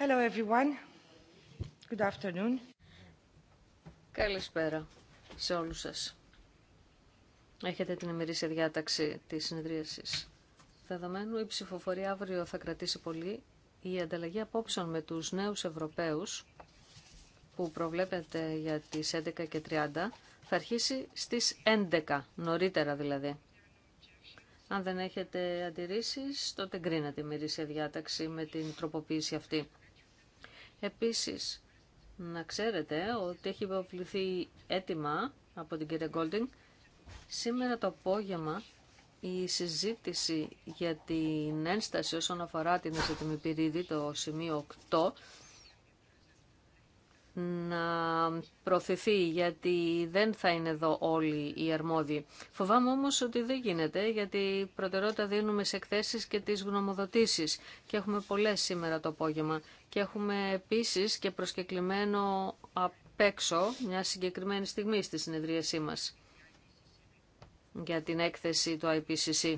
Hello everyone. Good afternoon. Καλησπέρα σε όλους σας. Έχετε την ημερήσια διάταξη της συνεδρίασης. Δεδομένου η ψηφοφορία αύριο θα κρατήσει πολύ, η ανταλλαγή απόψεων με τους νέους Ευρωπαίους που προβλέπεται για τις 11 και 30 θα αρχίσει στις 11, νωρίτερα δηλαδή. Αν δεν έχετε αντιρρήσεις, τότε γκρίνατε η μυρίσια διάταξη με την τροποποίηση αυτή. Επίσης, να ξέρετε ότι έχει υποβληθεί έτοιμα από την κυρία Γκόλτινγκ. Σήμερα το απόγευμα η συζήτηση για την ένσταση όσον αφορά την ασθετημιπηρίδη, το σημείο 8, να προωθηθεί, γιατί δεν θα είναι εδώ όλοι οι αρμόδιοι. Φοβάμαι όμως ότι δεν γίνεται, γιατί προτεραιότητα δίνουμε σε εκθέσεις και τις γνωμοδοτήσεις και έχουμε πολλές σήμερα το απόγευμα. Και έχουμε επίσης και προσκεκλημένο απ' έξω μια συγκεκριμένη στιγμή στη συνεδρίασή μας για την έκθεση του IPCC.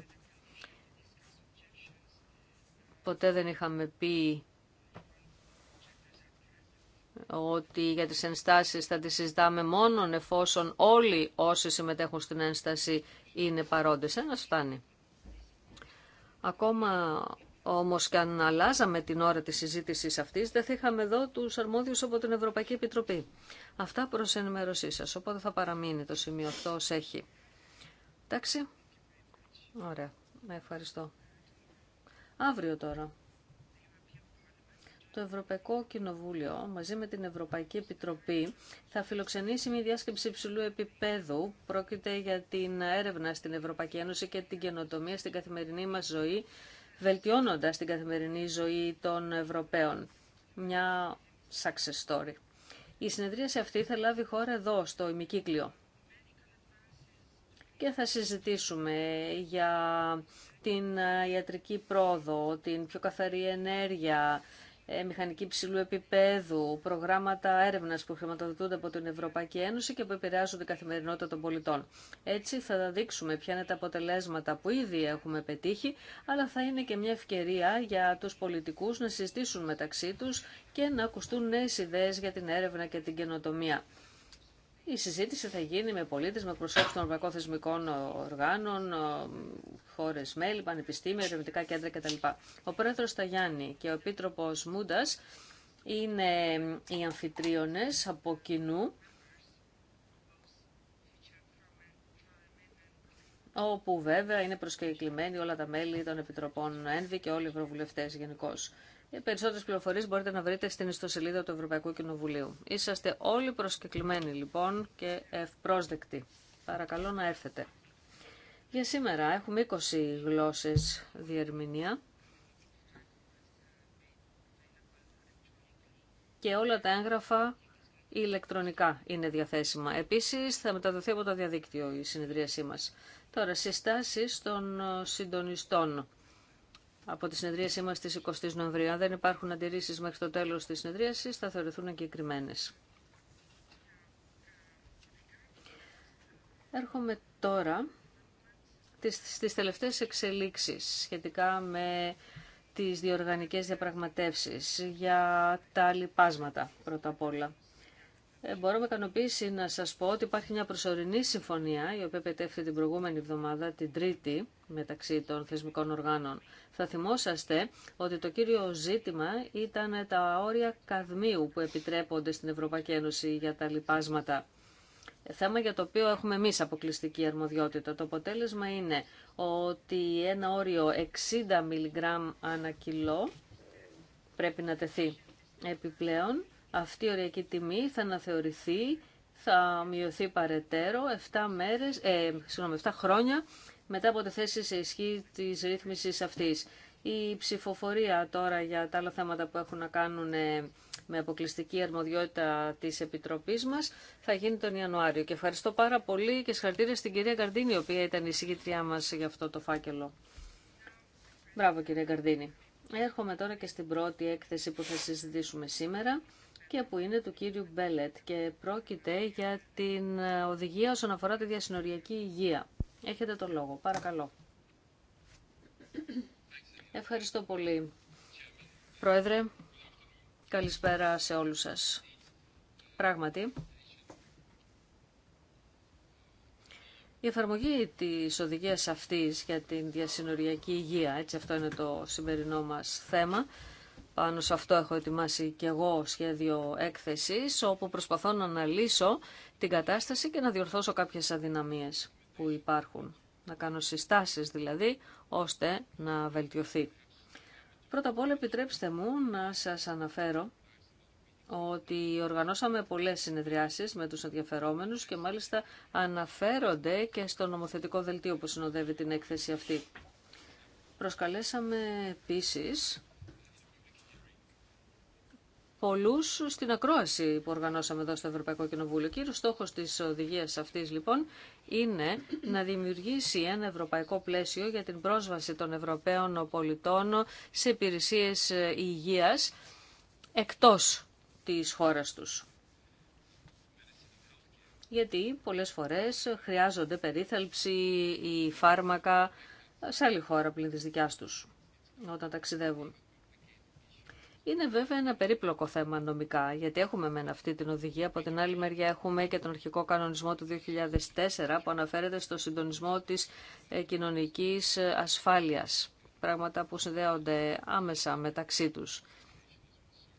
Ποτέ δεν είχαμε πει ότι για τις ενστάσεις θα τις συζητάμε μόνον εφόσον όλοι όσοι συμμετέχουν στην ένσταση είναι παρόντες. Ένας φτάνει. Ακόμα όμως και αν αλλάζαμε την ώρα της συζήτησης αυτής, δεν θα είχαμε εδώ τους αρμόδιους από την Ευρωπαϊκή Επιτροπή. Αυτά προς ενημέρωσή σας, οπότε θα παραμείνει το σημείο αυτό ως έχει. Εντάξει, ωραία, με ευχαριστώ. Αύριο τώρα το Ευρωπαϊκό Κοινοβούλιο μαζί με την Ευρωπαϊκή Επιτροπή θα φιλοξενήσει μια διάσκεψη υψηλού επίπεδου. Πρόκειται για την έρευνα στην Ευρωπαϊκή Ένωση και την καινοτομία στην καθημερινή μας ζωή, βελτιώνοντας την καθημερινή ζωή των Ευρωπαίων. Μια success story. Η συνεδρίαση αυτή θα λάβει χώρα εδώ, στο ημικύκλιο. Και θα συζητήσουμε για την ε, ιατρική πρόοδο, την πιο καθαρή ενέργεια, ε, μηχανική ψηλού επίπεδου, προγράμματα έρευνα που χρηματοδοτούνται από την Ευρωπαϊκή Ένωση και που επηρεάζουν την καθημερινότητα των πολιτών. Έτσι θα δείξουμε ποια είναι τα αποτελέσματα που ήδη έχουμε πετύχει, αλλά θα είναι και μια ευκαιρία για του πολιτικού να συζητήσουν μεταξύ του και να ακουστούν νέε ιδέε για την έρευνα και την καινοτομία. Η συζήτηση θα γίνει με πολίτες, με προσώπους των ευρωπαϊκών θεσμικών οργάνων, χώρες μέλη, πανεπιστήμια, ερευνητικά κέντρα κτλ. Ο πρόεδρος Ταγιάννη και ο επίτροπος Μούντας είναι οι αμφιτρίονες από κοινού, όπου βέβαια είναι προσκεκλημένοι όλα τα μέλη των Επιτροπών ΕΝΒΙ και όλοι οι ευρωβουλευτές γενικώ. Οι περισσότερες πληροφορίες μπορείτε να βρείτε στην ιστοσελίδα του Ευρωπαϊκού Κοινοβουλίου. Είσαστε όλοι προσκεκλημένοι λοιπόν και ευπρόσδεκτοι. Παρακαλώ να έρθετε. Για σήμερα έχουμε 20 γλώσσες διερμηνία και όλα τα έγγραφα ηλεκτρονικά είναι διαθέσιμα. Επίσης θα μεταδοθεί από το διαδίκτυο η συνεδρίασή μας. Τώρα συστάσεις των συντονιστών από τη συνεδρίασή μας στις 20 Νοεμβρίου. Αν δεν υπάρχουν αντιρρήσεις μέχρι το τέλος της συνεδρίασης, θα θεωρηθούν εγκεκριμένε. Έρχομαι τώρα στις τελευταίες εξελίξεις σχετικά με τις διοργανικές διαπραγματεύσεις για τα λοιπάσματα πρώτα απ' όλα. Ε, μπορώ με ικανοποίηση να σας πω ότι υπάρχει μια προσωρινή συμφωνία η οποία πετέφθη την προηγούμενη εβδομάδα, την Τρίτη, μεταξύ των θεσμικών οργάνων. Θα θυμόσαστε ότι το κύριο ζήτημα ήταν τα όρια καδμίου που επιτρέπονται στην Ευρωπαϊκή Ένωση για τα λοιπάσματα. Θέμα για το οποίο έχουμε εμεί αποκλειστική αρμοδιότητα. Το αποτέλεσμα είναι ότι ένα όριο 60 μιλιγκράμμ ανά κιλό πρέπει να τεθεί επιπλέον αυτή η ωριακή τιμή θα αναθεωρηθεί, θα μειωθεί παρετέρω 7, μέρες, ε, συγγνώμη, 7 χρόνια μετά από τη θέση σε ισχύ της ρύθμισης αυτής. Η ψηφοφορία τώρα για τα άλλα θέματα που έχουν να κάνουν ε, με αποκλειστική αρμοδιότητα της Επιτροπής μας θα γίνει τον Ιανουάριο. Και ευχαριστώ πάρα πολύ και συγχαρητήρια στην κυρία Καρδίνη, η οποία ήταν η συγκητριά μας για αυτό το φάκελο. Μπράβο κυρία Καρδίνη. Έρχομαι τώρα και στην πρώτη έκθεση που θα συζητήσουμε σήμερα και που είναι του κύριου Μπέλετ και πρόκειται για την ε, οδηγία όσον αφορά τη διασυνοριακή υγεία. Έχετε το λόγο. Παρακαλώ. Ευχαριστώ πολύ. Πρόεδρε, καλησπέρα σε όλους σας. Πράγματι, η εφαρμογή της οδηγίας αυτής για την διασυνοριακή υγεία, έτσι αυτό είναι το σημερινό μας θέμα, πάνω σε αυτό έχω ετοιμάσει και εγώ σχέδιο έκθεσης, όπου προσπαθώ να αναλύσω την κατάσταση και να διορθώσω κάποιες αδυναμίες που υπάρχουν. Να κάνω συστάσεις δηλαδή, ώστε να βελτιωθεί. Πρώτα απ' όλα επιτρέψτε μου να σας αναφέρω ότι οργανώσαμε πολλές συνεδριάσεις με τους ενδιαφερόμενους και μάλιστα αναφέρονται και στο νομοθετικό δελτίο που συνοδεύει την έκθεση αυτή. Προσκαλέσαμε επίσης Πολλού στην ακρόαση που οργανώσαμε εδώ στο Ευρωπαϊκό Κοινοβούλιο. Κύριο στόχος τη οδηγία αυτή, λοιπόν είναι να δημιουργήσει ένα ευρωπαϊκό πλαίσιο για την πρόσβαση των Ευρωπαίων πολιτών σε υπηρεσίες ε, υγείας εκτός της χώρα τους. Γιατί πολλές φορές χρειάζονται περίθαλψη ή φάρμακα σε άλλη χώρα πλην της δικιάς τους όταν ταξιδεύουν. Είναι βέβαια ένα περίπλοκο θέμα νομικά, γιατί έχουμε μεν αυτή την οδηγία, από την άλλη μεριά έχουμε και τον αρχικό κανονισμό του 2004 που αναφέρεται στο συντονισμό της ε, κοινωνικής ε, ασφάλειας, πράγματα που συνδέονται άμεσα μεταξύ τους.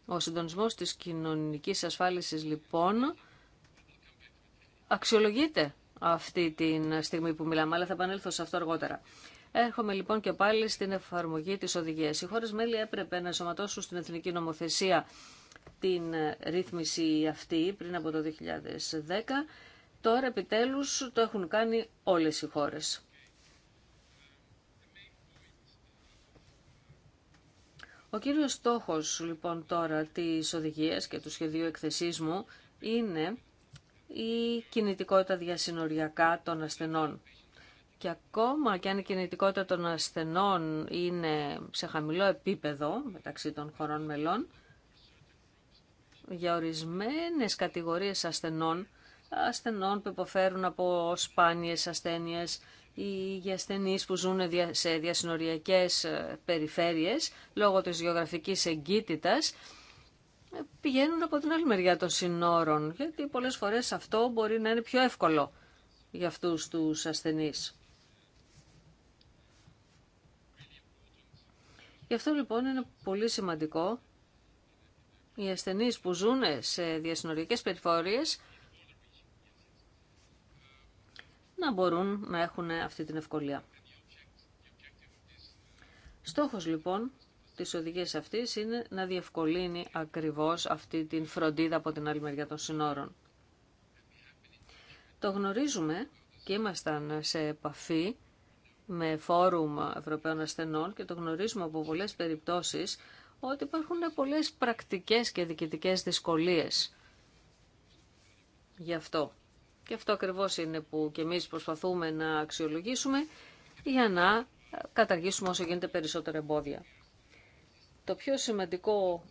Ο συντονισμός της κοινωνικής ασφάλισης λοιπόν αξιολογείται αυτή τη στιγμή που μιλάμε, αλλά θα επανέλθω σε αυτό αργότερα. Έρχομαι λοιπόν και πάλι στην εφαρμογή της οδηγίας. Οι χώρες μέλη έπρεπε να σωματώσουν στην εθνική νομοθεσία την ε, ρύθμιση αυτή πριν από το 2010. Τώρα επιτέλους το έχουν κάνει όλες οι χώρες. Ο κύριος στόχος λοιπόν τώρα της οδηγίας και του σχεδίου εκθεσής μου είναι η κινητικότητα διασυνοριακά των ασθενών. Και ακόμα και αν η κινητικότητα των ασθενών είναι σε χαμηλό επίπεδο μεταξύ των χωρών μελών, για ορισμένες κατηγορίες ασθενών, ασθενών που υποφέρουν από σπάνιες ασθένειες ή για ασθενείς που ζουν σε διασυνοριακές ε, περιφέρειες, λόγω της γεωγραφικής εγκύτητας, ε, πηγαίνουν από την άλλη μεριά των συνόρων, γιατί πολλές φορές αυτό μπορεί να είναι πιο εύκολο για αυτούς τους ασθενείς. Γι' αυτό λοιπόν είναι πολύ σημαντικό οι ασθενείς που ζουν σε διασυνοριακές περιφόρειες να μπορούν να έχουν αυτή την ευκολία. Στόχος λοιπόν της οδηγίας αυτής είναι να διευκολύνει ακριβώς αυτή την φροντίδα από την άλλη μεριά των συνόρων. Το γνωρίζουμε και ήμασταν σε επαφή με φόρουμ Ευρωπαίων Ασθενών και το γνωρίζουμε από πολλές περιπτώσεις ότι υπάρχουν πολλές πρακτικές και διοικητικές δυσκολίες γι' αυτό. Και αυτό ακριβώς είναι που και εμείς προσπαθούμε να αξιολογήσουμε για να καταργήσουμε όσο γίνεται περισσότερα εμπόδια. Το πιο σημαντικό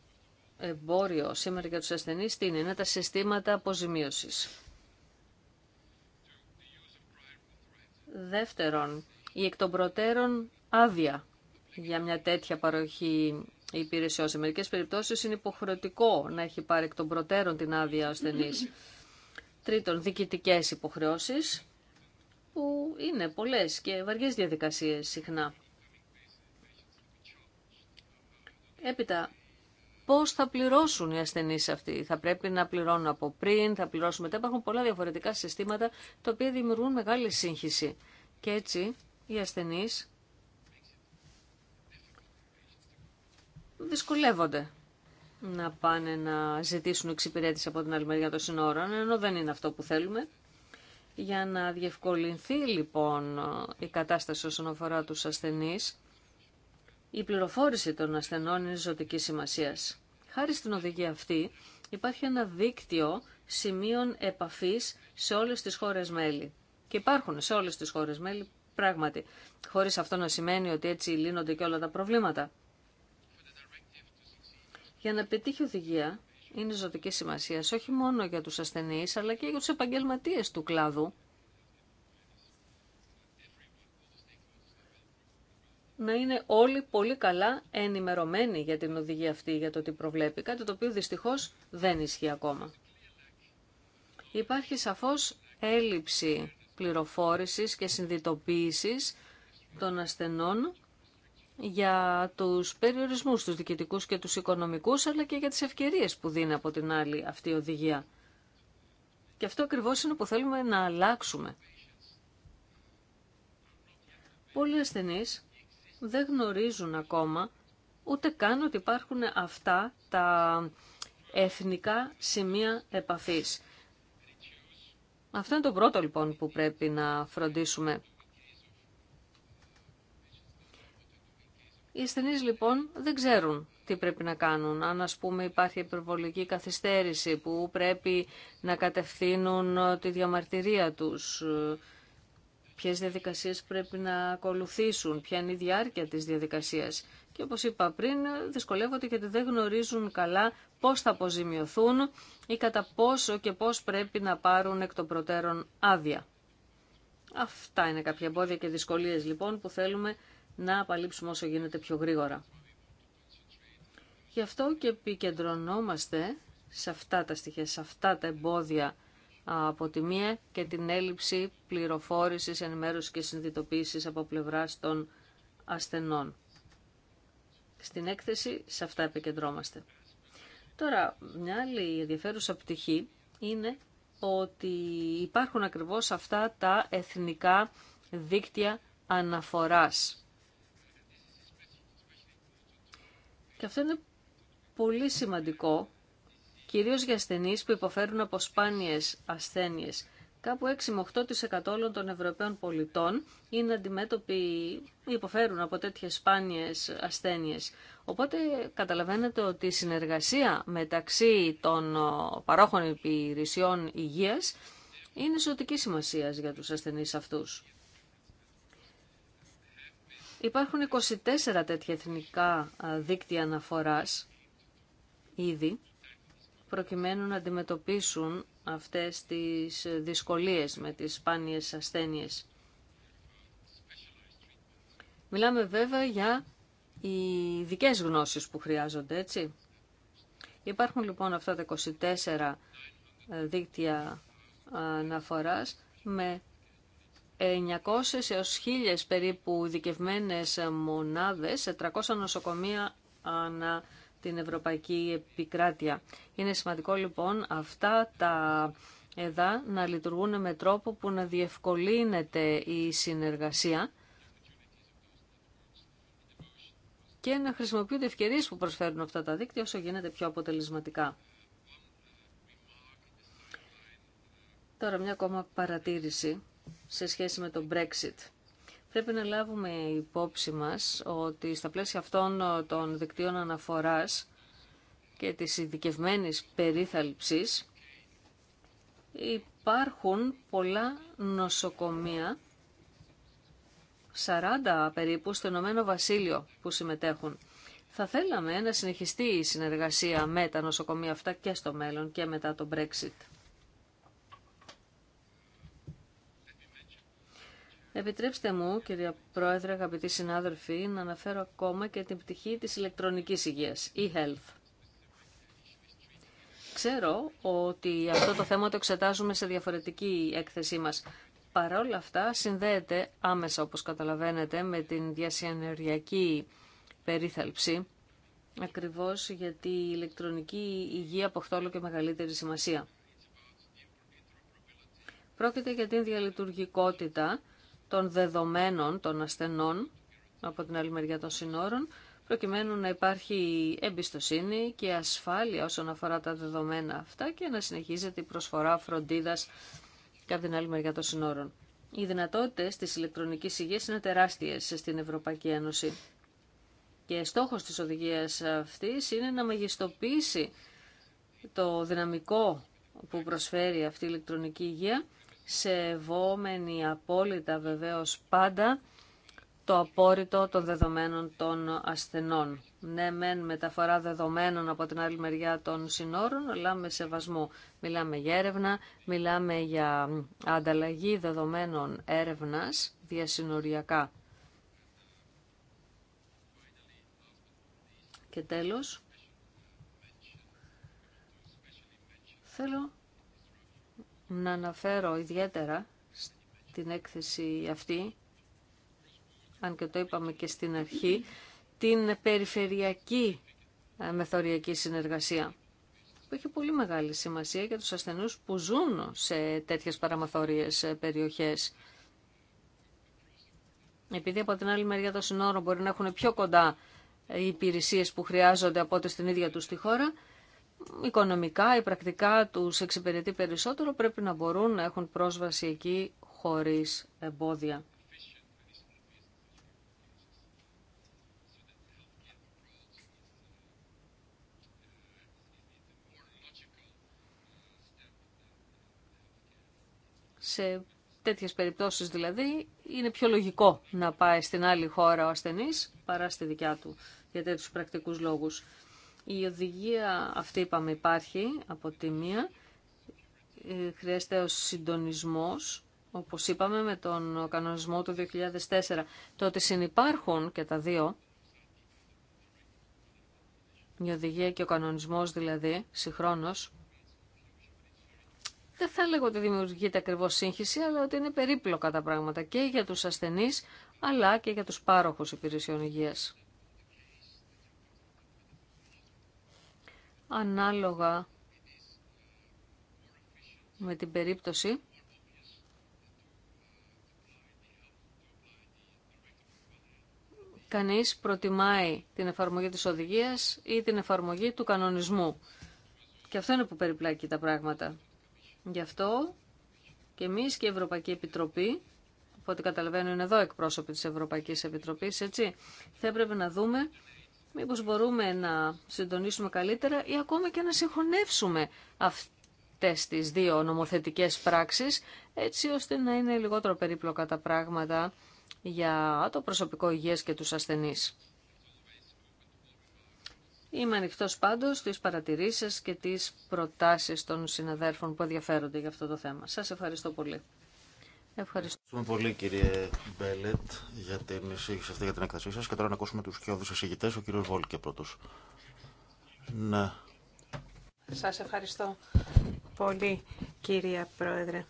εμπόριο σήμερα για τους ασθενείς είναι, είναι τα συστήματα αποζημίωσης. Δεύτερον, η εκ των προτέρων άδεια για μια τέτοια παροχή υπηρεσιών. Σε μερικές περιπτώσεις είναι υποχρεωτικό να έχει πάρει εκ των προτέρων την άδεια ο ασθενής. Τρίτον, διοικητικές υποχρεώσεις που είναι πολλές και βαριές διαδικασίες συχνά. Έπειτα, πώς θα πληρώσουν οι ασθενείς αυτοί. Θα πρέπει να πληρώνουν από πριν, θα πληρώσουν μετά. Υπάρχουν πολλά διαφορετικά συστήματα τα οποία δημιουργούν μεγάλη σύγχυση. Και έτσι οι ασθενείς δυσκολεύονται να πάνε να ζητήσουν εξυπηρέτηση από την άλλη μεριά των συνόρων, ενώ δεν είναι αυτό που θέλουμε. Για να διευκολυνθεί λοιπόν η κατάσταση όσον αφορά του ασθενείς, η πληροφόρηση των ασθενών είναι ζωτική σημασία. Χάρη στην οδηγία αυτή υπάρχει ένα δίκτυο σημείων επαφής σε όλες τις χώρες μέλη. Και υπάρχουν σε όλες τις χώρες μέλη Πράγματι, χωρίς αυτό να σημαίνει ότι έτσι λύνονται και όλα τα προβλήματα. Για να πετύχει οδηγία είναι ζωτική σημασία όχι μόνο για τους ασθενείς αλλά και για τους επαγγελματίες του κλάδου. Να είναι όλοι πολύ καλά ενημερωμένοι για την οδηγία αυτή, για το τι προβλέπει, κάτι το οποίο δυστυχώς δεν ισχύει ακόμα. Υπάρχει σαφώς έλλειψη πληροφόρησης και συνδυτοποίησης των ασθενών για τους περιορισμούς, τους διοικητικούς και τους οικονομικούς, αλλά και για τις ευκαιρίες που δίνει από την άλλη αυτή η οδηγία. Και αυτό ακριβώς είναι που θέλουμε να αλλάξουμε. Πολλοί ασθενείς δεν γνωρίζουν ακόμα ούτε καν ότι υπάρχουν αυτά τα εθνικά σημεία επαφής. Αυτό είναι το πρώτο λοιπόν που πρέπει να φροντίσουμε. Οι ασθενεί λοιπόν δεν ξέρουν τι πρέπει να κάνουν. Αν ας πούμε υπάρχει υπερβολική καθυστέρηση που πρέπει να κατευθύνουν τη διαμαρτυρία τους ποιες διαδικασίες πρέπει να ακολουθήσουν, ποια είναι η διάρκεια της διαδικασίας. Και όπως είπα πριν, δυσκολεύονται γιατί δεν γνωρίζουν καλά πώς θα αποζημιωθούν ή κατά πόσο και πώς πρέπει να πάρουν εκ των προτέρων άδεια. Αυτά είναι κάποια εμπόδια και δυσκολίες λοιπόν που θέλουμε να απαλείψουμε όσο γίνεται πιο γρήγορα. Γι' αυτό και επικεντρωνόμαστε σε αυτά τα στοιχεία, σε αυτά τα εμπόδια από τη μία και την έλλειψη πληροφόρησης, ενημέρωσης και συνειδητοποίησης από πλευράς των ασθενών. Στην έκθεση σε αυτά επικεντρώμαστε. Τώρα, μια άλλη ενδιαφέρουσα πτυχή είναι ότι υπάρχουν ακριβώς αυτά τα εθνικά δίκτυα αναφοράς. Και αυτό είναι πολύ σημαντικό κυρίως για ασθενείς που υποφέρουν από σπάνιες ασθένειες. Κάπου 6 8% των Ευρωπαίων πολιτών είναι αντιμέτωποι ή υποφέρουν από τέτοιες σπάνιες ασθένειες. Οπότε καταλαβαίνετε ότι συνεργασία μεταξύ των παρόχων υπηρεσιών υγείας είναι ζωτική σημασία για τους ασθενείς αυτούς. Υπάρχουν 24 τέτοια εθνικά δίκτυα αναφοράς ήδη προκειμένου να αντιμετωπίσουν αυτές τις δυσκολίες με τις σπάνιες ασθένειες. Μιλάμε βέβαια για οι ειδικέ γνώσεις που χρειάζονται, έτσι. Υπάρχουν λοιπόν αυτά τα 24 δίκτυα αναφοράς με 900 έως 1000 περίπου ειδικευμένε μονάδες, 300 νοσοκομεία ανά την Ευρωπαϊκή Επικράτεια. Είναι σημαντικό λοιπόν αυτά τα εδά να λειτουργούν με τρόπο που να διευκολύνεται η συνεργασία και να χρησιμοποιούνται ευκαιρίες που προσφέρουν αυτά τα δίκτυα όσο γίνεται πιο αποτελεσματικά. Τώρα μια ακόμα παρατήρηση σε σχέση με το Brexit. Πρέπει να λάβουμε υπόψη μας ότι στα πλαίσια αυτών ε, των δικτύων αναφοράς και της ειδικευμένης περίθαλψης υπάρχουν πολλά νοσοκομεία, 40 περίπου, στο Ηνωμένο Βασίλειο που συμμετέχουν. Θα θέλαμε να συνεχιστεί η συνεργασία με τα νοσοκομεία αυτά και στο μέλλον και μετά το Brexit. Επιτρέψτε μου, κυρία Πρόεδρε, αγαπητοί συνάδελφοι, να αναφέρω ακόμα και την πτυχή της ηλεκτρονικής υγείας, e-health. Ξέρω ότι αυτό το θέμα το εξετάζουμε σε διαφορετική έκθεσή μας. Παρ' όλα αυτά συνδέεται άμεσα, όπως καταλαβαίνετε, με την διασυνεργειακή περίθαλψη, ακριβώς γιατί η ηλεκτρονική υγεία αποκτά και μεγαλύτερη σημασία. Πρόκειται για την διαλειτουργικότητα των δεδομένων των ασθενών από την άλλη μεριά των συνόρων, προκειμένου να υπάρχει εμπιστοσύνη και ασφάλεια όσον αφορά τα δεδομένα αυτά και να συνεχίζεται η προσφορά φροντίδας την άλλη μεριά των συνόρων. Οι δυνατότητες της ηλεκτρονικής υγείας είναι τεράστιες στην Ευρωπαϊκή Ένωση. Και στόχος της οδηγίας αυτής είναι να μεγιστοποιήσει το δυναμικό που προσφέρει αυτή η ηλεκτρονική υγεία σε σεβόμενοι απόλυτα βεβαίως πάντα το απόρριτο των δεδομένων των ασθενών. Ναι, μεν μεταφορά δεδομένων από την άλλη μεριά των συνόρων, αλλά με σεβασμό. Μιλάμε για έρευνα, μιλάμε για ανταλλαγή δεδομένων έρευνας διασυνοριακά. Και τέλος, θέλω να αναφέρω ιδιαίτερα στην έκθεση αυτή, αν και το είπαμε και στην αρχή, την περιφερειακή ε, μεθοριακή συνεργασία που έχει πολύ μεγάλη σημασία για τους ασθενούς που ζουν σε τέτοιες παραμαθόριες ε, περιοχές. Επειδή από την άλλη μεριά των συνόρων μπορεί να έχουν πιο κοντά οι υπηρεσίες που χρειάζονται από ό,τι στην ίδια τους τη χώρα, οικονομικά ή πρακτικά τους εξυπηρετεί περισσότερο, πρέπει να μπορούν να έχουν πρόσβαση εκεί χωρίς εμπόδια. Σε τέτοιες περιπτώσεις δηλαδή είναι πιο λογικό να πάει στην άλλη χώρα ο ασθενής παρά στη δικιά του για τέτοιους πρακτικούς λόγους. Η οδηγία αυτή, είπαμε, υπάρχει από τη μία. Ε, χρειάζεται ο συντονισμός, όπως είπαμε, με τον κανονισμό του 2004. Το ότι συνυπάρχουν και τα δύο, η οδηγία και ο κανονισμός δηλαδή, συγχρόνως, δεν θα λέγω ότι δημιουργείται ακριβώ σύγχυση, αλλά ότι είναι περίπλοκα τα πράγματα και για τους ασθενείς, αλλά και για τους πάροχους υπηρεσιών υγείας. ανάλογα με την περίπτωση κανείς προτιμάει την εφαρμογή της οδηγίας ή την εφαρμογή του κανονισμού. Και αυτό είναι που περιπλάκει τα πράγματα. Γι' αυτό και εμείς και η Ευρωπαϊκή Επιτροπή, από ό,τι καταλαβαίνω είναι εδώ εκπρόσωποι της Ευρωπαϊκής Επιτροπής, έτσι, θα έπρεπε να δούμε μήπως μπορούμε να συντονίσουμε καλύτερα ή ακόμα και να συγχωνεύσουμε αυτές τις δύο νομοθετικές πράξεις, έτσι ώστε να είναι λιγότερο περίπλοκα τα πράγματα για το προσωπικό υγείας και τους ασθενείς. Είμαι ανοιχτό πάντως στις παρατηρήσεις και τις προτάσεις των συναδέρφων που ενδιαφέρονται για αυτό το θέμα. Σας ευχαριστώ πολύ. Ευχαριστούμε πολύ κύριε Μπέλετ για την εισήγηση αυτή για την έκθεσή σας και τώρα να ακούσουμε τους κοιόδους εισηγητές, ο κύριος Βόλκε πρώτος. Ναι. Σας ευχαριστώ πολύ κύριε Πρόεδρε.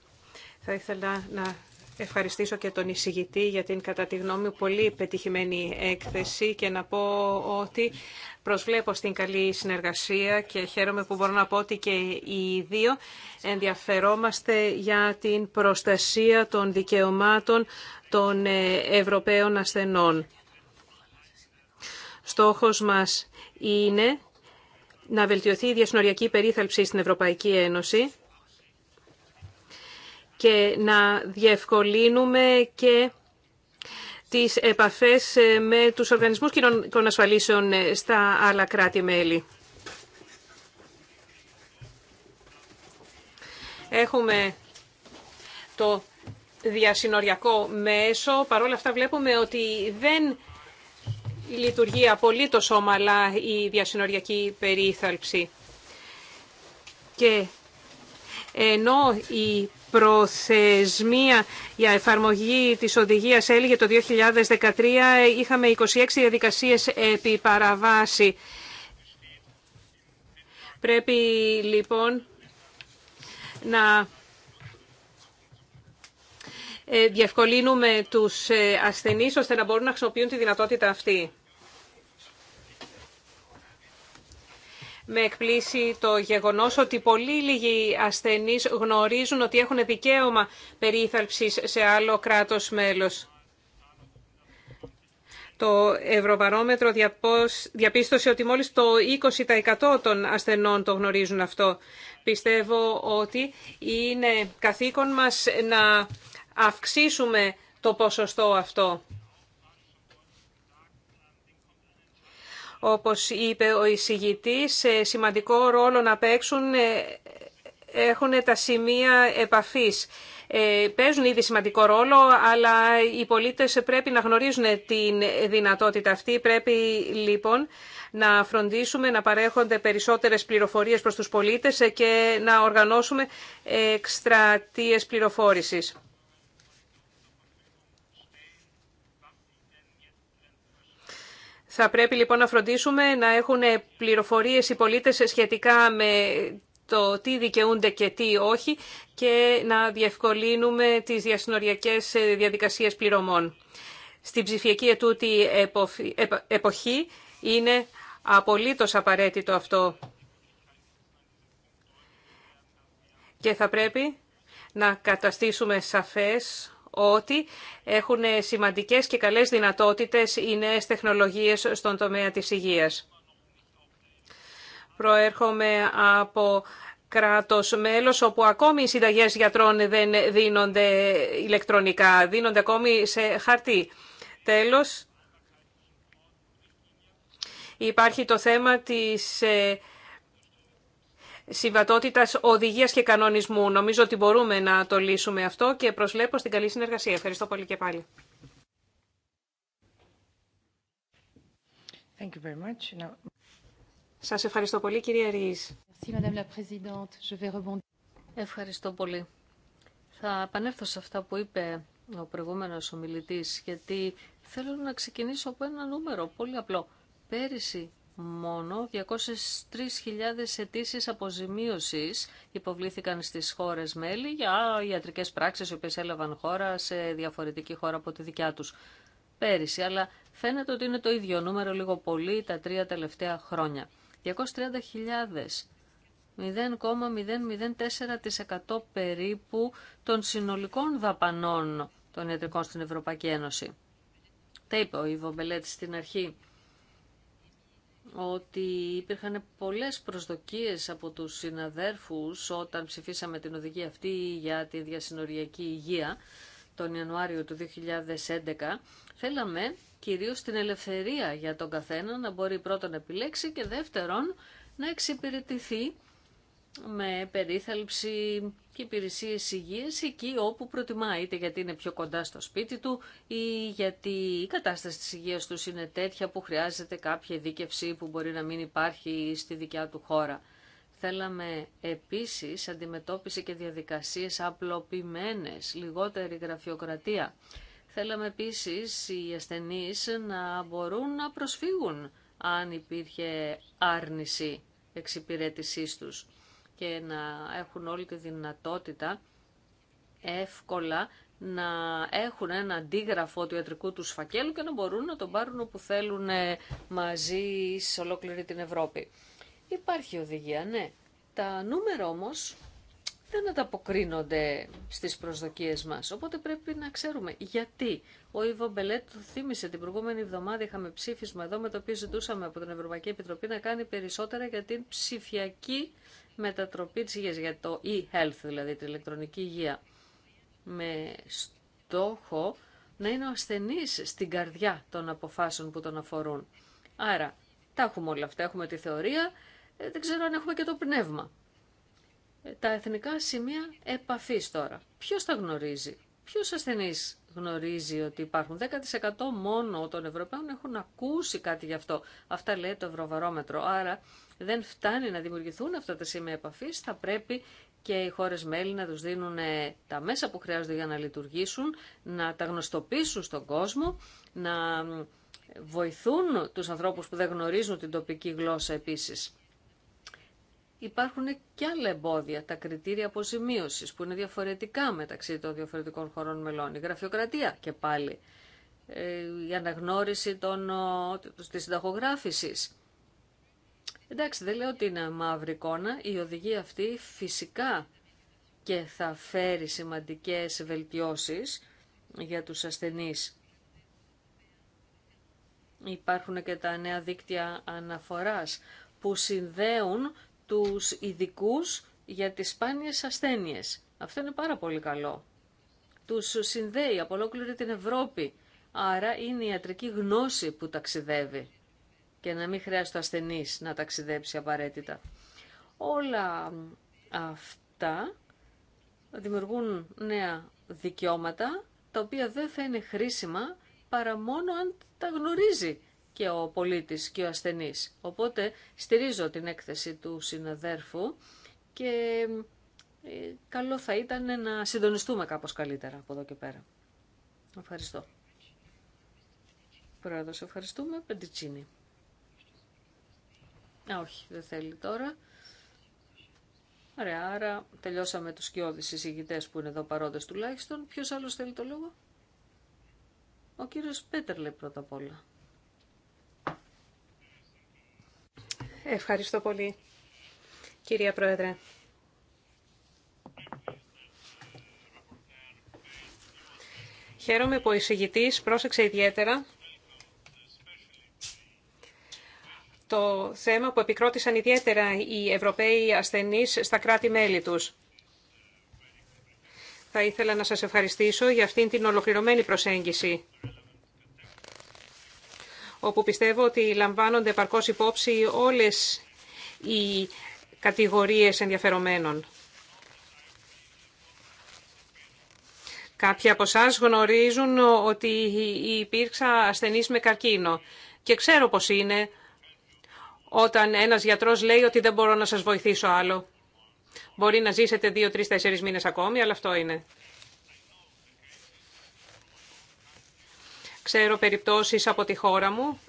Θα ήθελα να ευχαριστήσω και τον εισηγητή για την κατά τη γνώμη πολύ πετυχημένη έκθεση και να πω ότι προσβλέπω στην καλή συνεργασία και χαίρομαι που μπορώ να πω ότι και οι δύο ενδιαφερόμαστε για την προστασία των δικαιωμάτων των ε, Ευρωπαίων ασθενών. Στόχος μας είναι να βελτιωθεί η διασυνοριακή περίθαλψη στην Ευρωπαϊκή Ένωση και να διευκολύνουμε και τις επαφές ε, με τους οργανισμούς κοινωνικών ασφαλίσεων ε, στα άλλα κράτη-μέλη. Έχουμε το διασυνοριακό μέσο. Παρ' όλα αυτά βλέπουμε ότι δεν λειτουργεί απολύτως όμαλα η διασυνοριακή περίθαλψη. Και ενώ η προθεσμία για εφαρμογή της οδηγίας έλεγε το 2013 είχαμε 26 διαδικασίες επί παραβάση. Πρέπει λοιπόν να ε, διευκολύνουμε τους ε, ασθενείς ώστε να μπορούν να χρησιμοποιούν τη δυνατότητα αυτή. με εκπλήσει το γεγονός ότι πολύ λίγοι ασθενείς γνωρίζουν ότι έχουν δικαίωμα περίθαλψης σε άλλο κράτος μέλος. Το Ευρωβαρόμετρο διαπίστωσε ότι μόλις το 20% των ασθενών το γνωρίζουν αυτό. Πιστεύω ότι είναι καθήκον μας να αυξήσουμε το ποσοστό αυτό. Όπως είπε ο εισηγητής, ε, σημαντικό ρόλο να παίξουν ε, έχουν τα σημεία επαφής. Ε, παίζουν ήδη σημαντικό ρόλο, αλλά οι πολίτες πρέπει να γνωρίζουν την δυνατότητα αυτή. Πρέπει λοιπόν να φροντίσουμε να παρέχονται περισσότερες πληροφορίες προς τους πολίτες και να οργανώσουμε εκστρατείες πληροφόρησης. Θα πρέπει λοιπόν να φροντίσουμε να έχουν πληροφορίες οι πολίτες σχετικά με το τι δικαιούνται και τι όχι και να διευκολύνουμε τις διασυνοριακές διαδικασίες πληρωμών. Στην ψηφιακή ετούτη εποχή είναι απολύτως απαραίτητο αυτό και θα πρέπει να καταστήσουμε σαφές ότι έχουν σημαντικές και καλές δυνατότητες οι νέες τεχνολογίες στον τομέα της υγείας. Προέρχομαι από κράτος μέλος όπου ακόμη οι συνταγές γιατρών δεν δίνονται ηλεκτρονικά, δίνονται ακόμη σε χαρτί. Τέλος, υπάρχει το θέμα της ε, συμβατότητα οδηγία και κανονισμού. Νομίζω ότι μπορούμε να το λύσουμε αυτό και προσλέπω στην καλή συνεργασία. Ευχαριστώ πολύ και πάλι. Thank Σας ευχαριστώ πολύ, κυρία Ρίης. Ευχαριστώ πολύ. Θα επανέλθω σε αυτά που είπε ο προηγούμενος ομιλητής, γιατί θέλω να ξεκινήσω από ένα νούμερο, πολύ απλό. Πέρυσι μόνο 203.000 αιτήσει αποζημίωση υποβλήθηκαν στις χώρες μέλη για ιατρικές πράξεις οι οποίες έλαβαν χώρα σε διαφορετική χώρα από τη δικιά τους πέρυσι, αλλά φαίνεται ότι είναι το ίδιο νούμερο λίγο πολύ τα τρία τελευταία χρόνια. 230.000 0,004% περίπου των συνολικών δαπανών των ιατρικών στην Ευρωπαϊκή Ένωση. Τα είπε ο Ιβο Μπελέτη στην αρχή ότι υπήρχαν πολλές προσδοκίες από τους συναδέρφους όταν ψηφίσαμε την οδηγία αυτή για τη διασυνοριακή υγεία τον Ιανουάριο του 2011, θέλαμε κυρίως την ελευθερία για τον καθένα να μπορεί πρώτον να επιλέξει και δεύτερον να εξυπηρετηθεί με περίθαλψη και υπηρεσίε υγεία εκεί όπου προτιμά, είτε γιατί είναι πιο κοντά στο σπίτι του ή γιατί η κατάσταση τη υγεία του είναι τέτοια που χρειάζεται κάποια δίκευση που μπορεί να μην υπάρχει στη δικιά του χώρα. Θέλαμε επίσης αντιμετώπιση και διαδικασίες απλοποιημένες, λιγότερη γραφειοκρατία. Θέλαμε επίσης οι ασθενείς να μπορούν να προσφύγουν αν υπήρχε άρνηση εξυπηρέτησής τους και να έχουν όλη τη δυνατότητα εύκολα να έχουν ένα αντίγραφο του ιατρικού του φακέλου και να μπορούν να τον πάρουν όπου θέλουν ε, μαζί σε ολόκληρη την Ευρώπη. Υπάρχει οδηγία, ναι. Τα νούμερα όμως δεν ανταποκρίνονται στις προσδοκίες μας. Οπότε πρέπει να ξέρουμε γιατί. Ο Ιβο Μπελέτ το θύμισε την προηγούμενη εβδομάδα είχαμε ψήφισμα εδώ με το οποίο ζητούσαμε από την Ευρωπαϊκή Επιτροπή να κάνει περισσότερα για την ψηφιακή μετατροπή της υγείας για το e-health, δηλαδή την ηλεκτρονική υγεία, με στόχο να είναι ο ασθενής στην καρδιά των αποφάσεων που τον αφορούν. Άρα, τα έχουμε όλα αυτά, έχουμε τη θεωρία, ε, δεν ξέρω αν έχουμε και το πνεύμα. Ε, τα εθνικά σημεία επαφής τώρα. Ποιος τα γνωρίζει, ποιος ασθενής γνωρίζει ότι υπάρχουν 10% μόνο των Ευρωπαίων έχουν ακούσει κάτι γι' αυτό. Αυτά λέει το Ευρωβαρόμετρο. Άρα δεν φτάνει να δημιουργηθούν αυτά τα σημεία επαφή, θα πρέπει και οι χώρες μέλη να τους δίνουν ε, τα μέσα που χρειάζονται για να λειτουργήσουν, να τα γνωστοποιήσουν στον κόσμο, να βοηθούν τους ανθρώπους που δεν γνωρίζουν την τοπική γλώσσα επίσης. Υπάρχουν και άλλα εμπόδια, τα κριτήρια αποζημίωση, που είναι διαφορετικά μεταξύ των διαφορετικών χωρών μελών. Η γραφειοκρατία και πάλι, ε, η αναγνώριση των, της συνταγογράφησης Εντάξει, δεν λέω ότι είναι μαύρη εικόνα. Η οδηγία αυτή φυσικά και θα φέρει σημαντικές βελτιώσεις για τους ασθενείς. Υπάρχουν και τα νέα δίκτυα αναφοράς που συνδέουν τους ειδικού για τις σπάνιες ασθένειες. Αυτό είναι πάρα πολύ καλό. Τους συνδέει από ολόκληρη την Ευρώπη. Άρα είναι η ιατρική γνώση που ταξιδεύει και να μην χρειάζεται ο ασθενής να ταξιδέψει απαραίτητα. Όλα αυτά δημιουργούν νέα δικαιώματα τα οποία δεν θα είναι χρήσιμα παρά μόνο αν τα γνωρίζει και ο πολίτης και ο ασθενής. Οπότε στηρίζω την έκθεση του συναδέρφου και ε, καλό θα ήταν να συντονιστούμε κάπως καλύτερα από εδώ και πέρα. Ευχαριστώ. Πρόεδρος, ευχαριστούμε. Πεντιτσίνη. Όχι, δεν θέλει τώρα. Ωραία, άρα τελειώσαμε τους σκιώδεις εισηγητές που είναι εδώ παρόντες τουλάχιστον. Ποιος άλλος θέλει το λόγο? Ο κύριος Πέτερλε πρώτα απ' όλα. Ευχαριστώ πολύ, κυρία Πρόεδρε. Χαίρομαι που ο εισηγητής πρόσεξε ιδιαίτερα το θέμα που επικρότησαν ιδιαίτερα οι Ευρωπαίοι ασθενείς στα κράτη-μέλη τους. Θα ήθελα να σας ευχαριστήσω για αυτήν την ολοκληρωμένη προσέγγιση όπου πιστεύω ότι λαμβάνονται παρκώς υπόψη όλες οι κατηγορίες ενδιαφερομένων. Κάποιοι από εσά γνωρίζουν ότι υπήρξα ασθενής με καρκίνο και ξέρω πώς είναι όταν ένας γιατρός λέει ότι δεν μπορώ να σας βοηθήσω άλλο. Μπορεί να ζήσετε δύο, τρεις, τέσσερις μήνες ακόμη, αλλά αυτό είναι. Ξέρω περιπτώσεις από τη χώρα μου,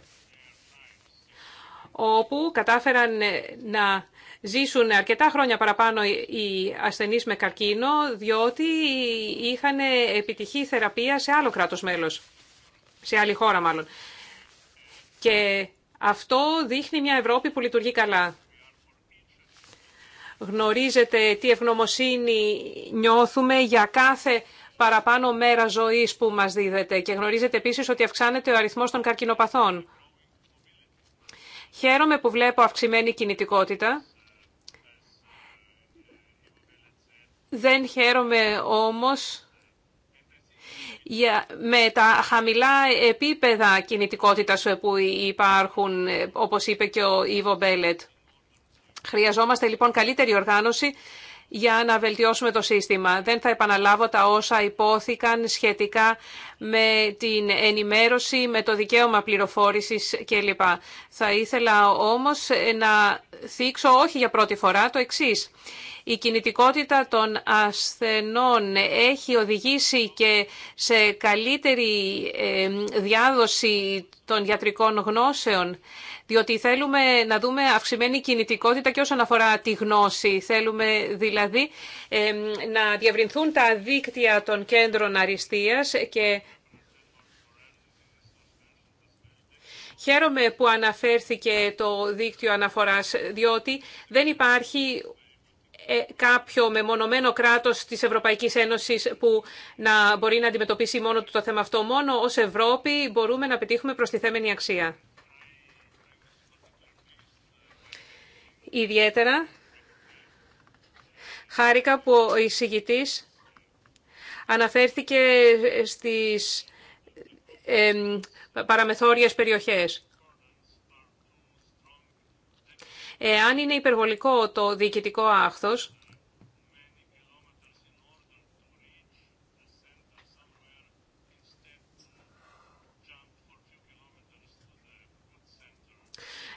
όπου κατάφεραν να ζήσουν αρκετά χρόνια παραπάνω οι ασθενείς με καρκίνο, διότι είχαν επιτυχή θεραπεία σε άλλο κράτος μέλος, σε άλλη χώρα μάλλον. Και αυτό δείχνει μια Ευρώπη που λειτουργεί καλά. Γνωρίζετε τι ευγνωμοσύνη νιώθουμε για κάθε παραπάνω μέρα ζωής που μας δίδεται και γνωρίζετε επίσης ότι αυξάνεται ο αριθμός των καρκινοπαθών. Χαίρομαι που βλέπω αυξημένη κινητικότητα. Δεν χαίρομαι όμως με τα χαμηλά επίπεδα κινητικότητας που υπάρχουν, όπως είπε και ο Ιβο Μπέλετ. Χρειαζόμαστε λοιπόν καλύτερη οργάνωση για να βελτιώσουμε το σύστημα. Δεν θα επαναλάβω τα όσα υπόθηκαν σχετικά με την ενημέρωση, με το δικαίωμα πληροφόρησης κλπ. Θα ήθελα όμως να θίξω όχι για πρώτη φορά το εξή. Η κινητικότητα των ασθενών έχει οδηγήσει και σε καλύτερη ε, διάδοση των γιατρικών γνώσεων, διότι θέλουμε να δούμε αυξημένη κινητικότητα και όσον αφορά τη γνώση. Θέλουμε δηλαδή ε, να διευρυνθούν τα δίκτυα των κέντρων αριστείας και Χαίρομαι που αναφέρθηκε το δίκτυο αναφοράς, διότι δεν υπάρχει ε, κάποιο μεμονωμένο κράτος της Ευρωπαϊκής Ένωσης που να μπορεί να αντιμετωπίσει μόνο το θέμα αυτό. Μόνο ως Ευρώπη μπορούμε να πετύχουμε προστιθέμενη αξία. Ιδιαίτερα, χάρηκα που ο εισηγητής αναφέρθηκε στις παραμεθόριες περιοχές. Αν είναι υπερβολικό το διοικητικό άχθος,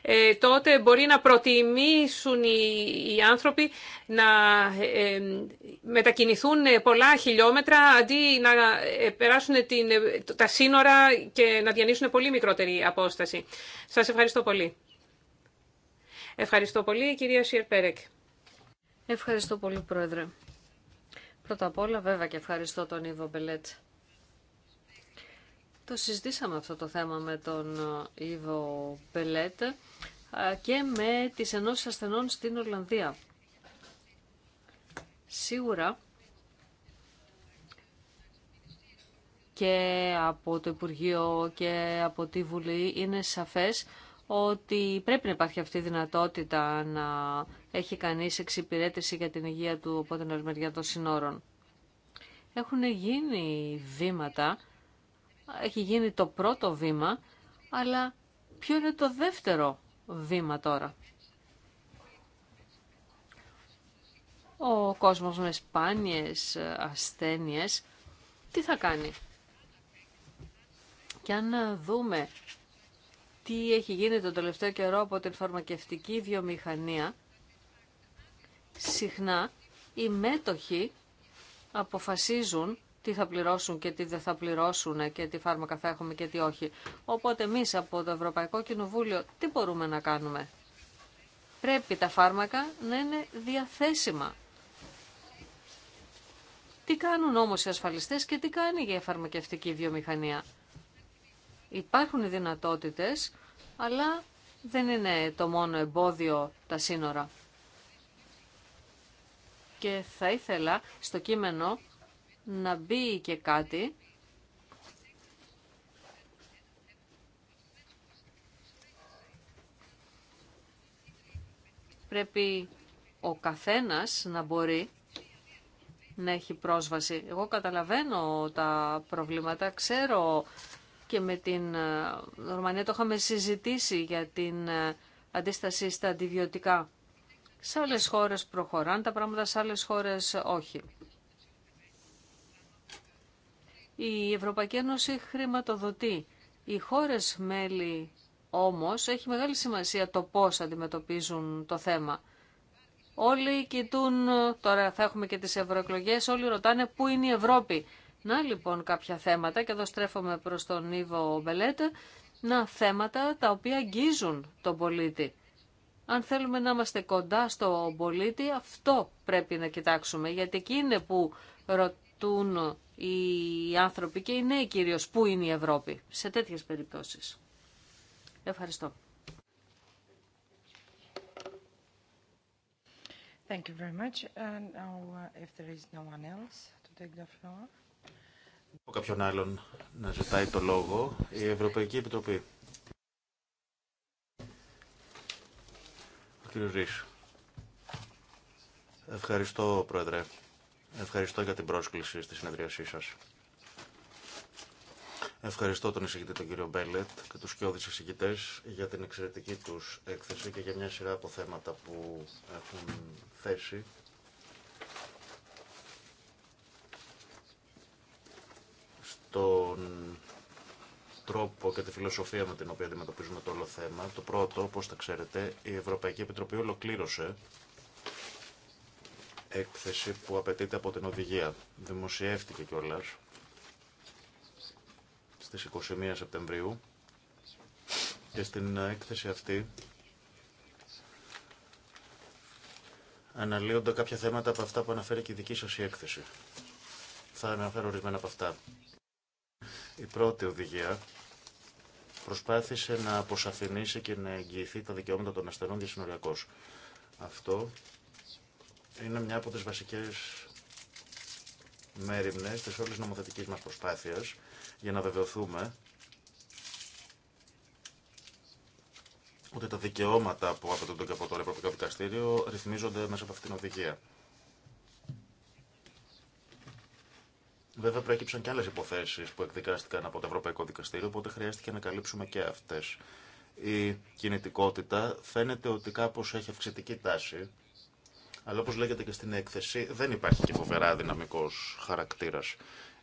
Ε, τότε μπορεί να προτιμήσουν οι άνθρωποι να ε, ε, μετακινηθούν πολλά χιλιόμετρα αντί να περάσουν τα σύνορα και να διανύσουν πολύ μικρότερη απόσταση. Σας ευχαριστώ πολύ. Ευχαριστώ πολύ, κυρία Σιερπέρεκ. Ευχαριστώ πολύ, Πρόεδρε. Πρώτα απ' όλα, βέβαια, και ευχαριστώ τον Ιβο Μπελέτ το συζητήσαμε αυτό το θέμα με τον ε, Ιβο Πελέτ ε, και με τις ενώσεις ασθενών στην Ορλανδία. Σίγουρα και από το Υπουργείο και από τη Βουλή είναι σαφές ότι πρέπει να υπάρχει αυτή η δυνατότητα να έχει κανείς εξυπηρέτηση για την υγεία του από την των συνόρων. Έχουν γίνει βήματα έχει γίνει το πρώτο βήμα, αλλά ποιο είναι το δεύτερο βήμα τώρα. Ο κόσμος με σπάνιες ασθένειες, τι θα κάνει. Και αν δούμε τι έχει γίνει τον τελευταίο καιρό από την φαρμακευτική βιομηχανία, συχνά οι μέτοχοι αποφασίζουν τι θα πληρώσουν και τι δεν θα πληρώσουν και τι φάρμακα θα έχουμε και τι όχι. Οπότε εμείς από το Ευρωπαϊκό Κοινοβούλιο τι μπορούμε να κάνουμε. Πρέπει τα φάρμακα να είναι διαθέσιμα. Τι κάνουν όμως οι ασφαλιστές και τι κάνει η φαρμακευτική βιομηχανία. Υπάρχουν οι δυνατότητες, αλλά δεν είναι το μόνο εμπόδιο τα σύνορα. Και θα ήθελα στο κείμενο να μπει και κάτι πρέπει ο καθένας να μπορεί να έχει πρόσβαση. Εγώ καταλαβαίνω τα προβλήματα, ξέρω και με την ε, Ρωμανία το είχαμε συζητήσει για την ε, αντίσταση στα αντιβιωτικά. Σε άλλες χώρες προχωράν τα πράγματα, σε άλλες χώρες όχι. Η Ευρωπαϊκή Ένωση χρηματοδοτεί. Οι χώρες μέλη όμως έχει μεγάλη σημασία το πώς αντιμετωπίζουν το θέμα. Όλοι κοιτούν, τώρα θα έχουμε και τις ευρωεκλογέ, όλοι ρωτάνε πού είναι η Ευρώπη. Να λοιπόν κάποια θέματα, και εδώ στρέφομαι προς τον Ιβο Μπελέτ, να θέματα τα οποία αγγίζουν τον πολίτη. Αν θέλουμε να είμαστε κοντά στον πολίτη, αυτό πρέπει να κοιτάξουμε, γιατί εκεί είναι που τον οι άνθρωποι και οι νέοι κυρίως πού είναι η Ευρώπη σε τέτοιες περιπτώσεις. Ευχαριστώ. Thank you very much. And now, uh, if there is no one else to take the floor. Ο κάποιον άλλον να ζητάει το λόγο, η Ευρωπαϊκή Επιτροπή. Ο κύριος Ρίσου. Ευχαριστώ, Πρόεδρε. Ευχαριστώ για την πρόσκληση στη συνεδρίασή σα. Ευχαριστώ τον εισηγητή τον κύριο Μπέλετ και τους κοιόδης εισηγητέ για την εξαιρετική τους έκθεση και για μια σειρά από θέματα που έχουν θέσει. Στον τρόπο και τη φιλοσοφία με την οποία αντιμετωπίζουμε το όλο θέμα. Το πρώτο, όπως τα ξέρετε, η Ευρωπαϊκή Επιτροπή ολοκλήρωσε έκθεση που απαιτείται από την οδηγία. Δημοσιεύτηκε κιόλα στις 21 Σεπτεμβρίου και στην έκθεση αυτή αναλύονται κάποια θέματα από αυτά που αναφέρει και η δική σας η έκθεση. Θα αναφέρω ορισμένα από αυτά. Η πρώτη οδηγία προσπάθησε να αποσαφηνίσει και να εγγυηθεί τα δικαιώματα των ασθενών διασυνοριακώς. Αυτό είναι μια από τι βασικέ μέρημνε της όλης νομοθετική μας προσπάθειας για να βεβαιωθούμε ότι τα δικαιώματα που απαιτούνται και από το Ευρωπαϊκό Δικαστήριο ρυθμίζονται μέσα από αυτήν την οδηγία. Βέβαια, προέκυψαν και άλλε υποθέσει που εκδικάστηκαν από το Ευρωπαϊκό Δικαστήριο, οπότε χρειάστηκε να καλύψουμε και αυτέ. Η κινητικότητα φαίνεται ότι κάπω έχει αυξητική τάση αλλά όπως λέγεται και στην έκθεση, δεν υπάρχει και φοβερά δυναμικός χαρακτήρας.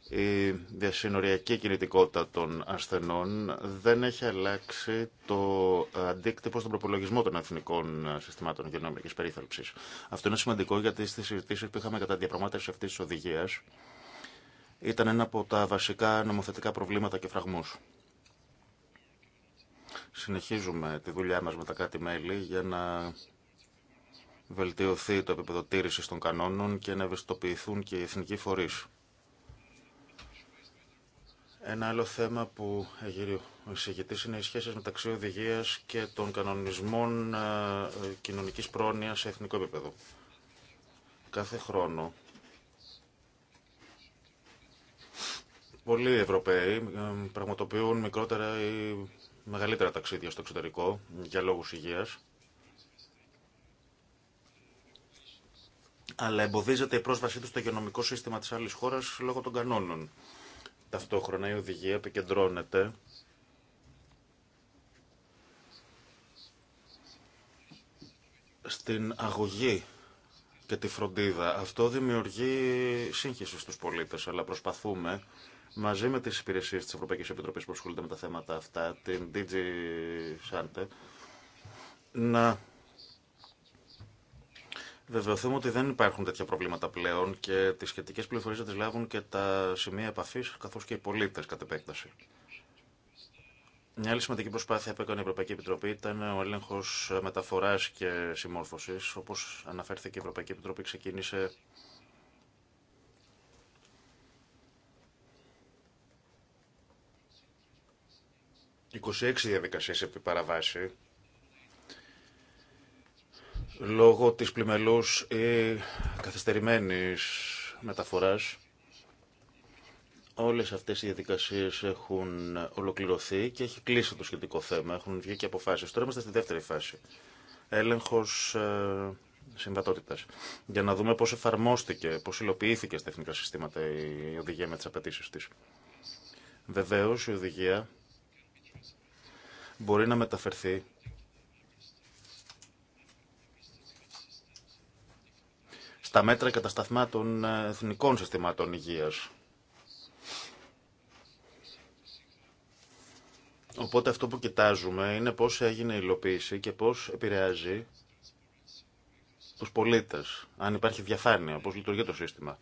Η διασυνοριακή κινητικότητα των ασθενών δεν έχει αλλάξει το αντίκτυπο στον προπολογισμό των εθνικών συστημάτων υγειονομική περίθαλψης. Αυτό είναι σημαντικό γιατί στι συζητήσει που είχαμε κατά τη διαπραγμάτευση αυτής τη οδηγία ήταν ένα από τα βασικά νομοθετικά προβλήματα και φραγμού. Συνεχίζουμε τη δουλειά μας με τα κάτι μέλη για να βελτιωθεί το επίπεδο τήρησης των κανόνων και να ευαισθητοποιηθούν και οι εθνικοί φορείς. Ένα άλλο θέμα που έχει ο εισηγητή είναι οι σχέσεις μεταξύ οδηγίας και των κανονισμών ε, κοινωνικής πρόνοιας σε εθνικό επίπεδο. Κάθε χρόνο πολλοί Ευρωπαίοι ε, πραγματοποιούν μικρότερα ή μεγαλύτερα ταξίδια στο εξωτερικό για λόγους υγείας αλλά εμποδίζεται η πρόσβασή του στο υγειονομικό σύστημα της άλλης χώρας λόγω των κανόνων. Ταυτόχρονα η οδηγία επικεντρώνεται στην αγωγή και τη φροντίδα. Αυτό δημιουργεί σύγχυση στους πολίτες, αλλά προσπαθούμε μαζί με τις υπηρεσίες της Ευρωπαϊκής Επιτροπής που ασχολούνται με τα θέματα αυτά, την DG Sante, να βεβαιωθούμε ότι δεν υπάρχουν τέτοια προβλήματα πλέον και τις σχετικέ πληροφορίε θα τις λάβουν και τα σημεία επαφής καθώς και οι πολίτε κατ' επέκταση. Μια άλλη σημαντική προσπάθεια που έκανε η Ευρωπαϊκή Επιτροπή ήταν ο έλεγχο μεταφορά και συμμόρφωση. Όπω αναφέρθηκε, η Ευρωπαϊκή Επιτροπή ξεκίνησε. ...26 διαδικασίες επί παραβάση λόγω της πλημελούς ή καθυστερημένης μεταφοράς. Όλες αυτές οι διαδικασίες έχουν ολοκληρωθεί και έχει κλείσει το σχετικό θέμα. Έχουν βγει και αποφάσεις. Τώρα είμαστε στη δεύτερη φάση. Έλεγχος ε, συμβατότητας. Για να δούμε πώς εφαρμόστηκε, πώς υλοποιήθηκε στα εθνικά συστήματα η οδηγία με τις απαιτήσει της. Βεβαίως η οδηγία μπορεί να μεταφερθεί στα μέτρα και τα σταθμά των ε, εθνικών συστημάτων υγείας. Οπότε αυτό που κοιτάζουμε είναι πώς έγινε η υλοποίηση και πώς επηρεάζει τους πολίτες, αν υπάρχει διαφάνεια, πώς λειτουργεί το σύστημα.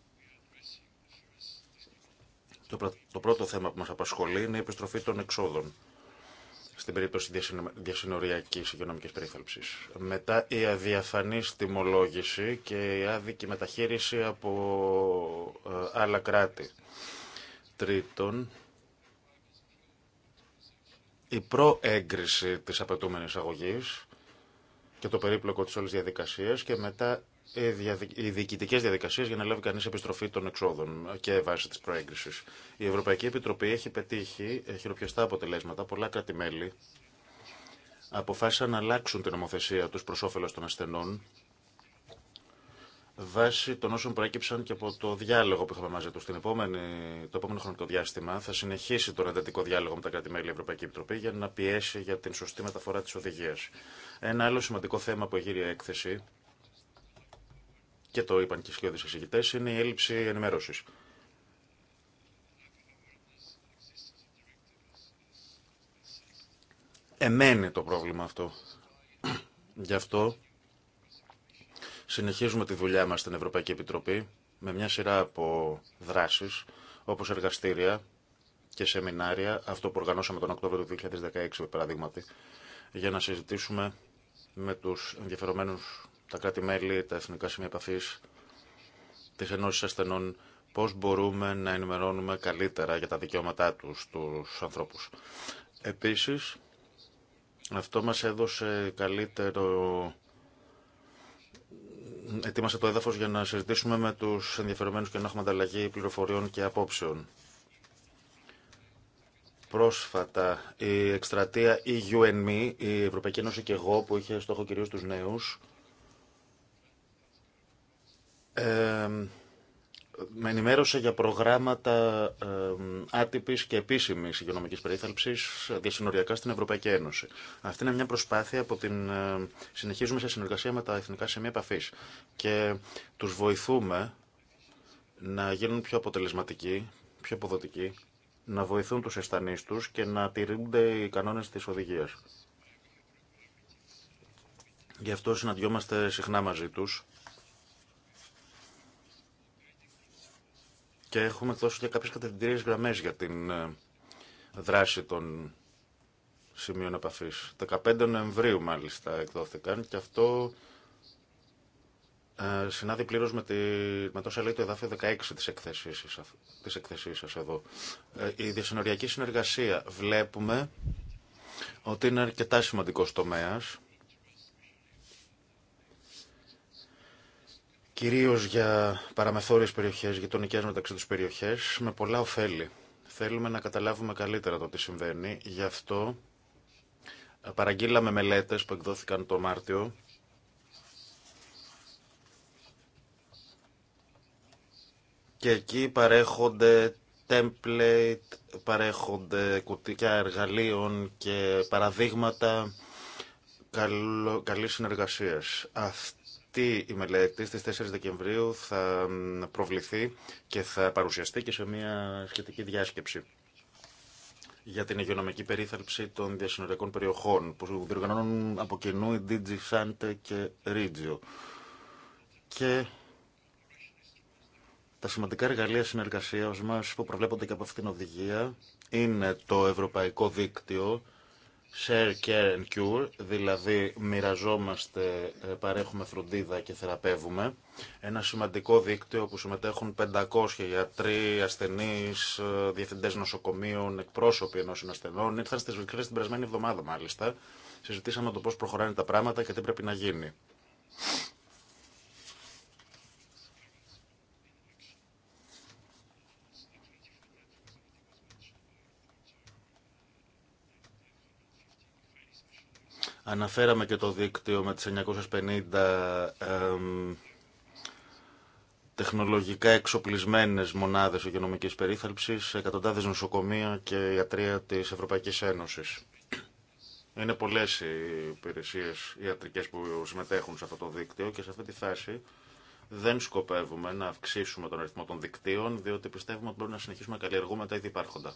Το πρώτο θέμα που μας απασχολεί είναι η επιστροφή των εξόδων στην περίπτωση διασυνοριακή υγειονομική περίθαλψης. Μετά η αδιαφανής τιμολόγηση και η άδικη μεταχείριση από ε, άλλα κράτη. Τρίτον, η προέγκριση της απαιτούμενης αγωγή και το περίπλοκο της όλης διαδικασίας και μετά ε, οι διοικητικέ διαδικασίε για να λάβει κανεί επιστροφή των εξόδων και βάσει τη προέγκριση. Η Ευρωπαϊκή Επιτροπή έχει πετύχει ε, χειροπιαστά αποτελέσματα. Πολλά κράτη-μέλη αποφάσισαν να αλλάξουν την νομοθεσία του προ όφελο των ασθενών βάσει των όσων προέκυψαν και από το διάλογο που είχαμε μαζί του. Επόμενη, το επόμενο χρονικό διάστημα θα συνεχίσει τον εντατικό διάλογο με τα κράτη-μέλη η Ευρωπαϊκή Επιτροπή για να πιέσει για την σωστή μεταφορά τη οδηγία. Ένα άλλο σημαντικό θέμα που έγινε η έκθεση και το είπαν και οι σχεδόν εισηγητές, είναι η έλλειψη ενημέρωση. Εμένει το πρόβλημα αυτό. Γι' αυτό συνεχίζουμε τη δουλειά μας στην Ευρωπαϊκή Επιτροπή με μια σειρά από δράσεις, όπως εργαστήρια και σεμινάρια, αυτό που οργανώσαμε τον Οκτώβριο του 2016, παραδείγματι, για να συζητήσουμε με τους ενδιαφερομένους τα κράτη-μέλη, τα εθνικά σημεία επαφή, τι ενώσει ασθενών, πώ μπορούμε να ενημερώνουμε καλύτερα για τα δικαιώματά του του ανθρώπου. Επίση, αυτό μα έδωσε καλύτερο. Ετοίμασε το έδαφο για να συζητήσουμε με του ενδιαφερομένους και να έχουμε ανταλλαγή πληροφοριών και απόψεων πρόσφατα η εκστρατεία EUNME, e, η Ευρωπαϊκή Ένωση και εγώ, που είχε στόχο κυρίω του νέου, με ενημέρωσε για προγράμματα ε, άτυπη και επίσημη υγειονομική περίθαλψη διασυνοριακά στην Ευρωπαϊκή Ένωση. Αυτή είναι μια προσπάθεια που την συνεχίζουμε σε συνεργασία με τα εθνικά σημεία επαφή και του βοηθούμε να γίνουν πιο αποτελεσματικοί, πιο αποδοτικοί, να βοηθούν του αισθανεί του και να τηρούνται οι κανόνε τη οδηγία. Γι' αυτό συναντιόμαστε συχνά μαζί τους Και έχουμε δώσει και κάποιες κατευθυντήριες γραμμές για την ε, δράση των σημείων επαφής. 15 Νοεμβρίου μάλιστα εκδόθηκαν και αυτό ε, συνάδει πλήρω με, το με τόσα 16 της εκθεσής, της εκθεσής σας εδώ. Ε, η διασυνοριακή συνεργασία βλέπουμε ότι είναι αρκετά σημαντικός τομέας κυρίως για παραμεθόριες περιοχές, γειτονικές μεταξύ τους περιοχές, με πολλά ωφέλη. Θέλουμε να καταλάβουμε καλύτερα το τι συμβαίνει, γι' αυτό ε, παραγγείλαμε μελέτες που εκδόθηκαν το Μάρτιο, και εκεί παρέχονται template, παρέχονται κουτίκια εργαλείων και παραδείγματα καλή καλής συνεργασίας. Τι η μελέτη στις 4 Δεκεμβρίου θα προβληθεί και θα παρουσιαστεί και σε μια σχετική διάσκεψη για την υγειονομική περίθαλψη των διασυνοριακών περιοχών που διοργανώνουν από κοινού η DG Sante και Ρίτζιο. Και τα σημαντικά εργαλεία συνεργασίας μας που προβλέπονται και από αυτήν την οδηγία είναι το Ευρωπαϊκό Δίκτυο Share, care and cure, δηλαδή μοιραζόμαστε, ε, παρέχουμε φροντίδα και θεραπεύουμε. Ένα σημαντικό δίκτυο που συμμετέχουν 500 γιατροί, ασθενείς, ε, διευθυντές νοσοκομείων, εκπρόσωποι ενός ασθενών. Ήρθαν στις την περασμένη εβδομάδα μάλιστα. Συζητήσαμε το πώς προχωράνε τα πράγματα και τι πρέπει να γίνει. Αναφέραμε και το δίκτυο με τις 950 τεχνολογικά εξοπλισμένες μονάδες οικονομικής περίθαλψης, εκατοντάδες νοσοκομεία και ιατρία της Ευρωπαϊκής Ένωσης. Είναι πολλές οι υπηρεσίες ιατρικές που συμμετέχουν σε αυτό το δίκτυο και σε αυτή τη φάση δεν σκοπεύουμε να αυξήσουμε τον αριθμό των δικτύων, διότι πιστεύουμε ότι μπορούμε να συνεχίσουμε να καλλιεργούμε τα ήδη υπάρχοντα.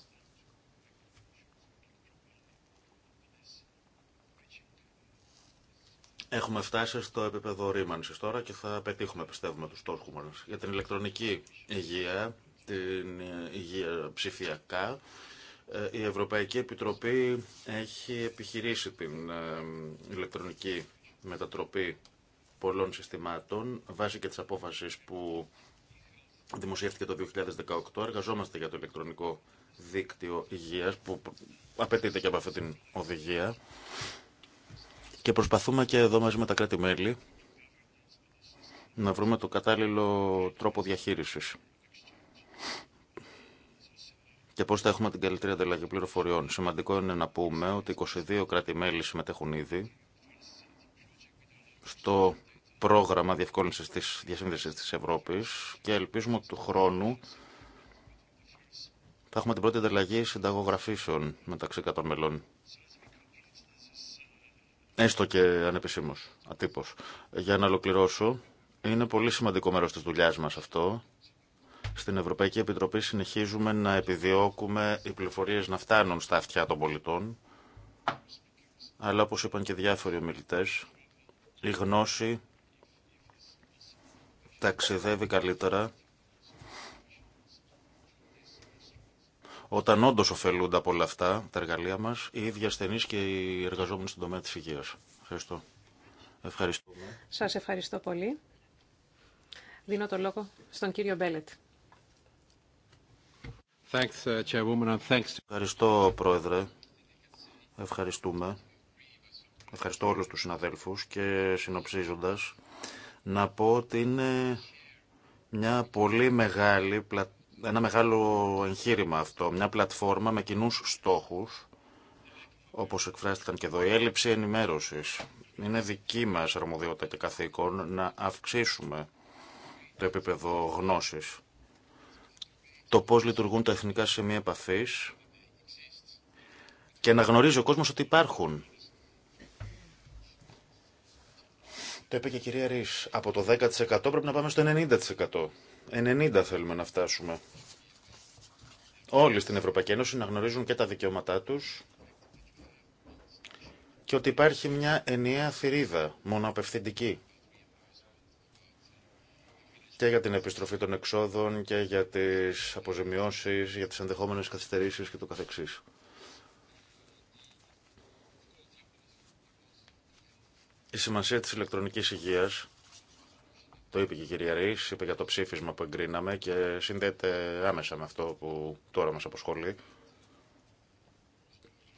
Έχουμε φτάσει στο επίπεδο ρήμανσης τώρα και θα πετύχουμε, πιστεύουμε, τους στόχους μας. Για την ηλεκτρονική υγεία, την υγεία ψηφιακά, ε, η Ευρωπαϊκή Επιτροπή έχει επιχειρήσει την ε, ηλεκτρονική μετατροπή πολλών συστημάτων βάσει και τη απόφαση που δημοσιεύτηκε το 2018. Εργαζόμαστε για το ηλεκτρονικό δίκτυο υγείας που απαιτείται και από αυτή την οδηγία. Και προσπαθούμε και εδώ μαζί με τα κράτη-μέλη να βρούμε το κατάλληλο τρόπο διαχείρισης. Και πώς θα έχουμε την καλύτερη ανταλλαγή πληροφοριών. Σημαντικό είναι να πούμε ότι 22 κράτη-μέλη συμμετέχουν ήδη στο πρόγραμμα διευκόλυνσης της διασύνδεσης της Ευρώπης και ελπίζουμε ότι του χρόνου θα έχουμε την πρώτη ανταλλαγή συνταγογραφήσεων μεταξύ 100 μελών έστω και ανεπισήμως, ατύπως. Για να ολοκληρώσω, είναι πολύ σημαντικό μέρος της δουλειάς μας αυτό. Στην Ευρωπαϊκή Επιτροπή συνεχίζουμε να επιδιώκουμε οι πληροφορίε να φτάνουν στα αυτιά των πολιτών, αλλά όπως είπαν και διάφοροι ομιλητέ. η γνώση ταξιδεύει καλύτερα όταν όντω ωφελούνται από όλα αυτά τα εργαλεία μα οι ίδιοι ασθενεί και οι εργαζόμενοι στον τομέα τη υγεία. Ευχαριστώ. Ευχαριστούμε. Σα ευχαριστώ πολύ. Δίνω το λόγο στον κύριο Μπέλετ. Uh, ευχαριστώ, Πρόεδρε. Ευχαριστούμε. Ευχαριστώ όλους τους συναδέλφους και συνοψίζοντας να πω ότι είναι μια πολύ μεγάλη ένα μεγάλο εγχείρημα αυτό, μια πλατφόρμα με κοινού στόχους, όπως εκφράστηκαν και εδώ, η έλλειψη ενημέρωσης. Είναι δική μας αρμοδιότητα και καθήκον να αυξήσουμε το επίπεδο γνώσης. Το πώς λειτουργούν τα εθνικά σημεία επαφή και να γνωρίζει ο κόσμος ότι υπάρχουν. Το είπε και η κυρία Ρης, από το 10% πρέπει να πάμε στο 90%. 90 θέλουμε να φτάσουμε. Όλοι στην Ευρωπαϊκή Ένωση να γνωρίζουν και τα δικαιώματά τους και ότι υπάρχει μια ενιαία θηρίδα, απευθυντική. Και για την επιστροφή των εξόδων και για τις αποζημιώσεις, για τις ενδεχόμενες καθυστερήσεις και το καθεξής. Η σημασία της ηλεκτρονικής υγείας το είπε και η κυρία Ρή, είπε για το ψήφισμα που εγκρίναμε και συνδέεται άμεσα με αυτό που τώρα μας αποσχολεί.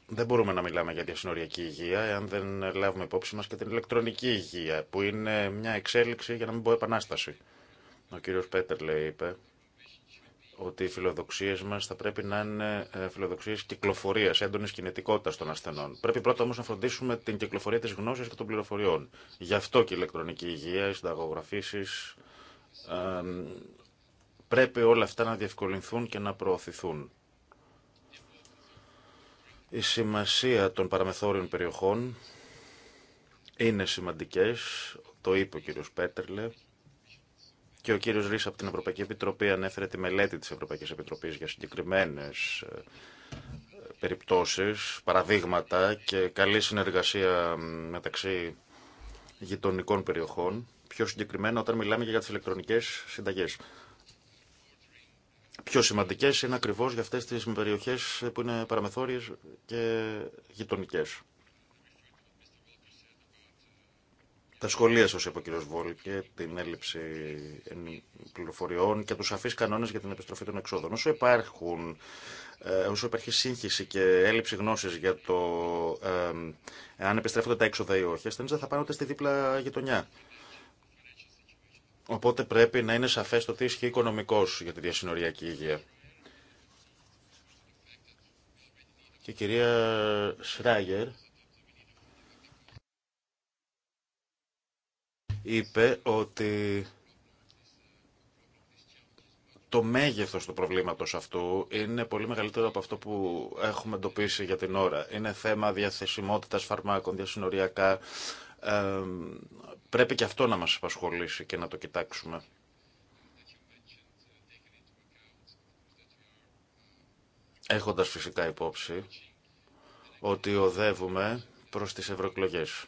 Δεν μπορούμε να μιλάμε για διασυνοριακή υγεία εάν δεν λάβουμε υπόψη μα και την ηλεκτρονική υγεία που είναι μια εξέλιξη για να μην πω επανάσταση. Ο κύριος λέει, είπε ότι οι φιλοδοξίες μας θα πρέπει να είναι ε, φιλοδοξίες κυκλοφορίας, έντονης κινητικότητας των ασθενών. Πρέπει πρώτα όμως να φροντίσουμε την κυκλοφορία της γνώσης και των πληροφοριών. Γι' αυτό και η ηλεκτρονική υγεία, οι συνταγογραφήσεις, πρέπει όλα αυτά να διευκολυνθούν και να προωθηθούν. Η σημασία των παραμεθόριων περιοχών είναι σημαντικές, το είπε ο κ. Πέτρελε, και ο κύριος Ρίσα από την Ευρωπαϊκή Επιτροπή ανέφερε τη μελέτη της Ευρωπαϊκής Επιτροπής για συγκεκριμένες ε, περιπτώσεις, παραδείγματα και καλή συνεργασία μεταξύ γειτονικών περιοχών, πιο συγκεκριμένα όταν μιλάμε για τις ηλεκτρονικές συνταγές. Πιο σημαντικές είναι ακριβώς για αυτές τις περιοχές που είναι παραμεθόριες και γειτονικές. Τα σχολεία σα, είπε ο κ. Βόλκε, την έλλειψη πληροφοριών και του σαφεί κανόνε για την επιστροφή των εξόδων. Όσο υπάρχουν ε, όσο υπάρχει σύγχυση και έλλειψη γνώση για το αν ε, επιστρέφονται τα έξοδα ή όχι, ασθενεί δεν θα πάνε ούτε στη δίπλα γειτονιά. Οπότε πρέπει να είναι σαφέ το τι ισχύει οικονομικώ για τη διασυνοριακή υγεία. Και η κυρία Σράγερ είπε ότι το μέγεθος του προβλήματος αυτού είναι πολύ μεγαλύτερο από αυτό που έχουμε εντοπίσει για την ώρα. Είναι θέμα διαθεσιμότητας φαρμάκων, διασυνοριακά. πρέπει και αυτό να μας απασχολήσει και να το κοιτάξουμε. Έχοντας φυσικά υπόψη ότι οδεύουμε προς τις ευρωεκλογές.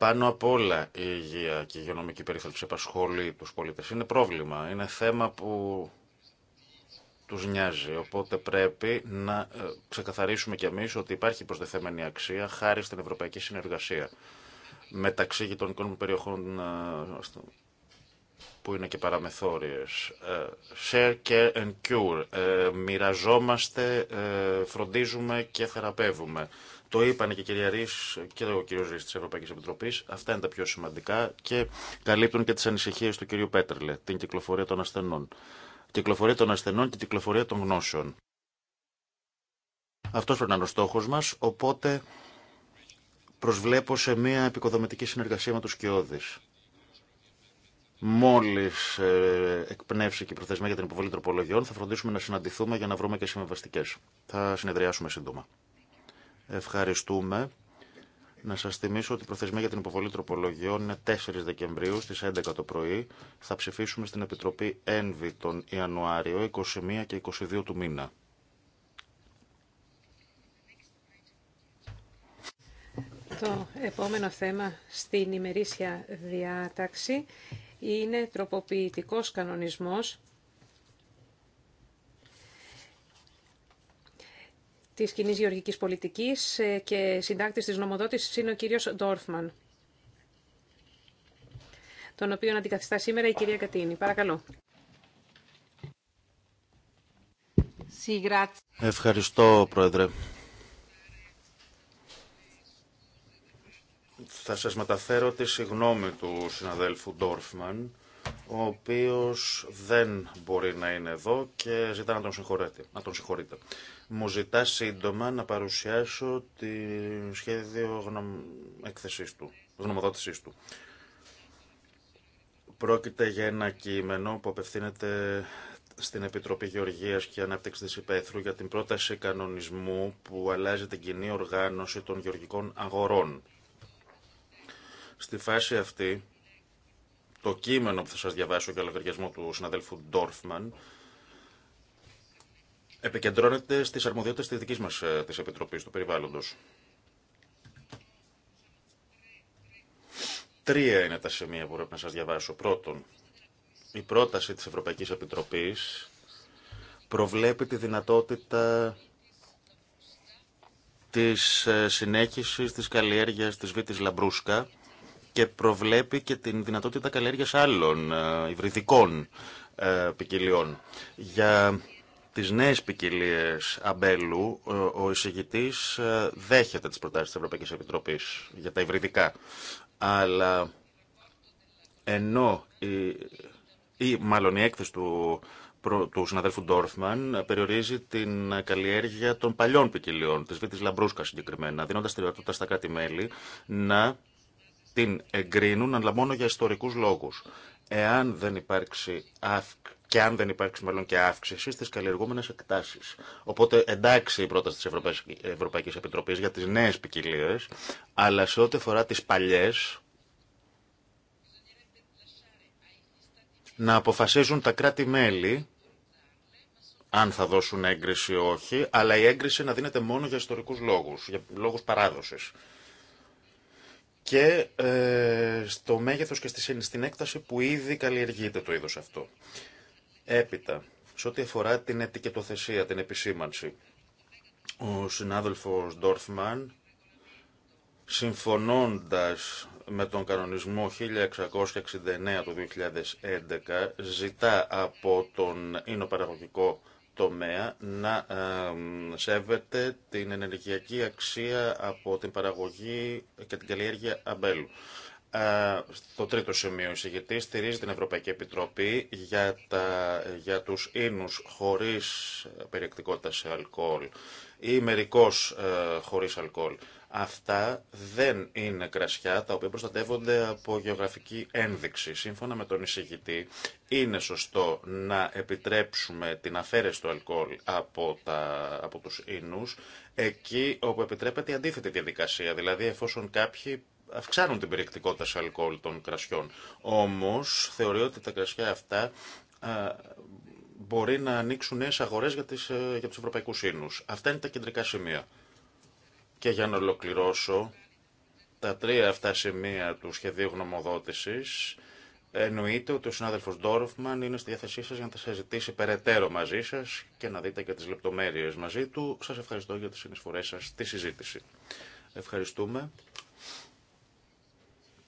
Πάνω απ' όλα η υγεία και η υγειονομική περίθαλψη απασχολεί του πολίτες. Είναι πρόβλημα, είναι θέμα που του νοιάζει. Οπότε πρέπει να ε, ξεκαθαρίσουμε κι εμείς ότι υπάρχει προσδεθέμενη αξία χάρη στην ευρωπαϊκή συνεργασία μεταξύ γειτονικών περιοχών ε, που είναι και παραμεθόριες. Ε, share, care and cure. Μοιραζόμαστε, φροντίζουμε και θεραπεύουμε. Το είπαν και η κυρία Ρης και ο κύριο Ρης τη Ευρωπαϊκή Επιτροπή, Αυτά είναι τα πιο σημαντικά και καλύπτουν και τι ανησυχίε του κυρίου Πέτρελε, την κυκλοφορία των ασθενών. Κυκλοφορία των ασθενών και κυκλοφορία των γνώσεων. Αυτό πρέπει να είναι ο στόχο μα, οπότε προσβλέπω σε μια επικοδομητική συνεργασία με του Κιώδη. Μόλι ε, εκπνεύσει και η προθεσμία για την υποβολή τροπολογιών, θα φροντίσουμε να συναντηθούμε για να βρούμε και συμβαστικέ. Θα συνεδριάσουμε σύντομα. Ευχαριστούμε. Να σας θυμίσω ότι η προθεσμία για την υποβολή τροπολογιών είναι 4 Δεκεμβρίου στις 11 το πρωί. Θα ψηφίσουμε στην Επιτροπή ΕΝΒΙ τον Ιανουάριο, 21 και 22 του μήνα. Το επόμενο θέμα στην ημερήσια διάταξη είναι τροποποιητικός κανονισμός Τη κοινή Γεωργική Πολιτική ε, και συντάκτη τη Νομοδότηση είναι ο κύριο Ντόρφμαν, τον οποίο αντικαθιστά σήμερα η κυρία Κατίνη. Παρακαλώ. Ευχαριστώ, Πρόεδρε. Θα σας μεταφέρω τη συγνώμη του συναδέλφου Ντόρφμαν, ο οποίος δεν μπορεί να είναι εδώ και ζητά να τον, να τον συγχωρείτε μου ζητά σύντομα να παρουσιάσω τη σχέδιο γνωμ... εκθεσής του, γνωμοδότησής του. Πρόκειται για ένα κείμενο που απευθύνεται στην Επιτροπή Γεωργίας και Ανάπτυξης της Υπέθρου για την πρόταση κανονισμού που αλλάζει την κοινή οργάνωση των γεωργικών αγορών. Στη φάση αυτή, το κείμενο που θα σας διαβάσω για λογαριασμό του συναδέλφου Ντόρφμαν επικεντρώνεται στις αρμοδιότητες της δικής μας ε, Επιτροπής του Περιβάλλοντος. Τρία είναι τα σημεία που πρέπει να σας διαβάσω. Πρώτον, η πρόταση της Ευρωπαϊκής Επιτροπής προβλέπει τη δυνατότητα της ε, συνέχισης της καλλιέργειας της Βήτης Λαμπρούσκα και προβλέπει και την δυνατότητα καλλιέργειας άλλων ε, υβριδικών ποικιλιών. Για τις νέες ποικιλίε αμπέλου, ο εισηγητής ε, δέχεται τις προτάσεις της Ευρωπαϊκής Επιτροπής για τα υβριδικά. Αλλά ενώ η, ή μάλλον η έκθεση του, του συναδέλφου Ντόρφμαν περιορίζει την καλλιέργεια των παλιών ποικιλιών, της Β. Λαμπρούσκα συγκεκριμένα, δίνοντας τη δυνατότητα στα κράτη-μέλη να την εγκρίνουν, αλλά μόνο για ιστορικούς λόγους. Εάν δεν υπάρξει αύξηση και αν δεν υπάρξει μέλλον και αύξηση στι καλλιεργούμενε εκτάσει. Οπότε εντάξει η πρόταση τη Ευρωπαϊκή Επιτροπή για τι νέε ποικιλίε, αλλά σε ό,τι αφορά τι παλιέ, να αποφασίζουν τα κράτη-μέλη αν θα δώσουν έγκριση ή όχι, αλλά η έγκριση να δίνεται μόνο για ιστορικούς λόγους, για λόγους παράδοσης. Και ε, στο μέγεθος και στην έκταση που ήδη καλλιεργείται το είδος αυτό. Έπειτα, σε ό,τι αφορά την ετικετοθεσία, την επισήμανση, ο συνάδελφος Ντόρφμαν, συμφωνώντας με τον κανονισμό 1669 του 2011, ζητά από τον παραγωγικό τομέα να σέβεται την ενεργειακή αξία από την παραγωγή και την καλλιέργεια αμπέλου. Ε, στο τρίτο σημείο, η συγκεκριτή στηρίζει την Ευρωπαϊκή Επιτροπή για, τα, για τους ίνους χωρίς ε, περιεκτικότητα σε αλκοόλ ή μερικώς ε, χωρίς αλκοόλ. Αυτά δεν είναι κρασιά τα οποία προστατεύονται από γεωγραφική ένδειξη. Σύμφωνα με τον εισηγητή, είναι σωστό να επιτρέψουμε την αφαίρεση του αλκοόλ από, τα, από τους ίνους εκεί όπου επιτρέπεται η αντίθετη διαδικασία, δηλαδή εφόσον κάποιοι αυξάνουν την περιεκτικότητα σε αλκοόλ των κρασιών. Όμως θεωρεί ότι τα κρασιά αυτά μπορεί να ανοίξουν νέες αγορές για, τις, ε, για τους ευρωπαϊκούς ίνους. Αυτά είναι τα κεντρικά σημεία. Και για να ολοκληρώσω, τα τρία αυτά σημεία του σχεδίου γνωμοδότησης εννοείται ότι ο συνάδελφος Ντόρφμαν είναι στη διάθεσή σας για να τα συζητήσει περαιτέρω μαζί σας και να δείτε και τις λεπτομέρειες μαζί του. Σας ευχαριστώ για τις συνεισφορές σας στη συζήτηση. Ευχαριστούμε.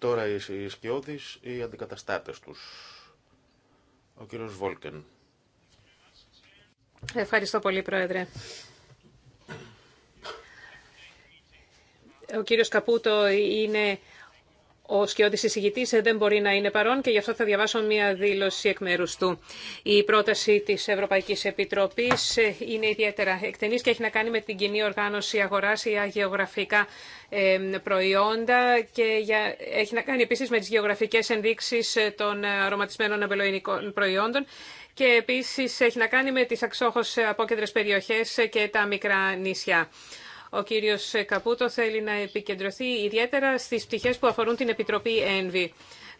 Τώρα οι σκιώδεις, οι αντικαταστάτες τους. Ο κύριος Βόλκεν. Ευχαριστώ πολύ, Πρόεδρε. Ο κύριος Καπούτο είναι ο σκιώδη εισηγητής δεν μπορεί να είναι παρόν και γι' αυτό θα διαβάσω μία δήλωση εκ μέρου του. Η πρόταση της Ευρωπαϊκής Επιτροπής ε, είναι ιδιαίτερα εκτενή και έχει να κάνει με την κοινή οργάνωση αγοράς για γεωγραφικά προϊόντα και έχει να κάνει επίσης με τις γεωγραφικές ενδείξεις ε, των αρωματισμένων αμπελοϊνικών προϊόντων και επίση έχει να κάνει με τι αξόχω ε, απόκεντρε περιοχέ και τα μικρά νησιά. Ο κύριος Καπούτο θέλει να επικεντρωθεί ιδιαίτερα στις πτυχέ που αφορούν την Επιτροπή ΕΝΒΗ.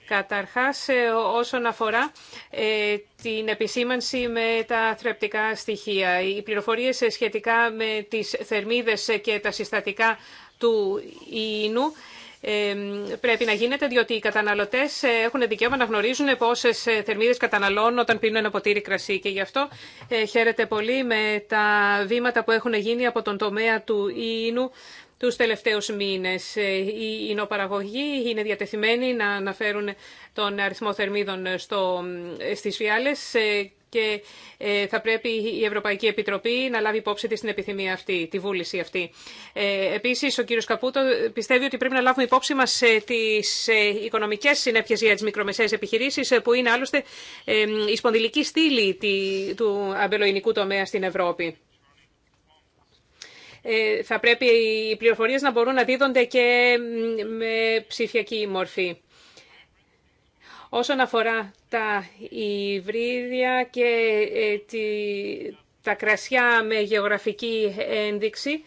Καταρχά, ε, όσον αφορά ε, την επισήμανση με τα θρεπτικά στοιχεία, οι πληροφορίε ε, σχετικά με τις θερμίδες και τα συστατικά του ίνου πρέπει να γίνεται, διότι οι καταναλωτέ ε, έχουν δικαίωμα να γνωρίζουν πόσε θερμίδε καταναλώνουν όταν πίνουν ένα ποτήρι κρασί. Και γι' αυτό ε, χαίρεται πολύ με τα βήματα που έχουν γίνει από τον τομέα του ίνου τους τελευταίους μήνες. Οι ε, ινοπαραγωγοί είναι διατεθειμένοι να αναφέρουν τον αριθμό θερμίδων στο, στις φιάλες και ε, θα πρέπει η Ευρωπαϊκή Επιτροπή να λάβει υπόψη τη την επιθυμία αυτή, τη βούληση αυτή. Ε, επίσης, ο κύριος Καπούτο πιστεύει ότι πρέπει να λάβουμε υπόψη μας ε, τις οικονομικές συνέπειε για τις μικρομεσαίες επιχειρήσεις, που είναι άλλωστε η σπονδυλική στήλη του αμπελοϊνικού τομέα στην Ευρώπη θα πρέπει οι πληροφορίες να μπορούν να δίδονται και με ψηφιακή μορφή. Όσον αφορά τα υβρίδια και ε, τη, τα κρασιά με γεωγραφική ένδειξη,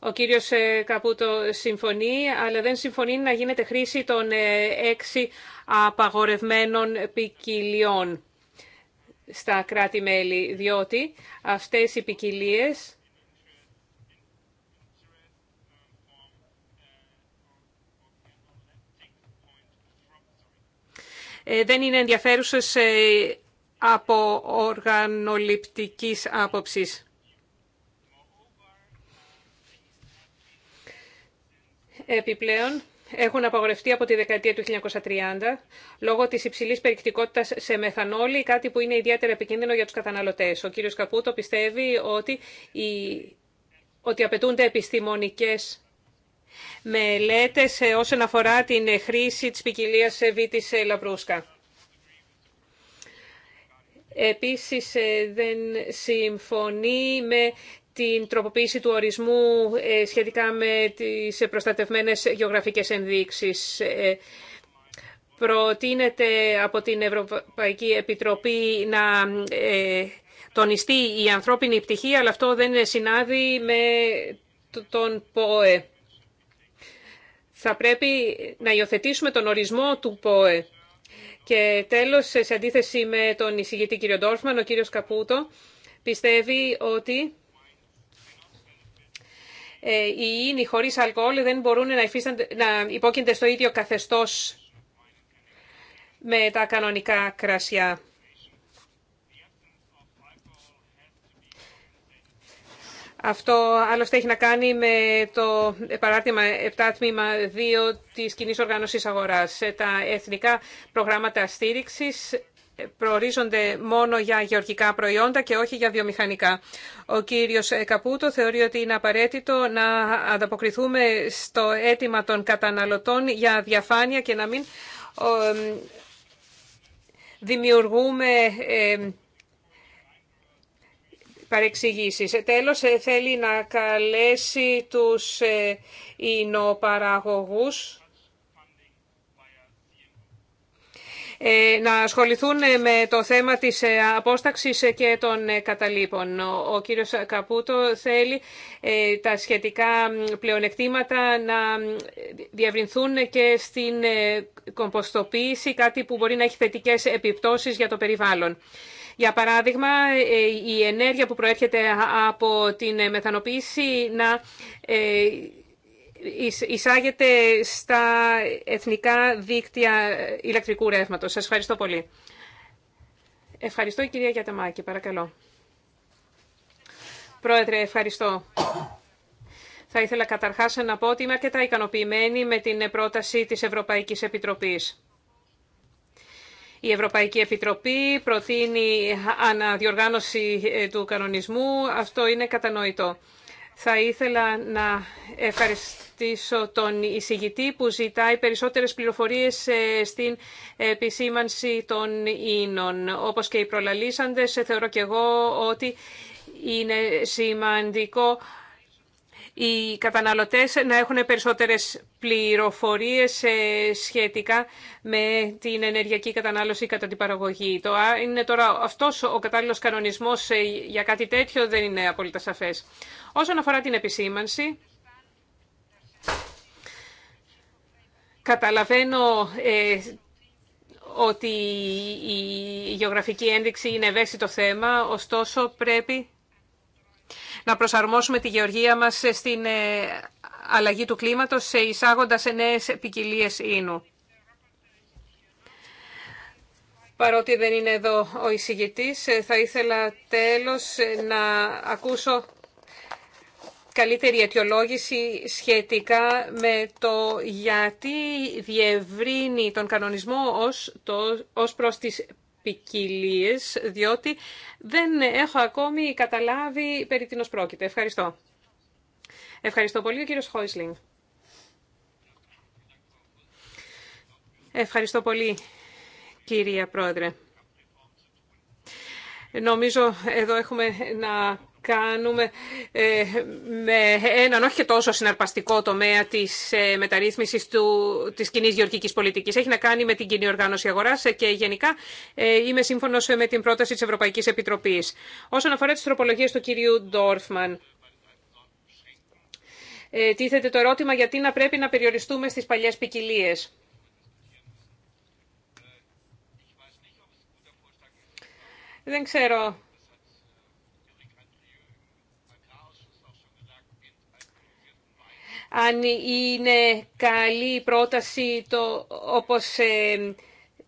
ο κύριος ε, Καπούτο συμφωνεί, αλλά δεν συμφωνεί να γίνεται χρήση των ε, έξι απαγορευμένων ποικιλιών στα κράτη-μέλη, διότι αυτές οι ποικιλίε Ε, δεν είναι ενδιαφέρουσες ε, από οργανοληπτικής άποψης. Επιπλέον, έχουν απαγορευτεί από τη δεκαετία του 1930 λόγω της υψηλής περιεκτικότητας σε μεθανόλη, κάτι που είναι ιδιαίτερα επικίνδυνο για τους καταναλωτές. Ο κύριος Καπούτο πιστεύει ότι, οι ότι απαιτούνται επιστημονικές μελέτες ε, όσον αφορά την ε, χρήση της ποικιλία ε, βήτης λαμπρούσκα. Επίσης δεν συμφωνεί με την τροποποίηση του ορισμού σχετικά με τις προστατευμένες γεωγραφικές ενδείξεις. Προτείνεται από την Ευρωπαϊκή Επιτροπή να τονιστεί η ανθρώπινη πτυχή, αλλά αυτό δεν συνάδει με τον ΠΟΕ θα πρέπει να υιοθετήσουμε τον ορισμό του ΠΟΕ. Και τέλος, σε αντίθεση με τον εισηγητή κύριο Ντόρφμαν, ο κύριος Καπούτο πιστεύει ότι ε, οι ίνοι χωρίς αλκοόλ δεν μπορούν να, να υπόκεινται στο ίδιο καθεστώς με τα κανονικά κρασιά. Αυτό άλλωστε έχει να κάνει με το παράρτημα 7 τμήμα 2 της κοινή οργάνωσης αγοράς. Ε, τα εθνικά προγράμματα στήριξης προορίζονται μόνο για γεωργικά προϊόντα και όχι για βιομηχανικά. Ο κύριος Καπούτο θεωρεί ότι είναι απαραίτητο να ανταποκριθούμε στο αίτημα των καταναλωτών για διαφάνεια και να μην ε, δημιουργούμε ε, παρεξηγήσεις. Ε, τέλος, ε, θέλει να καλέσει τους ε, ε να ασχοληθούν με το θέμα της απόσταξης και των καταλήπων. Ο κύριος Καπούτο θέλει τα σχετικά πλεονεκτήματα να διαβρινθούν και στην κομποστοποίηση, κάτι που μπορεί να έχει θετικές επιπτώσεις για το περιβάλλον. Για παράδειγμα, η ενέργεια που προέρχεται από την μεθανοποίηση να ε, εισάγεται στα εθνικά δίκτυα ηλεκτρικού ρεύματος. Σας ευχαριστώ πολύ. Ευχαριστώ η κυρία Γιατεμάκη, παρακαλώ. Πρόεδρε, ευχαριστώ. Θα ήθελα καταρχάς να πω ότι είμαι αρκετά ικανοποιημένη με την πρόταση της Ευρωπαϊκής Επιτροπής. Η Ευρωπαϊκή Επιτροπή προτείνει αναδιοργάνωση ε, του κανονισμού. Αυτό είναι κατανοητό. Θα ήθελα να ευχαριστήσω τον εισηγητή που ζητάει περισσότερες πληροφορίες ε, στην επισήμανση των ίνων. Όπως και οι προλαλήσαντες, θεωρώ και εγώ ότι είναι σημαντικό οι καταναλωτές να έχουν περισσότερες πληροφορίες ε, σχετικά με την ενεργειακή κατανάλωση κατά την παραγωγή. Το, είναι τώρα αυτός ο κατάλληλος κανονισμός ε, για κάτι τέτοιο δεν είναι απόλυτα σαφές. Όσον αφορά την επισήμανση, καταλαβαίνω ε, ότι η γεωγραφική ένδειξη είναι ευαίσθητο θέμα, ωστόσο πρέπει να προσαρμόσουμε τη γεωργία μας στην ε, αλλαγή του κλίματος, εισάγοντας νέες ποικιλίε ίνου. Παρότι δεν είναι εδώ ο εισηγητής, ε, θα ήθελα τέλος ε, να ακούσω καλύτερη αιτιολόγηση σχετικά με το γιατί διευρύνει τον κανονισμό ως, το, ως προς τις ποικιλίε, διότι δεν έχω ακόμη καταλάβει περί τίνο πρόκειται. Ευχαριστώ. Ευχαριστώ πολύ, ο κύριος Χόισλινγκ. Ευχαριστώ πολύ, κυρία Πρόεδρε. Νομίζω εδώ έχουμε να κάνουμε ε, με έναν όχι και τόσο συναρπαστικό τομέα της ε, μεταρρύθμισης του, της κοινή γεωργικής πολιτικής. Έχει να κάνει με την κοινή οργάνωση αγοράς ε, και γενικά είμαι σύμφωνος με την πρόταση της Ευρωπαϊκής Επιτροπής. Όσον αφορά τις τροπολογίες του κυρίου Ντόρφμαν, τίθεται το ερώτημα γιατί να πρέπει να περιοριστούμε στις παλιές ποικιλίε. Δεν ξέρω αν είναι καλή η πρόταση το, όπως ε,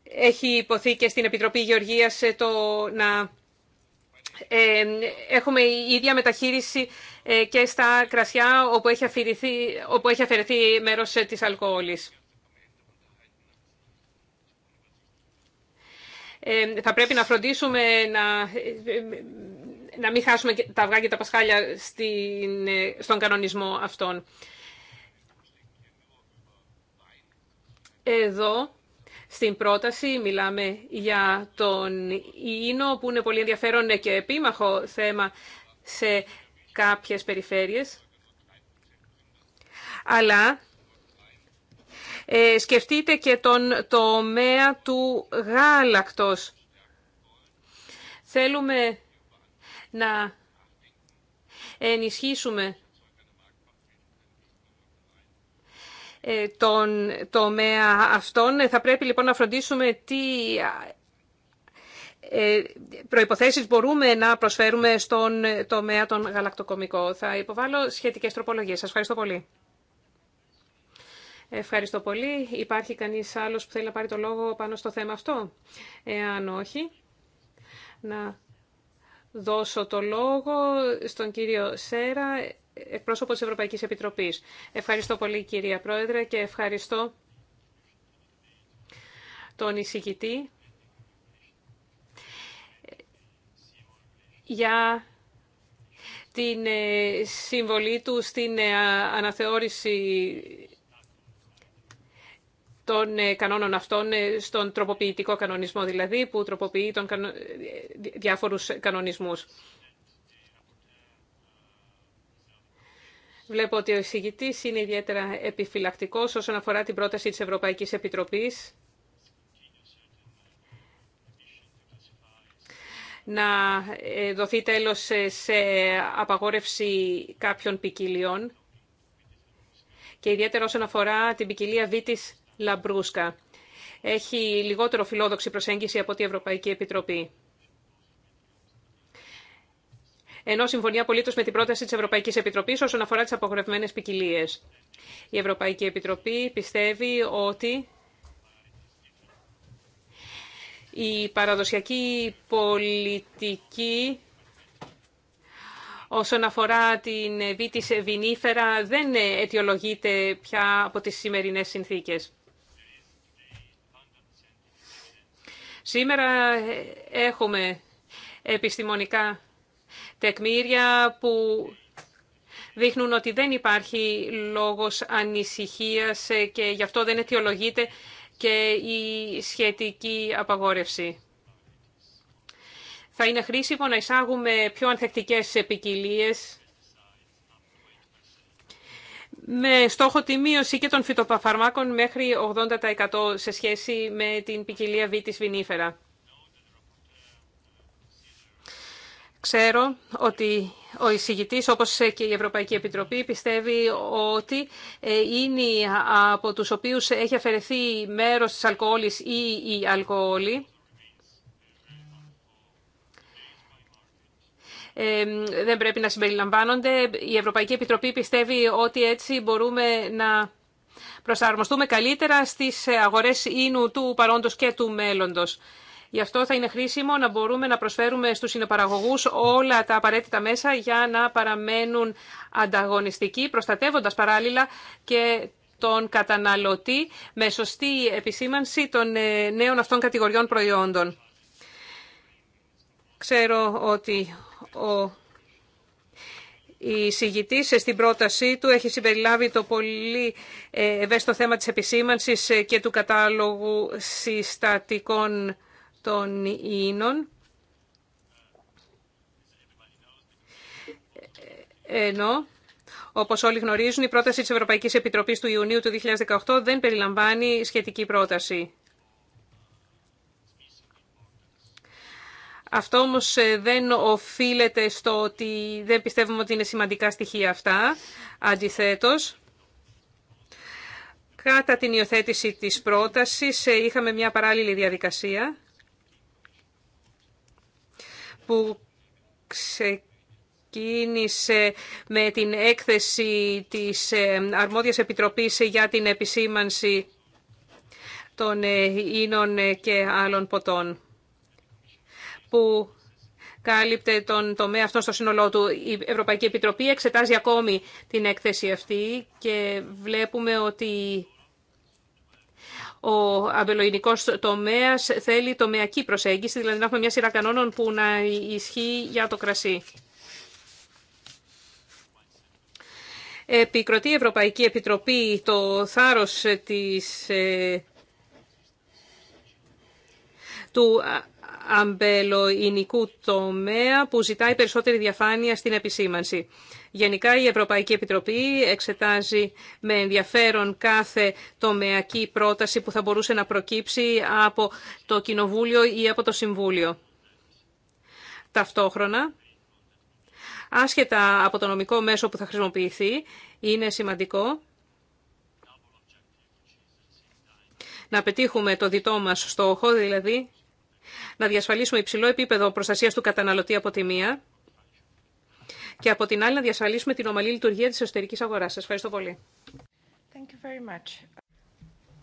έχει υποθεί και στην Επιτροπή Γεωργίας ε, το να ε, έχουμε η ίδια μεταχείριση και στα κρασιά όπου έχει, αφαιρεθεί, όπου έχει αφαιρεθεί μέρος της αλκοόλης. θα πρέπει να φροντίσουμε να, να μην χάσουμε τα αυγά και τα πασχάλια στην, στον κανονισμό αυτών. Εδώ στην πρόταση μιλάμε για τον ίνο που είναι πολύ ενδιαφέρον και επίμαχο θέμα σε κάποιες περιφέρειες. Αλλά ε, σκεφτείτε και τον τομέα του γάλακτος. Θέλουμε να ενισχύσουμε Ε, τον τομέα αυτών. Ε, θα πρέπει λοιπόν να φροντίσουμε τι ε, προϋποθέσεις μπορούμε να προσφέρουμε στον τομέα των γαλακτοκομικών. Θα υποβάλω σχετικές τροπολογίες. Σας ευχαριστώ πολύ. Ευχαριστώ πολύ. Υπάρχει κανείς άλλος που θέλει να πάρει το λόγο πάνω στο θέμα αυτό. Εάν όχι, να δώσω το λόγο στον κύριο Σέρα εκπρόσωπο τη Ευρωπαϊκής Επιτροπής. Ευχαριστώ πολύ κυρία Πρόεδρε και ευχαριστώ τον εισηγητή για την ε, συμβολή του στην ε, αναθεώρηση των ε, κανόνων αυτών, στον τροποποιητικό κανονισμό δηλαδή, που τροποποιεί τον διάφορους κανονισμούς. Βλέπω ότι ο εισηγητή είναι ιδιαίτερα επιφυλακτικό όσον αφορά την πρόταση της Ευρωπαϊκής Επιτροπής να ε, δοθεί τέλος ε, σε απαγόρευση κάποιων ποικιλίων και ιδιαίτερα όσον αφορά την ποικιλία βιτης Λαμπρούσκα. Έχει λιγότερο φιλόδοξη προσέγγιση από την Ευρωπαϊκή Επιτροπή ενώ συμφωνεί απολύτω με την πρόταση τη Ευρωπαϊκή Επιτροπή όσον αφορά τι απογορευμένε ποικιλίε. Η Ευρωπαϊκή Επιτροπή πιστεύει ότι η παραδοσιακή πολιτική όσον αφορά την σε βινήφερα δεν αιτιολογείται πια από τις σημερινές συνθήκες. Σήμερα έχουμε επιστημονικά τεκμήρια που δείχνουν ότι δεν υπάρχει λόγος ανησυχίας και γι' αυτό δεν αιτιολογείται και η σχετική απαγόρευση. Θα είναι χρήσιμο να εισάγουμε πιο ανθεκτικές ποικιλίε με στόχο τη μείωση και των φυτοπαφαρμάκων μέχρι 80% σε σχέση με την ποικιλία β της βινήφερα. Ξέρω ότι ο εισηγητής, όπως και η Ευρωπαϊκή Επιτροπή, πιστεύει ότι ε, είναι από τους οποίους έχει αφαιρεθεί μέρος της αλκοόλης ή η αλκοόλη. Ε, δεν πρέπει να συμπεριλαμβάνονται. Η Ευρωπαϊκή Επιτροπή πιστεύει ότι έτσι μπορούμε να προσαρμοστούμε καλύτερα στις αγορές ίνου του παρόντος και του μέλλοντος. Γι' αυτό θα είναι χρήσιμο να μπορούμε να προσφέρουμε στους συνοπαραγωγούς όλα τα απαραίτητα μέσα για να παραμένουν ανταγωνιστικοί, προστατεύοντας παράλληλα και τον καταναλωτή με σωστή επισήμανση των ε, νέων αυτών κατηγοριών προϊόντων. Ξέρω ότι ο η στην πρότασή του έχει συμπεριλάβει το πολύ ε, ευαίσθητο θέμα της επισήμανσης ε, και του κατάλογου συστατικών των ίνων, ενώ, όπως όλοι γνωρίζουν, η πρόταση της Ευρωπαϊκής Επιτροπής του Ιουνίου του 2018 δεν περιλαμβάνει σχετική πρόταση. Αυτό όμως ε, δεν οφείλεται στο ότι δεν πιστεύουμε ότι είναι σημαντικά στοιχεία αυτά. Αντιθέτως, κατά την υιοθέτηση της πρότασης ε, είχαμε μια παράλληλη διαδικασία που ξεκίνησε με την έκθεση της ε, Αρμόδιας Επιτροπής για την επισήμανση των ε, ίνων ε, και άλλων ποτών που κάλυπτε τον τομέα αυτό στο σύνολό του. Η Ευρωπαϊκή Επιτροπή εξετάζει ακόμη την έκθεση αυτή και βλέπουμε ότι ο αμπελοϊνικός τομέας θέλει τομεακή προσέγγιση, δηλαδή να έχουμε μια σειρά κανόνων που να ισχύει για το κρασί. Επικροτεί η Ευρωπαϊκή Επιτροπή το θάρρος της, ε, του αμπελοϊνικού τομέα που ζητάει περισσότερη διαφάνεια στην επισήμανση. Γενικά η Ευρωπαϊκή Επιτροπή εξετάζει με ενδιαφέρον κάθε τομεακή πρόταση που θα μπορούσε να προκύψει από το Κοινοβούλιο ή από το Συμβούλιο. Ταυτόχρονα, άσχετα από το νομικό μέσο που θα χρησιμοποιηθεί, είναι σημαντικό να πετύχουμε το διτό μας στόχο, δηλαδή να διασφαλίσουμε υψηλό επίπεδο προστασίας του καταναλωτή από τη και από την άλλη να διασφαλίσουμε την ομαλή λειτουργία της εσωτερικής αγοράς. Σας ευχαριστώ πολύ. Thank you very much.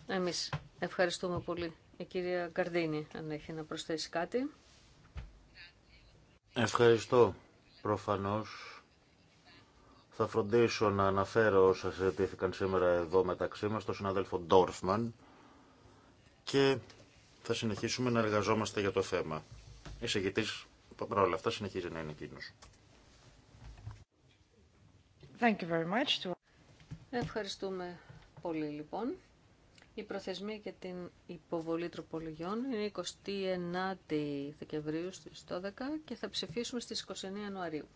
Εμείς ευχαριστούμε πολύ. Η κυρία Καρδίνη, αν έχει να προσθέσει κάτι. Ευχαριστώ. Προφανώς θα φροντίσω να αναφέρω όσα συζητήθηκαν σήμερα εδώ μεταξύ μας, τον συνάδελφο Ντόρφμαν και θα συνεχίσουμε να εργαζόμαστε για το θέμα. Εισηγητής, παρόλα αυτά, συνεχίζει να είναι εκείνος. Thank you very much. Ευχαριστούμε πολύ λοιπόν. Η προθεσμία για την υποβολή τροπολογιών είναι 29 Δεκεμβρίου στις 12 και θα ψηφίσουμε στις 29 Ιανουαρίου.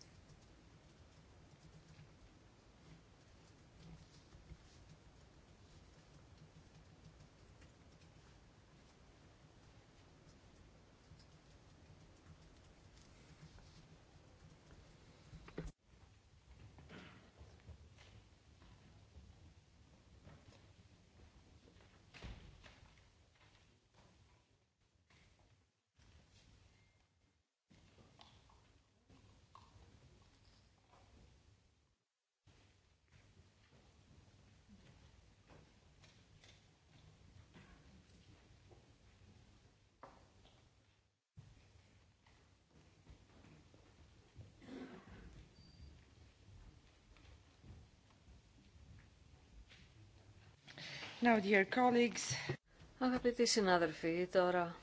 Αγαπητοί συνάδελφοι, τώρα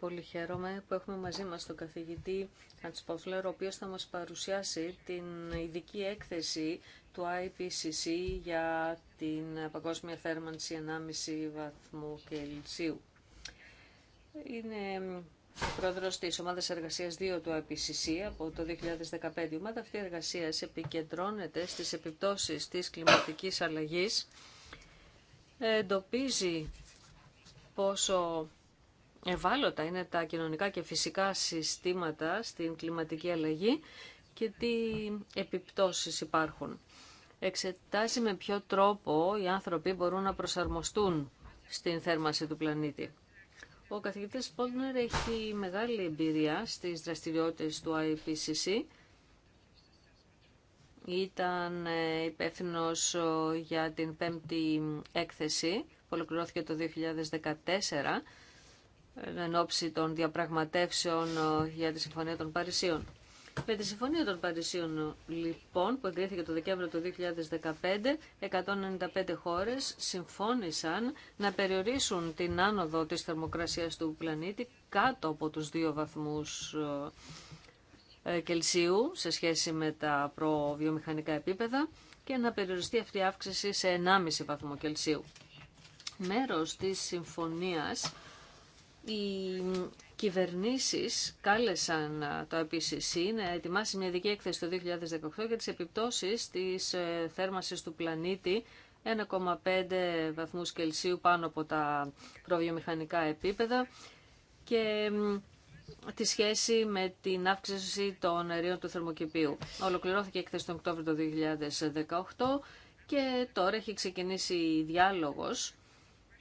πολύ χαίρομαι που έχουμε μαζί μας τον καθηγητή Χαντσποφλέρ, ο οποίος θα μας παρουσιάσει την ειδική έκθεση του IPCC για την παγκόσμια θέρμανση 1,5 βαθμού Κελσίου. Είναι πρόεδρο τη ομάδα εργασία 2 του IPCC από το 2015. Η ομάδα αυτή εργασία επικεντρώνεται στι επιπτώσει τη κλιματική αλλαγή εντοπίζει πόσο ευάλωτα είναι τα κοινωνικά και φυσικά συστήματα στην κλιματική αλλαγή και τι επιπτώσεις υπάρχουν. Εξετάζει με ποιο τρόπο οι άνθρωποι μπορούν να προσαρμοστούν στην θέρμανση του πλανήτη. Ο καθηγητής Πόλνερ έχει μεγάλη εμπειρία στις δραστηριότητες του IPCC ήταν ε, υπεύθυνο για την πέμπτη έκθεση που ολοκληρώθηκε το 2014 εν ώψη των διαπραγματεύσεων για τη Συμφωνία των Παρισίων. Με τη Συμφωνία των Παρισίων, λοιπόν, που εγκρίθηκε το Δεκέμβριο του 2015, 195 χώρες συμφώνησαν να περιορίσουν την άνοδο της θερμοκρασίας του πλανήτη κάτω από τους δύο βαθμούς ε, Κελσίου σε σχέση με τα προβιομηχανικά επίπεδα και να περιοριστεί αυτή η αύξηση σε 1,5 βαθμό Κελσίου. Μέρος της συμφωνίας οι κυβερνήσεις κάλεσαν ε, το IPCC να ετοιμάσει μια ειδική έκθεση το 2018 για τις επιπτώσεις της ε, θέρμασης του πλανήτη 1,5 βαθμούς Κελσίου πάνω από τα προβιομηχανικά επίπεδα και τη σχέση με την αύξηση των αερίων του θερμοκηπίου. Ολοκληρώθηκε εκθέ τον Οκτώβριο του 2018 και τώρα έχει ξεκινήσει διάλογος,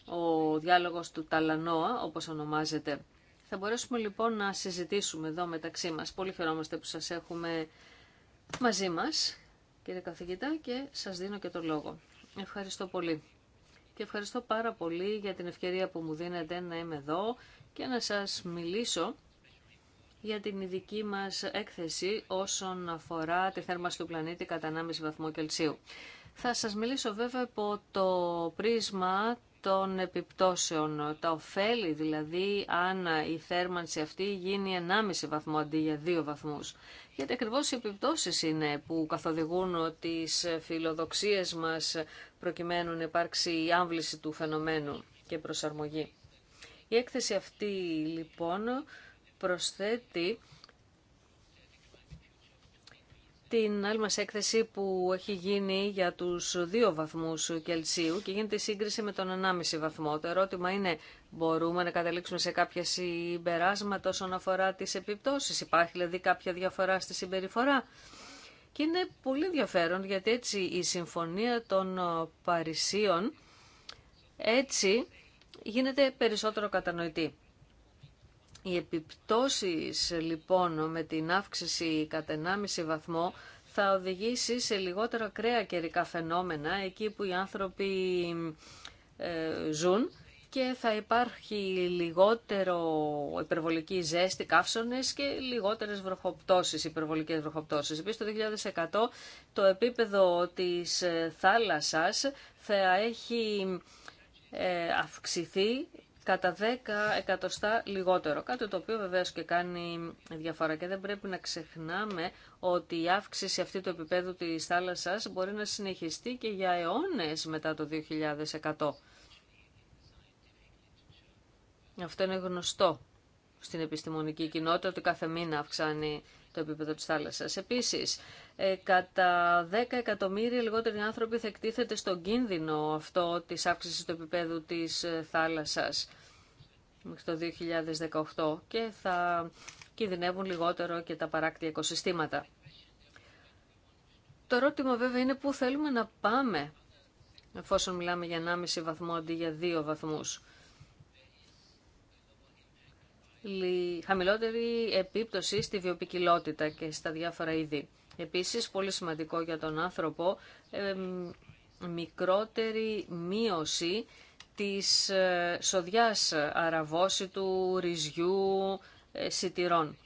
ο διάλογος του Ταλανόα, όπως ονομάζεται. Θα μπορέσουμε λοιπόν να συζητήσουμε εδώ μεταξύ μας. Πολύ χαιρόμαστε που σας έχουμε μαζί μας, κύριε καθηγητά, και σας δίνω και το λόγο. Ευχαριστώ πολύ. Και ευχαριστώ πάρα πολύ για την ευκαιρία που μου δίνετε να είμαι εδώ και να σας μιλήσω για την ειδική μας έκθεση όσον αφορά τη θέρμανση του πλανήτη κατά 1,5 βαθμό Κελσίου. Θα σας μιλήσω βέβαια από το πρίσμα των επιπτώσεων, τα ωφέλη δηλαδή αν η θέρμανση αυτή γίνει 1,5 βαθμό αντί για 2 βαθμούς. Γιατί ακριβώς οι επιπτώσεις είναι που καθοδηγούν τις φιλοδοξίες μας προκειμένου να υπάρξει η άμβληση του φαινομένου και προσαρμογή. Η έκθεση αυτή λοιπόν προσθέτει την άλλη μας έκθεση που έχει γίνει για τους δύο βαθμούς Κελσίου και γίνεται σύγκριση με τον 1,5 βαθμό. Το ερώτημα είναι μπορούμε να καταλήξουμε σε κάποια συμπεράσματα όσον αφορά τις επιπτώσεις. Υπάρχει δηλαδή κάποια διαφορά στη συμπεριφορά. Και είναι πολύ ενδιαφέρον γιατί έτσι η Συμφωνία των Παρισίων έτσι γίνεται περισσότερο κατανοητή. Οι επιπτώσεις λοιπόν με την αύξηση κατά 1,5 βαθμό θα οδηγήσει σε λιγότερα κρέα καιρικά φαινόμενα εκεί που οι άνθρωποι ε, ζουν και θα υπάρχει λιγότερο υπερβολική ζέστη, καύσονες και λιγότερες βροχοπτώσεις, υπερβολικές βροχοπτώσεις. Επίσης το 2100 το επίπεδο της ε, θάλασσας θα έχει ε, αυξηθεί κατά 10 εκατοστά λιγότερο. Κάτι το οποίο βεβαίως και κάνει διαφορά και δεν πρέπει να ξεχνάμε ότι η αύξηση αυτή του επίπεδου της θάλασσας μπορεί να συνεχιστεί και για αιώνες μετά το 2100. Αυτό είναι γνωστό στην επιστημονική κοινότητα ότι κάθε μήνα αυξάνει το επίπεδο της θάλασσας. Επίσης, ε, κατά 10 εκατομμύρια λιγότεροι άνθρωποι θα εκτίθεται στον κίνδυνο αυτό της αύξησης του επίπεδου της ε, θάλασσας μέχρι το 2018 και θα κινδυνεύουν λιγότερο και τα παράκτια οικοσυστήματα. Το ερώτημα βέβαια είναι πού θέλουμε να πάμε εφόσον μιλάμε για 1,5 βαθμό αντί για 2 βαθμούς χαμηλότερη επίπτωση στη βιοπικιλότητα και στα διάφορα είδη. Επίσης, πολύ σημαντικό για τον άνθρωπο, μικρότερη μείωση της ε, σοδιάς του ρυζιού, ε, σιτηρών.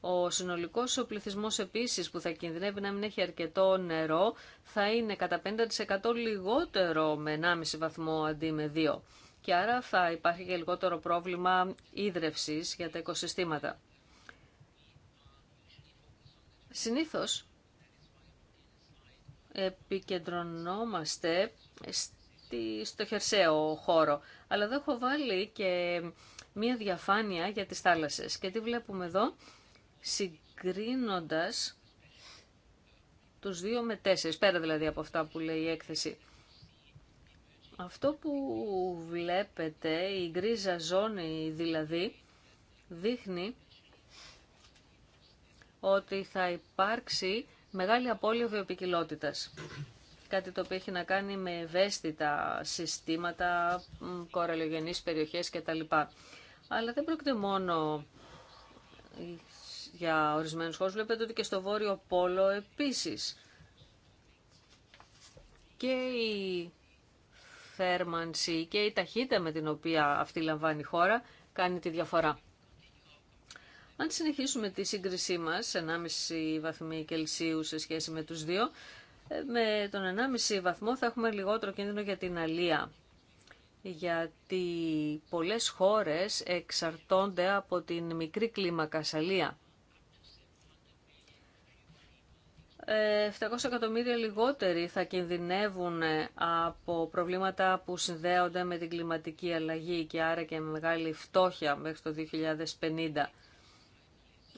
Ο συνολικός ο πληθυσμός επίσης που θα κινδυνεύει να μην έχει αρκετό νερό θα είναι κατά 50% λιγότερο με 1,5 βαθμό αντί με 2 και άρα θα υπάρχει και λιγότερο πρόβλημα ίδρευσης για τα οικοσυστήματα. Συνήθως επικεντρωνόμαστε στο χερσαίο χώρο, αλλά εδώ έχω βάλει και μία διαφάνεια για τις θάλασσες και τι βλέπουμε εδώ συγκρίνοντας τους δύο με τέσσερις, πέρα δηλαδή από αυτά που λέει η έκθεση. Αυτό που βλέπετε, η γκρίζα ζώνη δηλαδή, δείχνει ότι θα υπάρξει μεγάλη απώλεια βιοπικιλότητας. Κάτι το οποίο έχει να κάνει με ευαίσθητα συστήματα, κοραλιογενείς περιοχές κτλ. Αλλά δεν πρόκειται μόνο για ορισμένους χώρους. Βλέπετε ότι και στο Βόρειο Πόλο επίσης. Και η θέρμανση και η ταχύτητα με την οποία αυτή λαμβάνει η χώρα κάνει τη διαφορά. Αν συνεχίσουμε τη σύγκρισή μας, 1,5 βαθμοί Κελσίου σε σχέση με τους δύο, ε, με τον 1,5 βαθμό θα έχουμε λιγότερο κίνδυνο για την αλία. Γιατί πολλές χώρες εξαρτώνται από την μικρή κλίμακα σαλία. 700 εκατομμύρια λιγότεροι θα κινδυνεύουν ε, από προβλήματα που συνδέονται με την κλιματική αλλαγή και άρα και με μεγάλη φτώχεια μέχρι το 2050.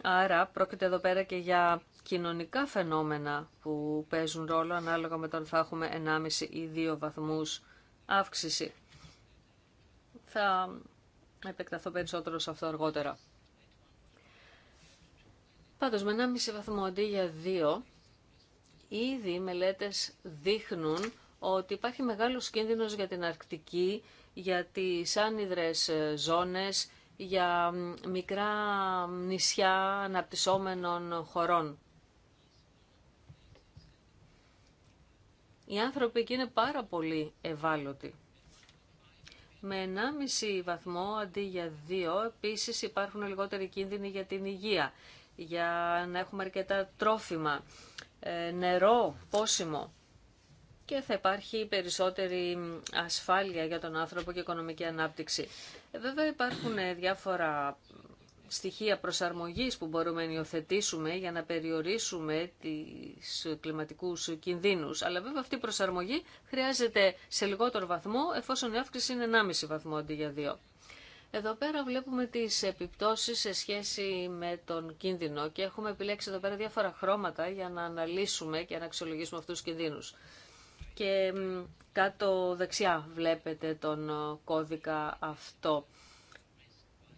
Άρα πρόκειται εδώ πέρα και για κοινωνικά φαινόμενα που παίζουν ρόλο ανάλογα με το αν θα έχουμε 1,5 ή 2 βαθμούς αύξηση. Θα επεκταθώ περισσότερο σε αυτό αργότερα. Πάντως με 1,5 βαθμό αντί για 2 Ήδη οι μελέτες δείχνουν ότι υπάρχει μεγάλος κίνδυνος για την Αρκτική, για τις άνυδρες ε, ζώνες, για μικρά νησιά αναπτυσσόμενων χωρών. Οι άνθρωποι εκεί είναι πάρα πολύ ευάλωτοι. Με 1,5 βαθμό αντί για 2, επίσης υπάρχουν λιγότεροι κίνδυνοι για την υγεία, για να έχουμε αρκετά τρόφιμα, ε, νερό, πόσιμο και θα υπάρχει περισσότερη ασφάλεια για τον άνθρωπο και οικονομική ανάπτυξη. Ε, βέβαια υπάρχουν ε, διάφορα στοιχεία προσαρμογής που μπορούμε να υιοθετήσουμε για να περιορίσουμε τις κλιματικούς κινδύνους. Αλλά βέβαια αυτή η προσαρμογή χρειάζεται σε λιγότερο βαθμό εφόσον η αύξηση είναι 1,5 βαθμό αντί για 2. Εδώ πέρα βλέπουμε τις επιπτώσεις σε σχέση με τον κίνδυνο και έχουμε επιλέξει εδώ πέρα διάφορα χρώματα για να αναλύσουμε και να αξιολογήσουμε αυτούς τους κινδύνους. Και κάτω δεξιά βλέπετε τον ε, κώδικα αυτό.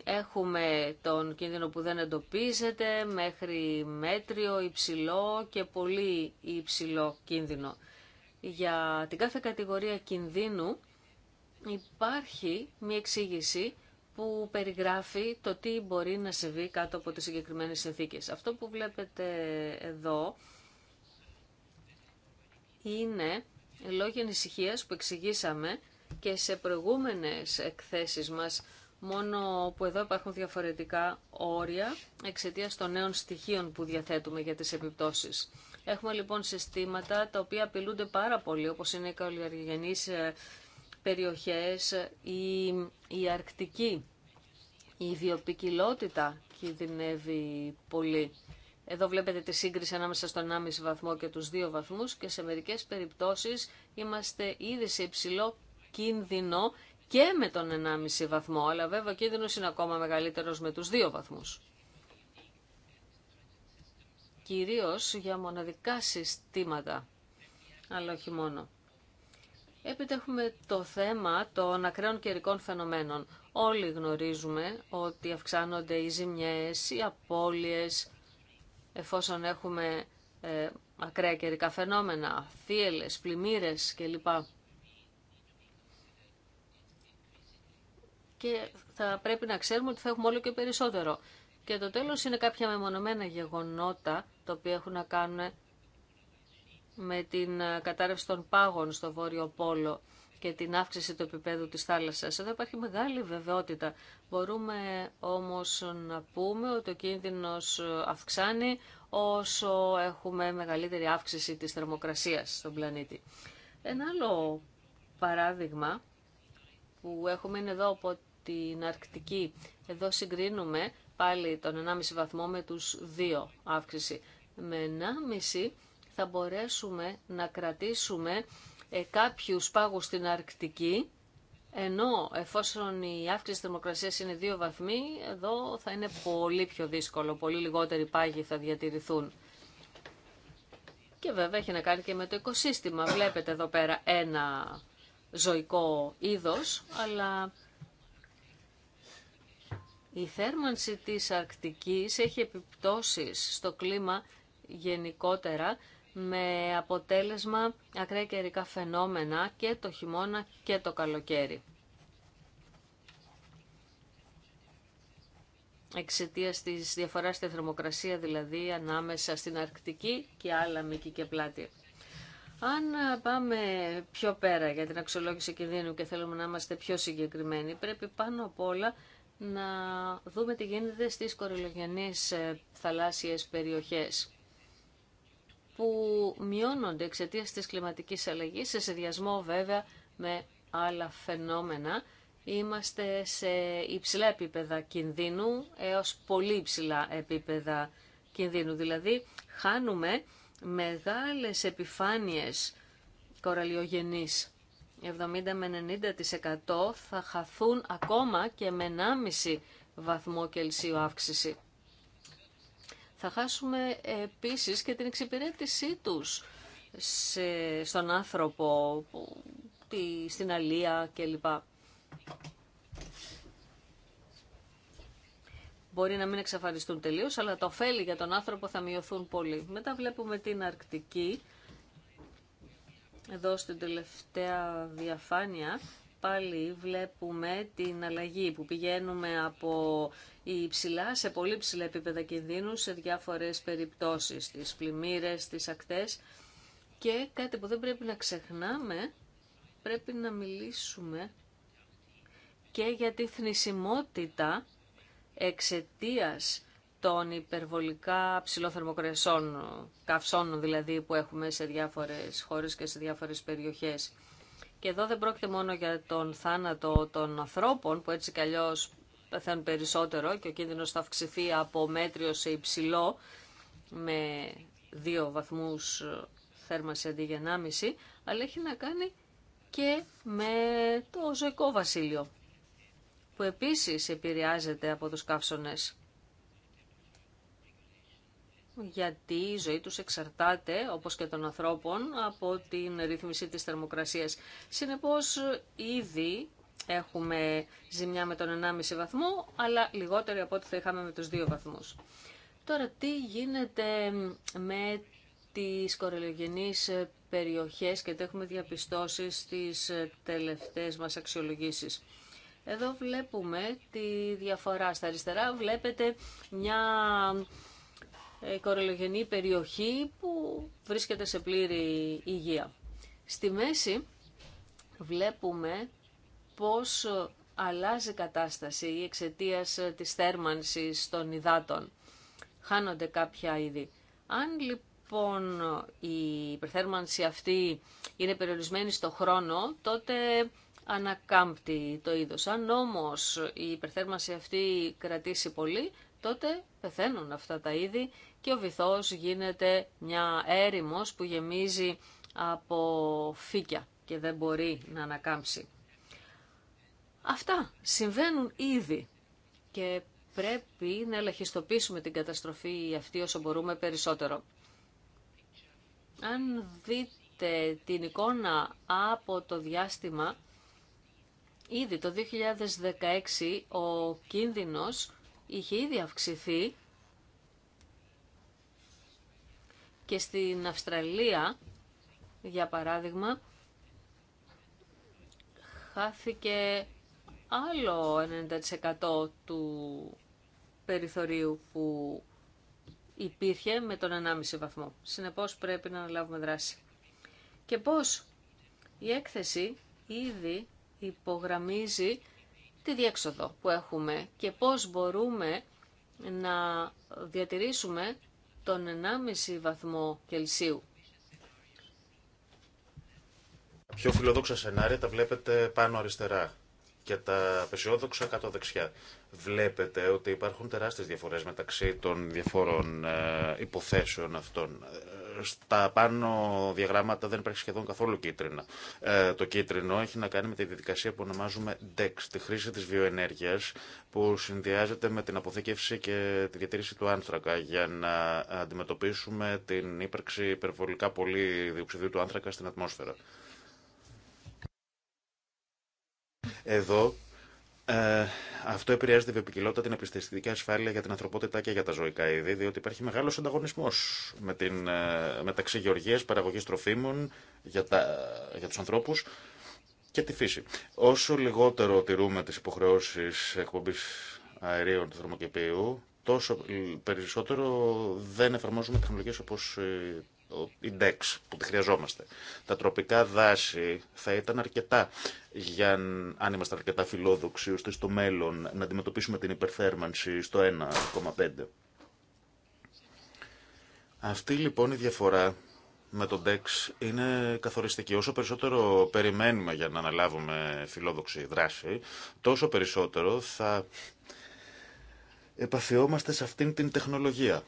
Έχουμε τον κίνδυνο που δεν εντοπίζεται μέχρι μέτριο, υψηλό και πολύ υψηλό κίνδυνο. Για την κάθε κατηγορία κινδύνου υπάρχει μια εξήγηση που περιγράφει το τι μπορεί να συμβεί κάτω από τις συγκεκριμένες συνθήκες. Αυτό που βλέπετε εδώ είναι λόγια ανησυχία που εξηγήσαμε και σε προηγούμενες εκθέσεις μας, μόνο που εδώ υπάρχουν διαφορετικά όρια εξαιτίας των νέων στοιχείων που διαθέτουμε για τις επιπτώσεις. Έχουμε λοιπόν συστήματα τα οποία απειλούνται πάρα πολύ, όπως είναι οι καλλιεργενείς ε, περιοχές ή η Αρκτική. Η βιοπικιλότητα κινδυνεύει πολύ. Εδώ βλέπετε τη σύγκριση ανάμεσα στον 1,5 βαθμό και τους 2 βαθμούς και σε μερικές περιπτώσεις είμαστε ήδη σε υψηλό κίνδυνο και με τον 1,5 βαθμό, αλλά βέβαια ο κίνδυνος είναι ακόμα μεγαλύτερος με τους 2 βαθμούς. Κυρίως για μοναδικά συστήματα, αλλά όχι μόνο. Έπειτα έχουμε το θέμα των ακραίων καιρικών φαινομένων. Όλοι γνωρίζουμε ότι αυξάνονται οι ζημιές, οι απώλειες, εφόσον έχουμε ε, ακραία καιρικά φαινόμενα, θύελες, πλημμύρες κλπ. Και θα πρέπει να ξέρουμε ότι θα έχουμε όλο και περισσότερο. Και το τέλος είναι κάποια μεμονωμένα γεγονότα, τα οποία έχουν να κάνουν με την ε, κατάρρευση των πάγων στο Βόρειο Πόλο και την αύξηση του επίπεδου της θάλασσας. Εδώ υπάρχει μεγάλη βεβαιότητα. Μπορούμε όμως να πούμε ότι ο κίνδυνος ε, αυξάνει όσο έχουμε μεγαλύτερη αύξηση της θερμοκρασίας στον πλανήτη. Ένα άλλο παράδειγμα που έχουμε είναι εδώ από την Αρκτική. Εδώ συγκρίνουμε πάλι τον 1,5 βαθμό με τους 2 αύξηση. Με 1,5 θα μπορέσουμε να κρατήσουμε ε, κάποιους πάγους στην Αρκτική, ενώ εφόσον η αύξηση της θερμοκρασίας είναι δύο βαθμοί, εδώ θα είναι πολύ πιο δύσκολο, πολύ λιγότεροι πάγοι θα διατηρηθούν. Και βέβαια έχει να κάνει και με το οικοσύστημα. Βλέπετε εδώ πέρα ένα ζωικό είδος, αλλά η θέρμανση της Αρκτικής έχει επιπτώσεις στο κλίμα γενικότερα με αποτέλεσμα ακραία καιρικά φαινόμενα και το χειμώνα και το καλοκαίρι. Εξαιτία τη διαφορά στη θερμοκρασία δηλαδή ανάμεσα στην Αρκτική και άλλα μήκη και πλάτη. Αν πάμε πιο πέρα για την αξιολόγηση κινδύνου και θέλουμε να είμαστε πιο συγκεκριμένοι, πρέπει πάνω απ' όλα να δούμε τι γίνεται στις κορυλογενείς ε, θαλάσσιες περιοχές που μειώνονται εξαιτία της κλιματικής αλλαγής, σε συνδυασμό βέβαια με άλλα φαινόμενα. Είμαστε σε υψηλά επίπεδα κινδύνου έως πολύ υψηλά επίπεδα κινδύνου. Δηλαδή χάνουμε μεγάλες επιφάνειες κοραλιογενείς. 70 με 90% θα χαθούν ακόμα και με 1,5 βαθμό Κελσίου αύξηση. Θα χάσουμε επίσης και την εξυπηρέτησή τους σε, στον άνθρωπο, στην αλία κλπ. Μπορεί να μην εξαφανιστούν τελείως, αλλά το ωφέλη για τον άνθρωπο θα μειωθούν πολύ. Μετά βλέπουμε την Αρκτική, εδώ στην τελευταία διαφάνεια πάλι βλέπουμε την αλλαγή που πηγαίνουμε από υψηλά σε πολύ ψηλά επίπεδα κινδύνου σε διάφορες περιπτώσεις, στις πλημμύρες, στις ακτές. Και κάτι που δεν πρέπει να ξεχνάμε, πρέπει να μιλήσουμε και για τη θνησιμότητα εξαιτίας των υπερβολικά ψηλόθερμοκρασών, καυσών δηλαδή που έχουμε σε διάφορες χώρες και σε διάφορες περιοχές. Και εδώ δεν πρόκειται μόνο για τον θάνατο των ανθρώπων που έτσι κι αλλιώς πεθαίνουν περισσότερο και ο κίνδυνος θα αυξηθεί από μέτριο σε υψηλό με δύο βαθμούς θέρμανση αντί αλλά έχει να κάνει και με το ζωικό βασίλειο, που επίσης επηρεάζεται από τους καύσονες γιατί η ζωή τους εξαρτάται, όπως και των ανθρώπων, από την ρύθμιση της θερμοκρασίας. Συνεπώς, ήδη έχουμε ζημιά με τον 1,5 βαθμό, αλλά λιγότερη από ό,τι θα είχαμε με τους 2 βαθμούς. Τώρα, τι γίνεται με τις κορελογενείς περιοχές και τι έχουμε διαπιστώσει στις τελευταίες μας αξιολογήσεις. Εδώ βλέπουμε τη διαφορά. Στα αριστερά βλέπετε μια ε, κορολογενή περιοχή που βρίσκεται σε πλήρη υγεία. Στη μέση βλέπουμε πώς αλλάζει η κατάσταση εξαιτία της θέρμανσης των υδάτων. Χάνονται κάποια είδη. Αν λοιπόν η υπερθέρμανση αυτή είναι περιορισμένη στο χρόνο, τότε ανακάμπτει το είδος. Αν όμως η υπερθέρμανση αυτή κρατήσει πολύ, τότε πεθαίνουν αυτά τα είδη και ο βυθός γίνεται μια έρημος που γεμίζει από φύκια και δεν μπορεί να ανακάμψει. Αυτά συμβαίνουν ήδη και πρέπει να ελαχιστοποιήσουμε την καταστροφή αυτή όσο μπορούμε περισσότερο. Αν δείτε την εικόνα από το διάστημα, ήδη το 2016 ο κίνδυνος είχε ήδη αυξηθεί και στην Αυστραλία, για παράδειγμα, χάθηκε άλλο 90% του περιθωρίου που υπήρχε με τον 1,5 βαθμό. Συνεπώς πρέπει να αναλάβουμε δράση. Και πώς η έκθεση ήδη υπογραμμίζει τη διέξοδο που έχουμε και πώς μπορούμε να διατηρήσουμε τον 1,5 βαθμό Κελσίου. Τα πιο φιλοδόξα σενάρια τα βλέπετε πάνω αριστερά και τα πεσιόδοξα κάτω δεξιά. Βλέπετε ότι υπάρχουν τεράστιες διαφορές μεταξύ των διαφόρων ε, υποθέσεων αυτών στα πάνω διαγράμματα δεν υπάρχει σχεδόν καθόλου κίτρινα. Ε, το κίτρινο έχει να κάνει με τη διαδικασία που ονομάζουμε DEX, τη χρήση της βιοενέργειας που συνδυάζεται με την αποθήκευση και τη διατήρηση του άνθρακα για να αντιμετωπίσουμε την ύπαρξη υπερβολικά πολύ διοξιδίου του άνθρακα στην ατμόσφαιρα. Εδώ ε, αυτό επηρεάζει τη βιοπικιλότητα, την επιστημιστική ασφάλεια για την ανθρωπότητα και για τα ζωικά είδη, διότι υπάρχει μεγάλο ανταγωνισμό με την, ε, μεταξύ γεωργία, παραγωγή τροφίμων για, τα, για του ανθρώπου και τη φύση. Όσο λιγότερο τηρούμε τι υποχρεώσει εκπομπή αερίων του θερμοκηπίου, τόσο ε, περισσότερο δεν εφαρμόζουμε τεχνολογίε όπω η DEX που τη χρειαζόμαστε. Τα τροπικά δάση θα ήταν αρκετά για αν είμαστε αρκετά φιλόδοξοι ώστε στο μέλλον να αντιμετωπίσουμε την υπερθέρμανση στο 1,5. Αυτή λοιπόν η διαφορά με τον DEX είναι καθοριστική. Όσο περισσότερο περιμένουμε για να αναλάβουμε φιλόδοξη δράση, τόσο περισσότερο θα επαφιόμαστε σε αυτήν την τεχνολογία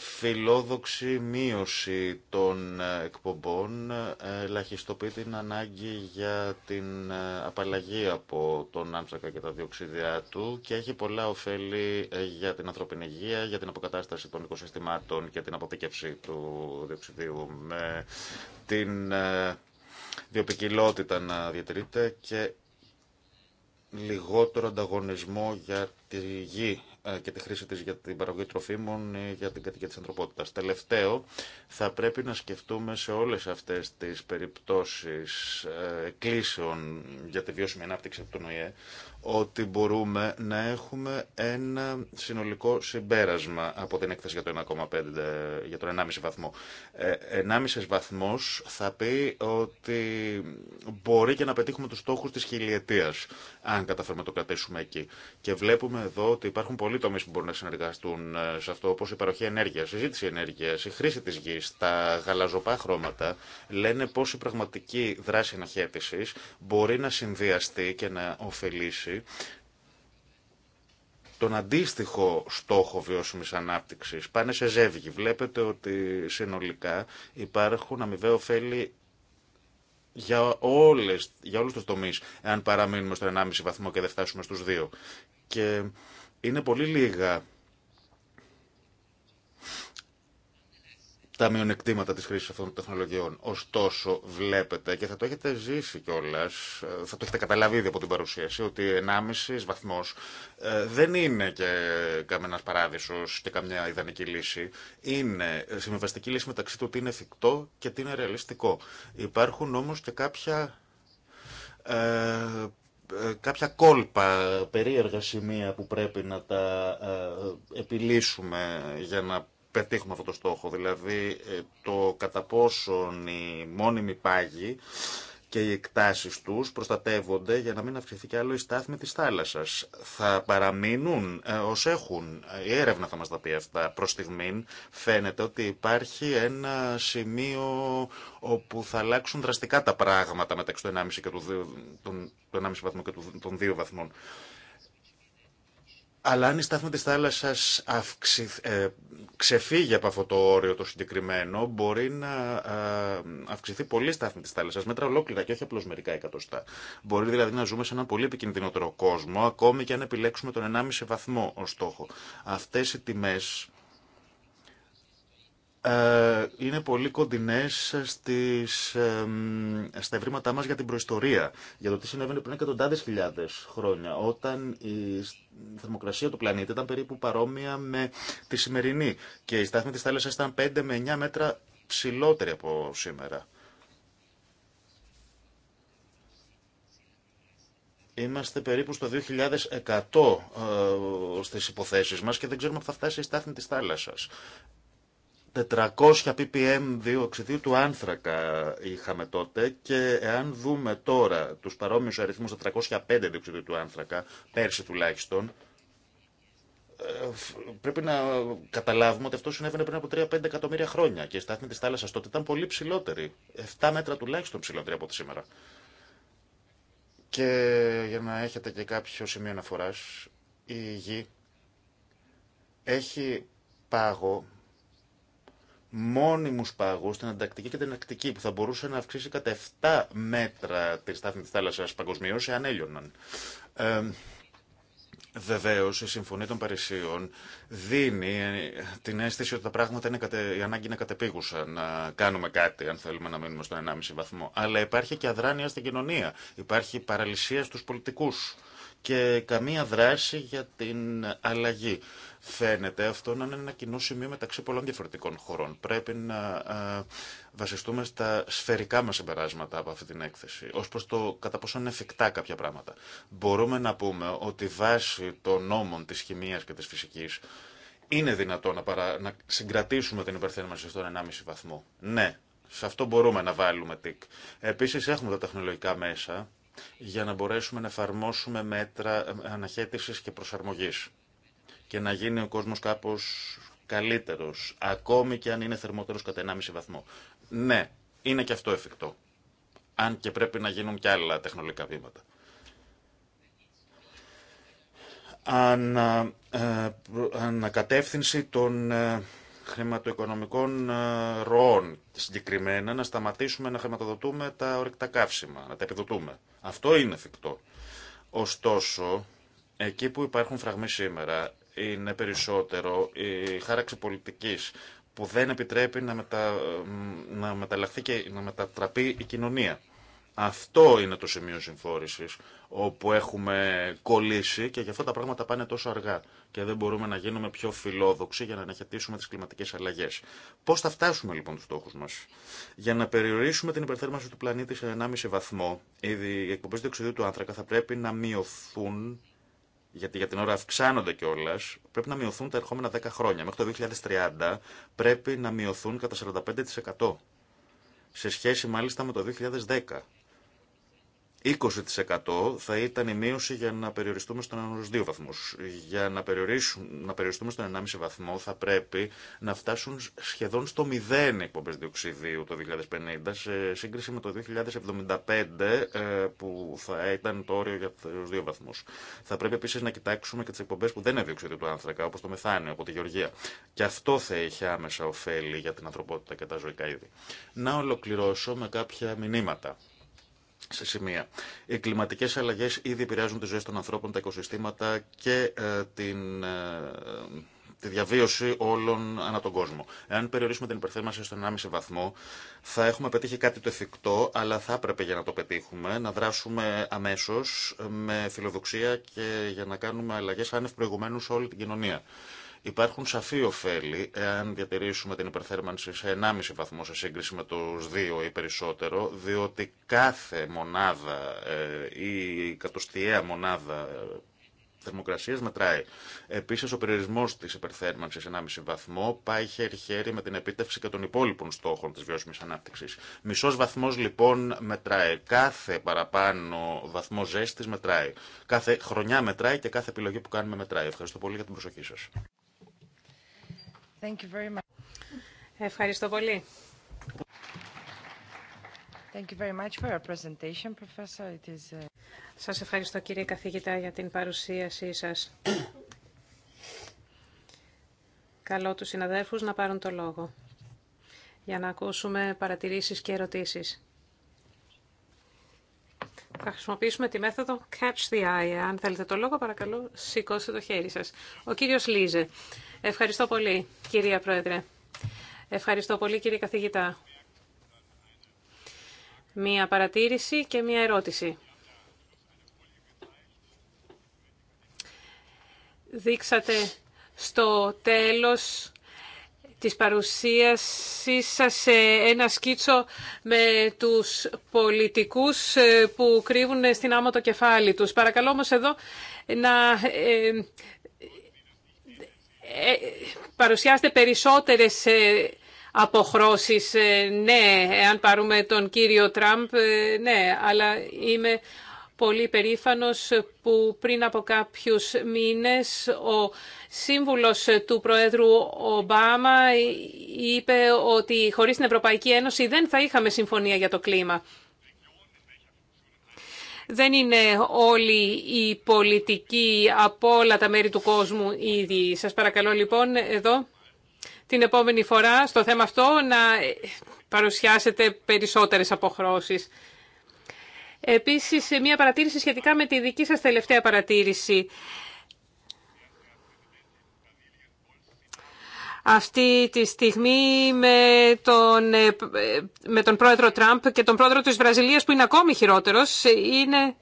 φιλόδοξη μείωση των ε, εκπομπών ε, ελαχιστοποιεί την ανάγκη για την ε, απαλλαγή από τον άνθρακα και τα διοξίδια του και έχει πολλά ωφέλη για την ανθρωπινή υγεία, για την αποκατάσταση των οικοσυστημάτων και την αποθήκευση του διοξιδίου με την διοπικιλότητα να διατηρείται και λιγότερο ανταγωνισμό για τη γη ε, και τη χρήση της για την παραγωγή τροφίμων ή για την κατοικία της ανθρωπότητας. Τελευταίο, θα πρέπει να σκεφτούμε σε όλες αυτές τις περιπτώσεις ε, κλήσεων για τη βιώσιμη ανάπτυξη από τον ΟΗΕ ότι μπορούμε να έχουμε ένα συνολικό συμπέρασμα από την έκθεση για το 1,5 για τον 1,5 βαθμό. 1,5 ε, βαθμός θα πει ότι μπορεί και να πετύχουμε τους στόχους της χιλιετίας, αν καταφέρουμε να το κρατήσουμε εκεί. Και βλέπουμε εδώ ότι υπάρχουν πολλοί τομείς που μπορούν να συνεργαστούν ε, σε αυτό, όπως η παροχή ενέργειας, η ζήτηση ενέργειας, η χρήση της γης, τα γαλαζοπά χρώματα, λένε πώς η πραγματική δράση αναχέτησης μπορεί να συνδυαστεί και να ωφελήσει ανάπτυξη. τον αντίστοιχο στόχο βιώσιμη ανάπτυξη. Πάνε σε ζεύγη. Βλέπετε ότι συνολικά υπάρχουν αμοιβαία ωφέλη για, όλες, για όλους τους τομείς, εάν παραμείνουμε στο 1,5 βαθμό και δεν φτάσουμε στους 2. Και είναι πολύ λίγα τα μειονεκτήματα της χρήσης αυτών των τεχνολογιών. Ωστόσο, βλέπετε και θα το έχετε ζήσει κιόλα, ε, θα το έχετε καταλάβει ήδη από την παρουσίαση, ότι 1,5 βαθμός ε, δεν είναι και καμένας παράδεισος και καμιά ιδανική λύση. Είναι συμβαστική λύση μεταξύ του ότι είναι εφικτό και τι είναι ρεαλιστικό. Υπάρχουν όμως και κάποια... Ε, ε κόλπα, περίεργα σημεία που πρέπει να τα επιλύσουμε για να πετύχουμε αυτό το στόχο. Δηλαδή ε, το κατά πόσον οι μόνιμοι πάγοι και οι εκτάσεις τους προστατεύονται για να μην αυξηθεί κι άλλο η στάθμη της θάλασσας. Θα παραμείνουν ε, ως έχουν. Η έρευνα θα μας τα πει αυτά. Προς στιγμήν φαίνεται ότι υπάρχει ένα σημείο όπου θα αλλάξουν δραστικά τα πράγματα μεταξύ του 1,5 βαθμού και των 2 βαθμών. Αλλά αν η στάθμη της θάλασσας αυξη, ε, ξεφύγει από αυτό το όριο το συγκεκριμένο, μπορεί να ε, αυξηθεί πολύ η στάθμη της θάλασσας, μέτρα ολόκληρα και όχι απλώς μερικά εκατοστά. Μπορεί δηλαδή να ζούμε σε έναν πολύ επικινδυνότερο κόσμο, ακόμη και αν επιλέξουμε τον 1,5 βαθμό ως στόχο. Αυτές οι τιμές ε, είναι πολύ κοντινές στις, ε, στα ευρήματά μας για την προϊστορία, για το τι συνέβαινε πριν εκατοντάδες χιλιάδες χρόνια, όταν η θερμοκρασία του πλανήτη ήταν περίπου παρόμοια με τη σημερινή και η στάθμη της θάλασσας ήταν 5 με 9 μέτρα ψηλότερη από σήμερα. Είμαστε περίπου στο 2100 ε, στις υποθέσεις μας και δεν ξέρουμε αν θα φτάσει η στάθμη της θάλασσας. 400 ppm διοξιδίου του άνθρακα είχαμε τότε και εάν δούμε τώρα τους παρόμοιους αριθμούς 405 διοξιδίου του άνθρακα, πέρσι τουλάχιστον, ε, πρέπει να καταλάβουμε ότι αυτό συνέβαινε πριν από 3-5 εκατομμύρια χρόνια και η στάθμη της θάλασσας τότε ήταν πολύ ψηλότερη, 7 μέτρα τουλάχιστον ψηλότερη από τη σήμερα. Και για να έχετε και κάποιο σημείο αναφορά, η γη έχει πάγο μόνιμου πάγου στην Αντακτική και την Ακτική, που θα μπορούσε να αυξήσει κατά 7 μέτρα τη στάθμη τη θάλασσα παγκοσμίω, εάν έλειωναν. Ε, Βεβαίω, η Συμφωνία των Παρισίων δίνει ε, την αίσθηση ότι τα πράγματα είναι κατε... η ανάγκη είναι κατεπίγουσα να κάνουμε κάτι, αν θέλουμε να μείνουμε στον 1,5 βαθμό. Αλλά υπάρχει και αδράνεια στην κοινωνία. Υπάρχει παραλυσία στου πολιτικού και καμία δράση για την αλλαγή. Φαίνεται αυτό να είναι ένα κοινό σημείο μεταξύ πολλών διαφορετικών χωρών. Πρέπει να ε, βασιστούμε στα σφαιρικά μα συμπεράσματα από αυτή την έκθεση, ω προ το κατά πόσο είναι εφικτά κάποια πράγματα. Μπορούμε να πούμε ότι βάσει των νόμων τη χημία και τη φυσική είναι δυνατό να, παρα... να συγκρατήσουμε την υπερθέρμανση στον 1,5 βαθμό. Ναι, σε αυτό μπορούμε να βάλουμε τικ. Επίση έχουμε τα τεχνολογικά μέσα για να μπορέσουμε να εφαρμόσουμε μέτρα αναχέτησης και προσαρμογής και να γίνει ο κόσμος κάπως καλύτερος, ακόμη και αν είναι θερμότερος κατά 1,5 βαθμό. Ναι, είναι και αυτό εφικτό. Αν και πρέπει να γίνουν και άλλα τεχνολογικά βήματα. Ε, ανακατεύθυνση των ε, χρηματοοικονομικών ε, ροών συγκεκριμένα να σταματήσουμε να χρηματοδοτούμε τα ορυκτά καύσιμα, να τα επιδοτούμε. Αυτό είναι εφικτό. Ωστόσο, εκεί που υπάρχουν φραγμοί σήμερα είναι περισσότερο η χάραξη πολιτικής που δεν επιτρέπει να, μετα, να μεταλλαχθεί και να μετατραπεί η κοινωνία. Αυτό είναι το σημείο συμφόρησης όπου έχουμε κολλήσει και γι' αυτό τα πράγματα πάνε τόσο αργά και δεν μπορούμε να γίνουμε πιο φιλόδοξοι για να αναχαιτήσουμε τις κλιματικές αλλαγές. Πώς θα φτάσουμε λοιπόν τους στόχους μας. Για να περιορίσουμε την υπερθέρμανση του πλανήτη σε 1,5 βαθμό, οι εκπομπές διοξιδίου του άνθρακα θα πρέπει να μειωθούν γιατί για την ώρα αυξάνονται κιόλα, πρέπει να μειωθούν τα ερχόμενα 10 χρόνια. Μέχρι το 2030 πρέπει να μειωθούν κατά 45% σε σχέση μάλιστα με το 2010. 20% θα ήταν η μείωση για να περιοριστούμε στον 1,2 2 Για να, περιοριστούμε στον 1,5 βαθμό θα πρέπει να φτάσουν σχεδόν στο 0 εκπομπές διοξιδίου το 2050 σε σύγκριση με το 2075 ε, που θα ήταν το όριο για του 2 βαθμού. Θα πρέπει επίση να κοιτάξουμε και τι εκπομπέ που δεν είναι διοξιδίου του άνθρακα όπω το μεθάνιο από τη Γεωργία. Και αυτό θα είχε άμεσα ωφέλη για την ανθρωπότητα και τα ζωικά είδη. Να ολοκληρώσω με κάποια μηνύματα σε σημεία. Οι κλιματικέ αλλαγέ ήδη επηρεάζουν τι ζωέ των ανθρώπων, τα οικοσυστήματα και ε, την, ε, τη διαβίωση όλων ανά τον κόσμο. Εάν περιορίσουμε την υπερθέρμανση στον 1,5 βαθμό, θα έχουμε πετύχει κάτι το εφικτό, αλλά θα έπρεπε για να το πετύχουμε να δράσουμε αμέσω ε, με φιλοδοξία και για να κάνουμε αλλαγέ άνευ προηγουμένου σε όλη την κοινωνία. Υπάρχουν σαφή ωφέλη εάν διατηρήσουμε την υπερθέρμανση σε 1,5 βαθμό σε σύγκριση με του 2 ή περισσότερο, διότι κάθε μονάδα ή ε, κατοστιαία μονάδα ε, θερμοκρασία μετράει. Επίση, ο περιορισμό τη υπερθέρμανση 1,5 βαθμό πάει χέρι-χέρι με την επίτευξη και των υπόλοιπων στόχων τη βιώσιμη ανάπτυξη. Μισό βαθμό λοιπόν μετράει. Κάθε παραπάνω βαθμό ζέστη μετράει. Κάθε χρονιά μετράει και κάθε επιλογή που κάνουμε μετράει. Ευχαριστώ πολύ για την προσοχή σα. Ευχαριστώ πολύ. Thank you very much for your presentation, Professor. It uh, Σας ευχαριστώ κύριε καθηγητά για την παρουσίασή σας. Καλό τους συναδέρφους να πάρουν το λόγο για να ακούσουμε παρατηρήσεις και ερωτήσεις. Θα χρησιμοποιήσουμε τη μέθοδο catch the eye. Αν θέλετε το λόγο, παρακαλώ, σηκώστε το χέρι σας. Ο κύριος Λίζε. Ευχαριστώ πολύ, κυρία Πρόεδρε. Ευχαριστώ πολύ, κύριε καθηγητά. Μία παρατήρηση και μία ερώτηση. Δείξατε στο τέλος της παρουσίασής σας σε ένα σκίτσο με τους πολιτικούς ε, που κρύβουν στην άμμο το κεφάλι τους. Παρακαλώ όμως εδώ να ε, ε, παρουσιάσετε περισσότερες αποχρώσεις. Ναι, εάν πάρουμε τον κύριο Τραμπ, ναι, αλλά είμαι πολύ περήφανος που πριν από κάποιους μήνες ο σύμβουλος του Προέδρου Ομπάμα είπε ότι χωρίς την Ευρωπαϊκή Ένωση δεν θα είχαμε συμφωνία για το κλίμα. Δεν είναι όλοι οι πολιτική από όλα τα μέρη του κόσμου ήδη. Σας παρακαλώ λοιπόν εδώ την επόμενη φορά στο θέμα αυτό να παρουσιάσετε περισσότερες αποχρώσεις. Επίσης, μια παρατήρηση σχετικά με τη δική σας τελευταία παρατήρηση. αυτή τη στιγμή με τον, ε, με τον πρόεδρο Τραμπ και τον πρόεδρο της Βραζιλίας που είναι ακόμη χειρότερος. Είναι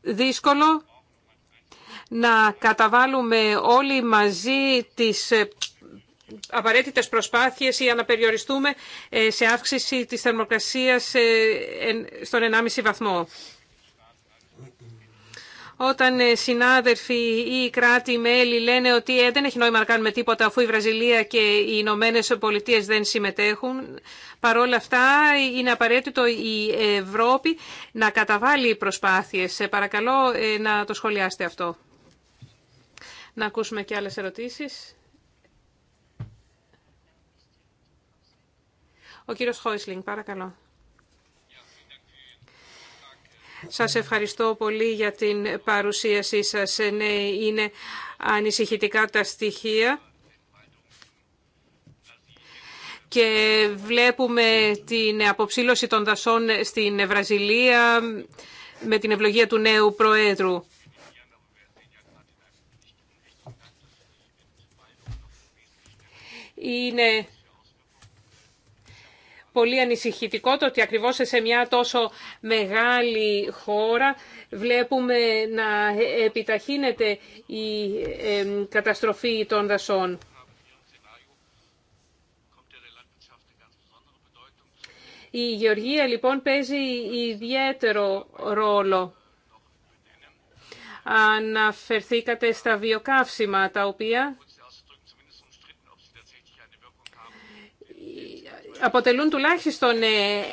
δύσκολο να καταβάλουμε όλοι μαζί τις απαραίτητες προσπάθειες για να περιοριστούμε ε, σε αύξηση της θερμοκρασίας ε, στον 1,5 βαθμό. Όταν ε, συνάδελφοι ή κράτη-μέλη λένε ότι δεν έχει νόημα να κάνουμε τίποτα αφού η Βραζιλία και οι Ηνωμένε Πολιτείε δεν συμμετέχουν, παρόλα αυτά είναι απαραίτητο η Ευρώπη να καταβάλει προσπάθειες. Παρακαλώ να το σχολιάσετε αυτό. Να ακούσουμε και άλλες ερωτήσεις. Ο κύριος Χόισλινγκ, παρακαλώ. Σας ευχαριστώ πολύ για την παρουσίασή σας. Ναι, είναι ανησυχητικά τα στοιχεία. Και βλέπουμε την αποψήλωση των δασών στην Βραζιλία με την ευλογία του νέου Προέδρου. Είναι πολύ ανησυχητικό το ότι ακριβώς σε μια τόσο μεγάλη χώρα βλέπουμε να επιταχύνεται η καταστροφή των δασών. Η γεωργία λοιπόν παίζει ιδιαίτερο ρόλο. Αναφερθήκατε στα βιοκαύσιμα τα οποία αποτελούν τουλάχιστον ε,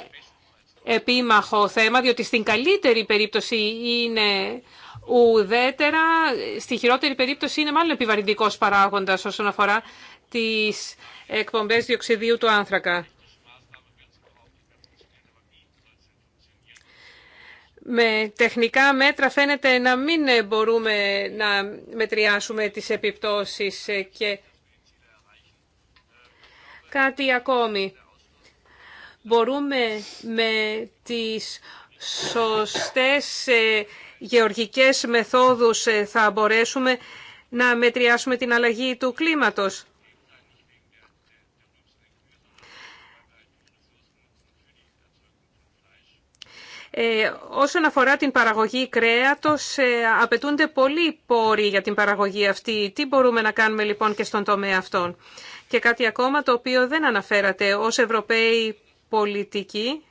επίμαχο θέμα, διότι στην καλύτερη περίπτωση είναι ουδέτερα, στη χειρότερη περίπτωση είναι μάλλον επιβαρυντικός παράγοντας όσον αφορά τις εκπομπές διοξιδίου του άνθρακα. Με τεχνικά μέτρα φαίνεται να μην μπορούμε να μετριάσουμε τις επιπτώσεις ε, και κάτι ακόμη μπορούμε με τις σωστές ε, γεωργικές μεθόδους ε, θα μπορέσουμε να μετριάσουμε την αλλαγή του κλίματος. Ε, όσον αφορά την παραγωγή κρέατος, ε, απαιτούνται πολλοί πόροι για την παραγωγή αυτή. Τι μπορούμε να κάνουμε λοιπόν και στον τομέα αυτόν. Και κάτι ακόμα το οποίο δεν αναφέρατε. Ως Ευρωπαίοι πολιτική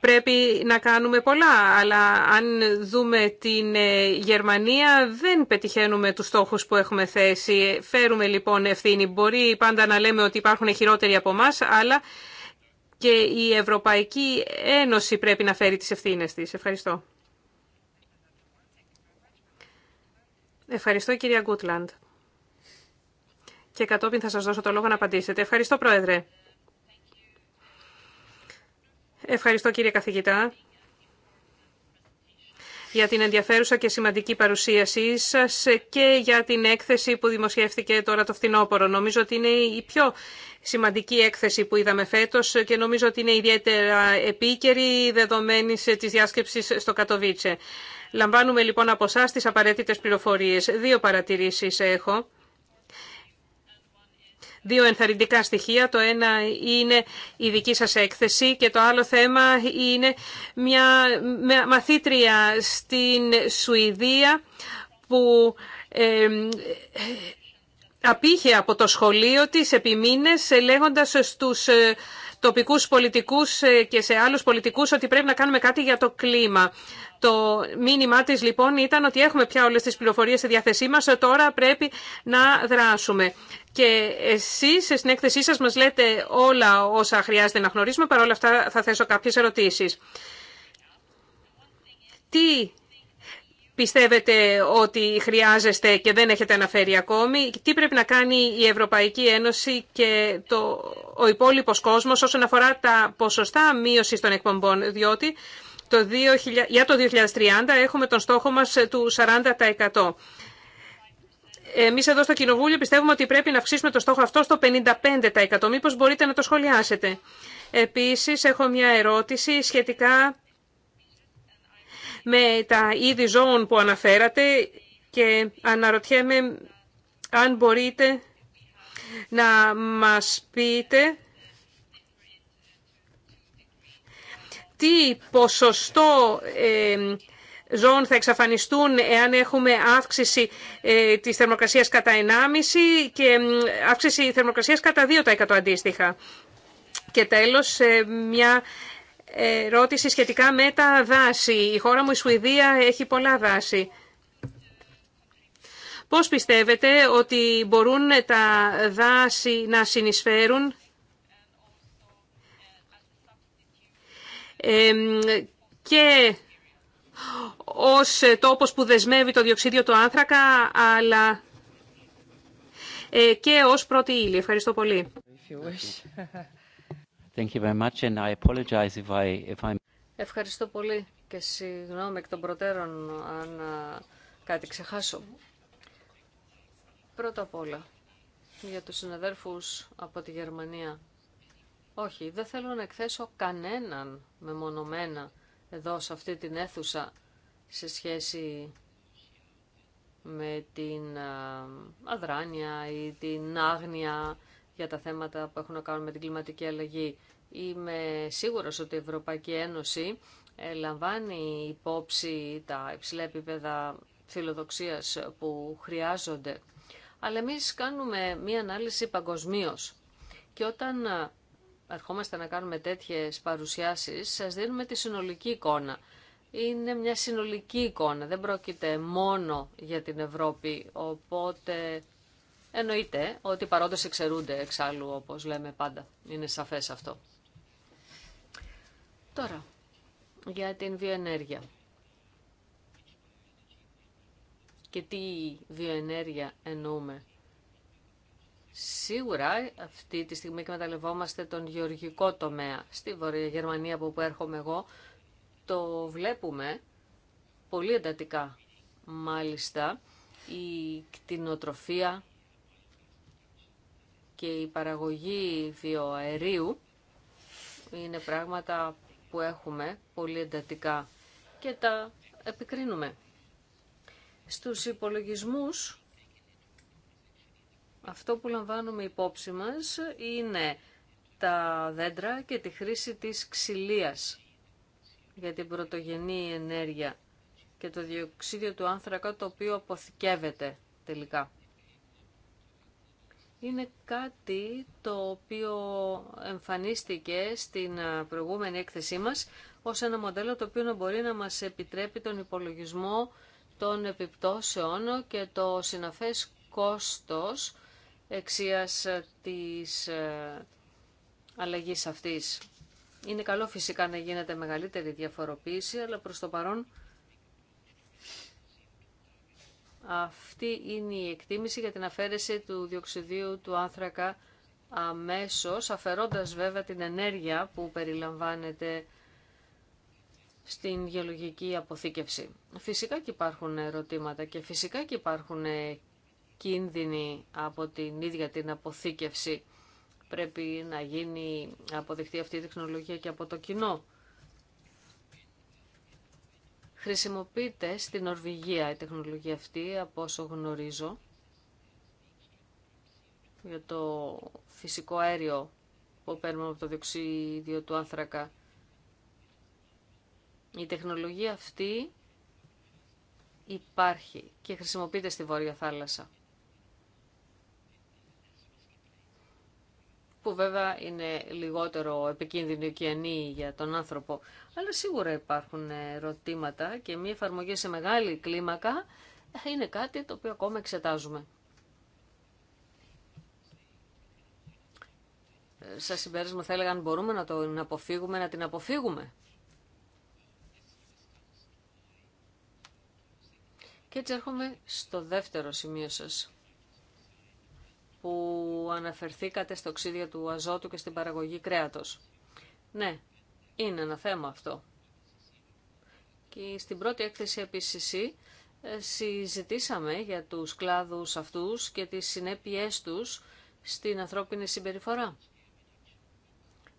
πρέπει να κάνουμε πολλά, αλλά αν δούμε την ε, Γερμανία δεν πετυχαίνουμε τους στόχους που έχουμε θέσει. Φέρουμε λοιπόν ευθύνη. Μπορεί πάντα να λέμε ότι υπάρχουν χειρότεροι από μας, αλλά και η Ευρωπαϊκή Ένωση πρέπει να φέρει τις ευθύνες της. Ευχαριστώ. Ευχαριστώ κυρία Γκούτλαντ και κατόπιν θα σας δώσω το λόγο να απαντήσετε. Ευχαριστώ, Πρόεδρε. Ευχαριστώ, κύριε καθηγητά, για την ενδιαφέρουσα και σημαντική παρουσίασή σας και για την έκθεση που δημοσιεύτηκε τώρα το φθινόπωρο. Νομίζω ότι είναι η πιο σημαντική έκθεση που είδαμε φέτος και νομίζω ότι είναι ιδιαίτερα επίκαιρη δεδομένη της διάσκεψης στο Κατοβίτσε. Λαμβάνουμε λοιπόν από εσά τις απαραίτητες πληροφορίες. Δύο παρατηρήσεις έχω δύο ενθαρρυντικά στοιχεία. Το ένα είναι η δική σας έκθεση και το άλλο θέμα είναι μια μαθήτρια στην Σουηδία που απήχε από το σχολείο της επί μήνες ε, λέγοντας στους ε, τοπικούς πολιτικούς ε, και σε άλλους πολιτικούς ότι πρέπει να κάνουμε κάτι για το κλίμα. Το μήνυμά τη λοιπόν ήταν ότι έχουμε πια όλες τις πληροφορίες στη διάθεσή μα, τώρα πρέπει να δράσουμε. Και εσείς στην έκθεσή σα, μας λέτε όλα όσα χρειάζεται να γνωρίσουμε, παρόλα αυτά θα θέσω κάποιε ερωτήσει. Τι πιστεύετε ότι χρειάζεστε και δεν έχετε αναφέρει ακόμη, τι πρέπει να κάνει η Ευρωπαϊκή Ένωση και το, ο υπόλοιπος κόσμος όσον αφορά τα ποσοστά μείωση των εκπομπών, διότι το 2000, για το 2030 έχουμε τον στόχο μας του 40%. Εμείς εδώ στο Κοινοβούλιο πιστεύουμε ότι πρέπει να αυξήσουμε το στόχο αυτό στο 55%. Μήπως μπορείτε να το σχολιάσετε. Επίσης, έχω μια ερώτηση σχετικά με τα είδη ζώων που αναφέρατε και αναρωτιέμαι αν μπορείτε να μας πείτε τι ποσοστό ε, ζώων θα εξαφανιστούν εάν έχουμε αύξηση ε, της θερμοκρασίας κατά 1,5 και αύξηση θερμοκρασίας κατά 2% αντίστοιχα. Και τέλος, ε, μια ερώτηση σχετικά με τα δάση. Η χώρα μου, η Σουηδία, έχει πολλά δάση. Πώς πιστεύετε ότι μπορούν τα δάση να συνεισφέρουν και ως τόπος που δεσμεύει το διοξίδιο του άνθρακα, αλλά ε, και ως πρώτη ύλη. Ευχαριστώ πολύ. Thank you very much Ευχαριστώ πολύ και συγγνώμη εκ των προτέρων αν κάτι ξεχάσω. Πρώτα απ' όλα, για τους συναδέρφους από τη Γερμανία. Όχι, δεν θέλω να εκθέσω κανέναν μεμονωμένα εδώ σε αυτή την αίθουσα σε σχέση με την αδράνεια ή την άγνοια για τα θέματα που έχουν να κάνουν με την κλιματική αλλαγή. Είμαι σίγουρος ότι η Ευρωπαϊκή Ένωση ε, λαμβάνει υπόψη τα υψηλά επίπεδα φιλοδοξίας που χρειάζονται. Αλλά εμείς κάνουμε μία ανάλυση παγκοσμίω. Και όταν ε, ερχόμαστε να κάνουμε τέτοιες παρουσιάσεις, σας δίνουμε τη συνολική εικόνα. Είναι μια συνολική εικόνα, δεν πρόκειται μόνο για την Ευρώπη, οπότε Εννοείται ότι οι εξαιρούνται εξάλλου, όπως λέμε πάντα. Είναι σαφέ αυτό. Τώρα, για την βιοενέργεια. Και τι βιοενέργεια εννοούμε. Σίγουρα αυτή τη στιγμή εκμεταλλευόμαστε τον γεωργικό τομέα. Στη Βορεια Γερμανία από όπου έρχομαι εγώ το βλέπουμε πολύ εντατικά. Μάλιστα η κτηνοτροφία και η παραγωγή βιοαερίου είναι πράγματα που έχουμε πολύ εντατικά και τα επικρίνουμε. Στους υπολογισμούς αυτό που λαμβάνουμε υπόψη μας είναι τα δέντρα και τη χρήση της ξυλίας για την πρωτογενή ενέργεια και το διοξίδιο του άνθρακα το οποίο αποθηκεύεται τελικά είναι κάτι το οποίο εμφανίστηκε στην ε, προηγούμενη έκθεσή μας ως ένα μοντέλο το οποίο μπορεί να μας επιτρέπει τον υπολογισμό των επιπτώσεων και το συναφές κόστος εξίας της ε, αλλαγής αυτής. Είναι καλό φυσικά να γίνεται μεγαλύτερη διαφοροποίηση, αλλά προς το παρόν αυτή είναι η εκτίμηση για την αφαίρεση του διοξιδίου του άνθρακα αμέσως, αφαιρώντας βέβαια την ενέργεια που περιλαμβάνεται στην γεωλογική αποθήκευση. Φυσικά και υπάρχουν ερωτήματα και φυσικά και υπάρχουν κίνδυνοι από την ίδια την αποθήκευση. Πρέπει να γίνει αποδεκτή αυτή η τεχνολογία και από το κοινό. Χρησιμοποιείται στην Νορβηγία η τεχνολογία αυτή, από όσο γνωρίζω, για το φυσικό αέριο που παίρνουμε από το διοξίδιο του άνθρακα. Η τεχνολογία αυτή υπάρχει και χρησιμοποιείται στη Βόρεια Θάλασσα. Που βέβαια είναι λιγότερο επικίνδυνο και για τον άνθρωπο αλλά σίγουρα υπάρχουν ερωτήματα και μια εφαρμογή σε μεγάλη κλίμακα είναι κάτι το οποίο ακόμα εξετάζουμε. Σα συμπέρασμα θα έλεγα αν μπορούμε να την αποφύγουμε, να την αποφύγουμε. Και έτσι έρχομαι στο δεύτερο σημείο σας που αναφερθήκατε στο οξύδιο του αζότου και στην παραγωγή κρέατος. Ναι, είναι ένα θέμα αυτό. Και στην πρώτη έκθεση επίσης ε, συζητήσαμε για τους κλάδους αυτούς και τις συνέπειές τους στην ανθρώπινη συμπεριφορά.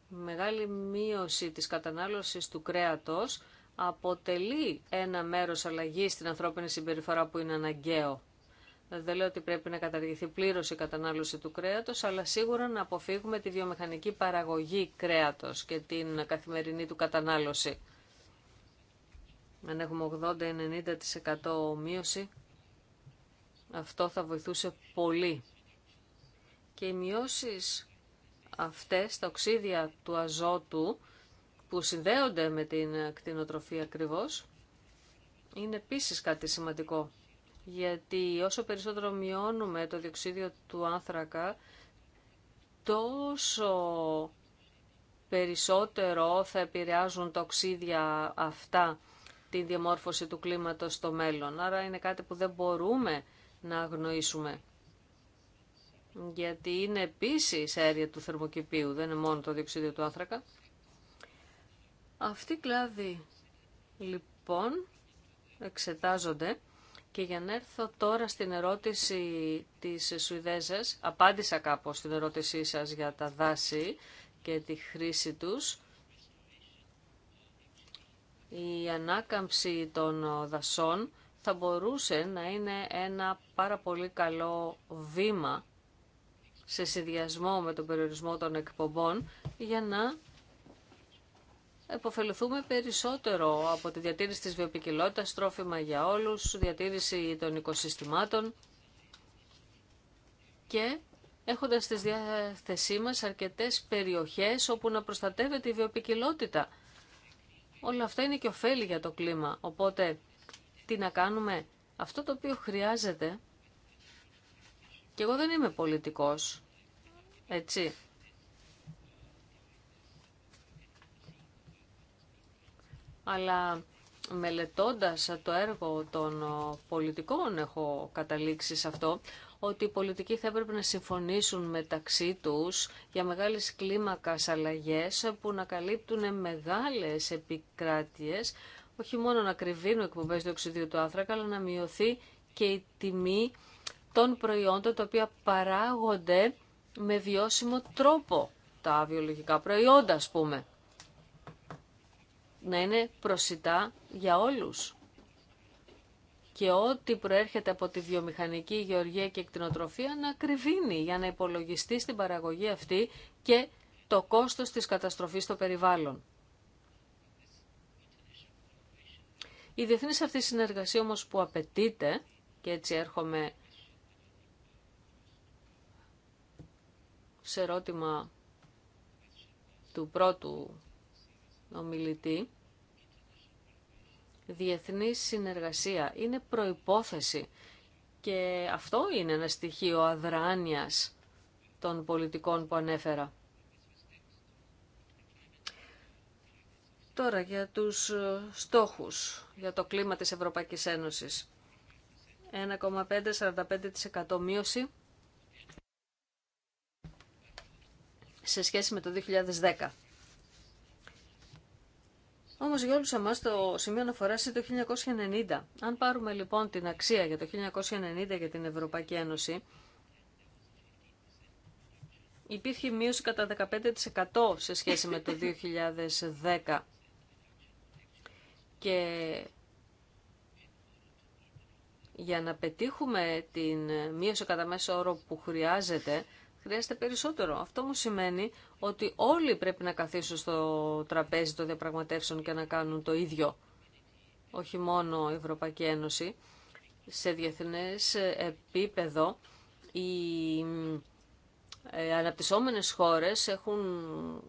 Μεγάλη μείωση της κατανάλωσης του κρέατος αποτελεί ένα μέρος αλλαγής στην ανθρώπινη συμπεριφορά που είναι αναγκαίο. Δεν λέω ότι πρέπει να καταργηθεί πλήρω η κατανάλωση του κρέατος, αλλά σίγουρα να αποφύγουμε τη βιομηχανική παραγωγή κρέατος και την καθημερινή του κατανάλωση. Αν έχουμε 80-90% μείωση, αυτό θα βοηθούσε πολύ. Και οι μειώσεις αυτές, τα οξύδια του αζότου, που συνδέονται με την κτηνοτροφία ακριβώς, είναι επίσης κάτι σημαντικό γιατί όσο περισσότερο μειώνουμε το διοξίδιο του άνθρακα, τόσο περισσότερο θα επηρεάζουν τα οξύδια αυτά τη διαμόρφωση του κλίματος στο μέλλον. Άρα είναι κάτι που δεν μπορούμε να αγνοήσουμε. Γιατί είναι επίσης αέρια του θερμοκηπίου, δεν είναι μόνο το διοξίδιο του άνθρακα. Αυτή, οι λοιπόν εξετάζονται και για να έρθω τώρα στην ερώτηση της Σουηδέζας, απάντησα κάπως στην ερώτησή σας για τα δάση και τη χρήση τους. Η ανάκαμψη των δασών θα μπορούσε να είναι ένα πάρα πολύ καλό βήμα σε συνδυασμό με τον περιορισμό των εκπομπών για να εποφεληθούμε περισσότερο από τη διατήρηση της βιοπικιλότητας, τρόφιμα για όλους, διατήρηση των οικοσυστημάτων και έχοντας στη διάθεσή μας αρκετές περιοχές όπου να προστατεύεται η βιοπικιλότητα. Όλα αυτά είναι και ωφέλη για το κλίμα, οπότε τι να κάνουμε. Αυτό το οποίο χρειάζεται, και εγώ δεν είμαι πολιτικός, έτσι, αλλά μελετώντας το έργο των ε, πολιτικών έχω καταλήξει σε αυτό, ότι οι πολιτικοί θα έπρεπε να συμφωνήσουν μεταξύ τους για μεγάλες κλίμακας αλλαγές που να καλύπτουν μεγάλες επικράτειες, όχι μόνο να κρυβίνουν εκπομπές διοξιδίου του άνθρακα, αλλά να μειωθεί και η τιμή των προϊόντων τα οποία παράγονται με βιώσιμο τρόπο, τα βιολογικά προϊόντα ας πούμε να είναι προσιτά για όλους. Και ό,τι προέρχεται από τη βιομηχανική γεωργία και εκτινοτροφία να κρυβίνει για να υπολογιστεί στην παραγωγή αυτή και το κόστος της καταστροφής στο περιβάλλον. Η διεθνής αυτή συνεργασία όμως που απαιτείται, και έτσι έρχομαι σε ερώτημα του πρώτου ομιλητή, διεθνή συνεργασία είναι προϋπόθεση και αυτό είναι ένα στοιχείο αδράνειας των πολιτικών που ανέφερα. Τώρα για τους ε, στόχους για το κλίμα της Ευρωπαϊκής Ένωσης. 1,5-45% μείωση σε σχέση με το 2010. Όμως για όλους εμάς το σημείο αναφοράς είναι το 1990. Αν πάρουμε λοιπόν την αξία για το 1990 για την Ευρωπαϊκή Ένωση, υπήρχε μείωση κατά 15% σε σχέση με το 2010. Και για να πετύχουμε την μείωση κατά μέσο όρο που χρειάζεται, χρειάζεται περισσότερο. Αυτό μου σημαίνει ότι όλοι πρέπει να καθίσουν στο τραπέζι των διαπραγματεύσεων και να κάνουν το ίδιο. Όχι μόνο η Ευρωπαϊκή Ένωση. Σε διεθνές επίπεδο οι ε, αναπτυσσόμενες χώρες έχουν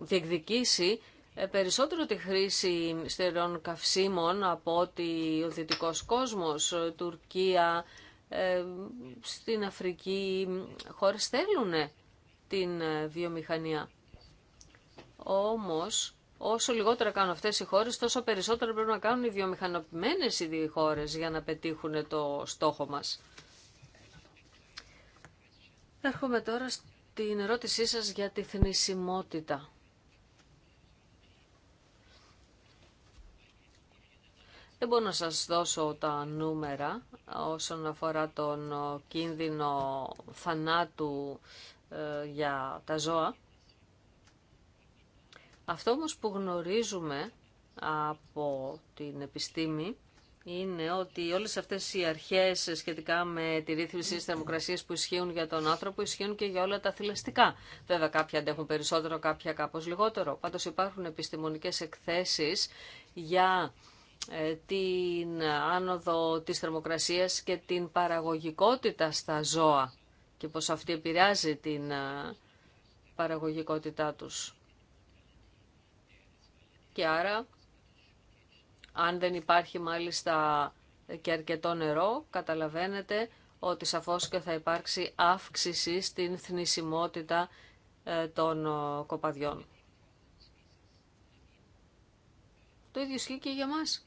διεκδικήσει ε, περισσότερο τη χρήση στερεών καυσίμων από ότι ο δυτικός κόσμος, ε, Τουρκία, στην Αφρική χώρες θέλουν την ε, βιομηχανία. Όμως, όσο λιγότερα κάνουν αυτές οι χώρες, τόσο περισσότερο πρέπει να κάνουν οι βιομηχανοποιημένες οι χώρες για να πετύχουν το στόχο μας. Έρχομαι τώρα στην ερώτησή σας για τη θνησιμότητα. Δεν μπορώ να σας δώσω τα νούμερα όσον αφορά τον κίνδυνο θανάτου ε, για τα ζώα. Αυτό όμως που γνωρίζουμε από την επιστήμη είναι ότι όλες αυτές οι αρχές σχετικά με τη ρύθμιση της θερμοκρασίας που ισχύουν για τον άνθρωπο ισχύουν και για όλα τα θηλαστικά. Βέβαια κάποια αντέχουν περισσότερο, κάποια κάπως λιγότερο. Πάντως υπάρχουν επιστημονικές εκθέσεις για ε, την άνοδο της θερμοκρασίας και την παραγωγικότητα στα ζώα και πως αυτή επηρεάζει την ε, παραγωγικότητά τους. Και άρα, αν δεν υπάρχει μάλιστα και αρκετό νερό, καταλαβαίνετε ότι σαφώς και θα υπάρξει αύξηση στην θνησιμότητα ε, των ε, κοπαδιών. Το ίδιο ισχύει για μας.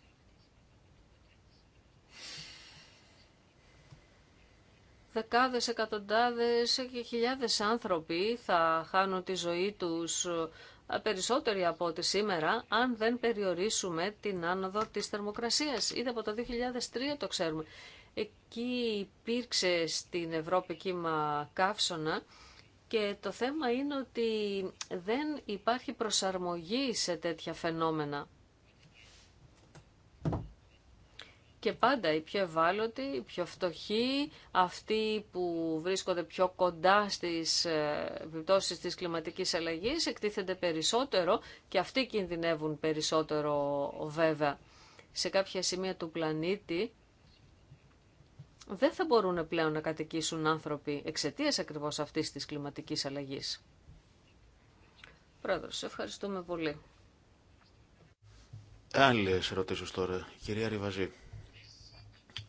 Δεκάδες, εκατοντάδες και χιλιάδες άνθρωποι θα χάνουν τη ζωή τους ε, περισσότεροι από ό,τι σήμερα, αν δεν περιορίσουμε την άνοδο της θερμοκρασίας. Ήδη από το 2003 το ξέρουμε. Εκεί υπήρξε στην Ευρώπη κύμα καύσωνα και το θέμα είναι ότι δεν υπάρχει προσαρμογή σε τέτοια φαινόμενα. και πάντα οι πιο ευάλωτοι, οι πιο φτωχοί, αυτοί που βρίσκονται πιο κοντά στις ε, επιπτώσεις της κλιματικής αλλαγής εκτίθενται περισσότερο και αυτοί κινδυνεύουν περισσότερο βέβαια. Σε κάποια σημεία του πλανήτη δεν θα μπορούν πλέον να κατοικήσουν άνθρωποι ακριβώ ακριβώς αυτής της κλιματικής αλλαγής. Πρόεδρος, ευχαριστούμε πολύ. Άλλε ερωτήσει τώρα. Κυρία Ριβαζή.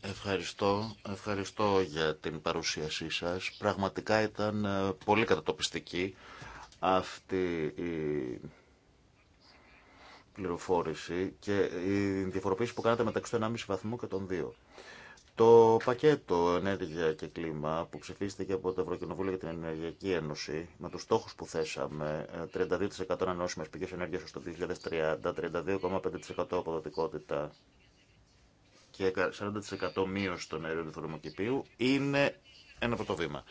Ευχαριστώ. Ευχαριστώ για την παρουσίασή σας. Πραγματικά ήταν ε, πολύ κατατοπιστική αυτή η πληροφόρηση και η διαφοροποίηση που κάνατε μεταξύ του 1,5 βαθμού και των 2. Το πακέτο ενέργεια και κλίμα που ψηφίστηκε από το Ευρωκοινοβούλιο για την Ενεργειακή Ένωση με τους στόχους που θέσαμε 32% ε, ανανεώσιμες πηγές ενέργειας ως το 2030, 32,5% αποδοτικότητα και 40% μείωση των αερίων του θερμοκηπίου είναι ένα πρώτο βήμα.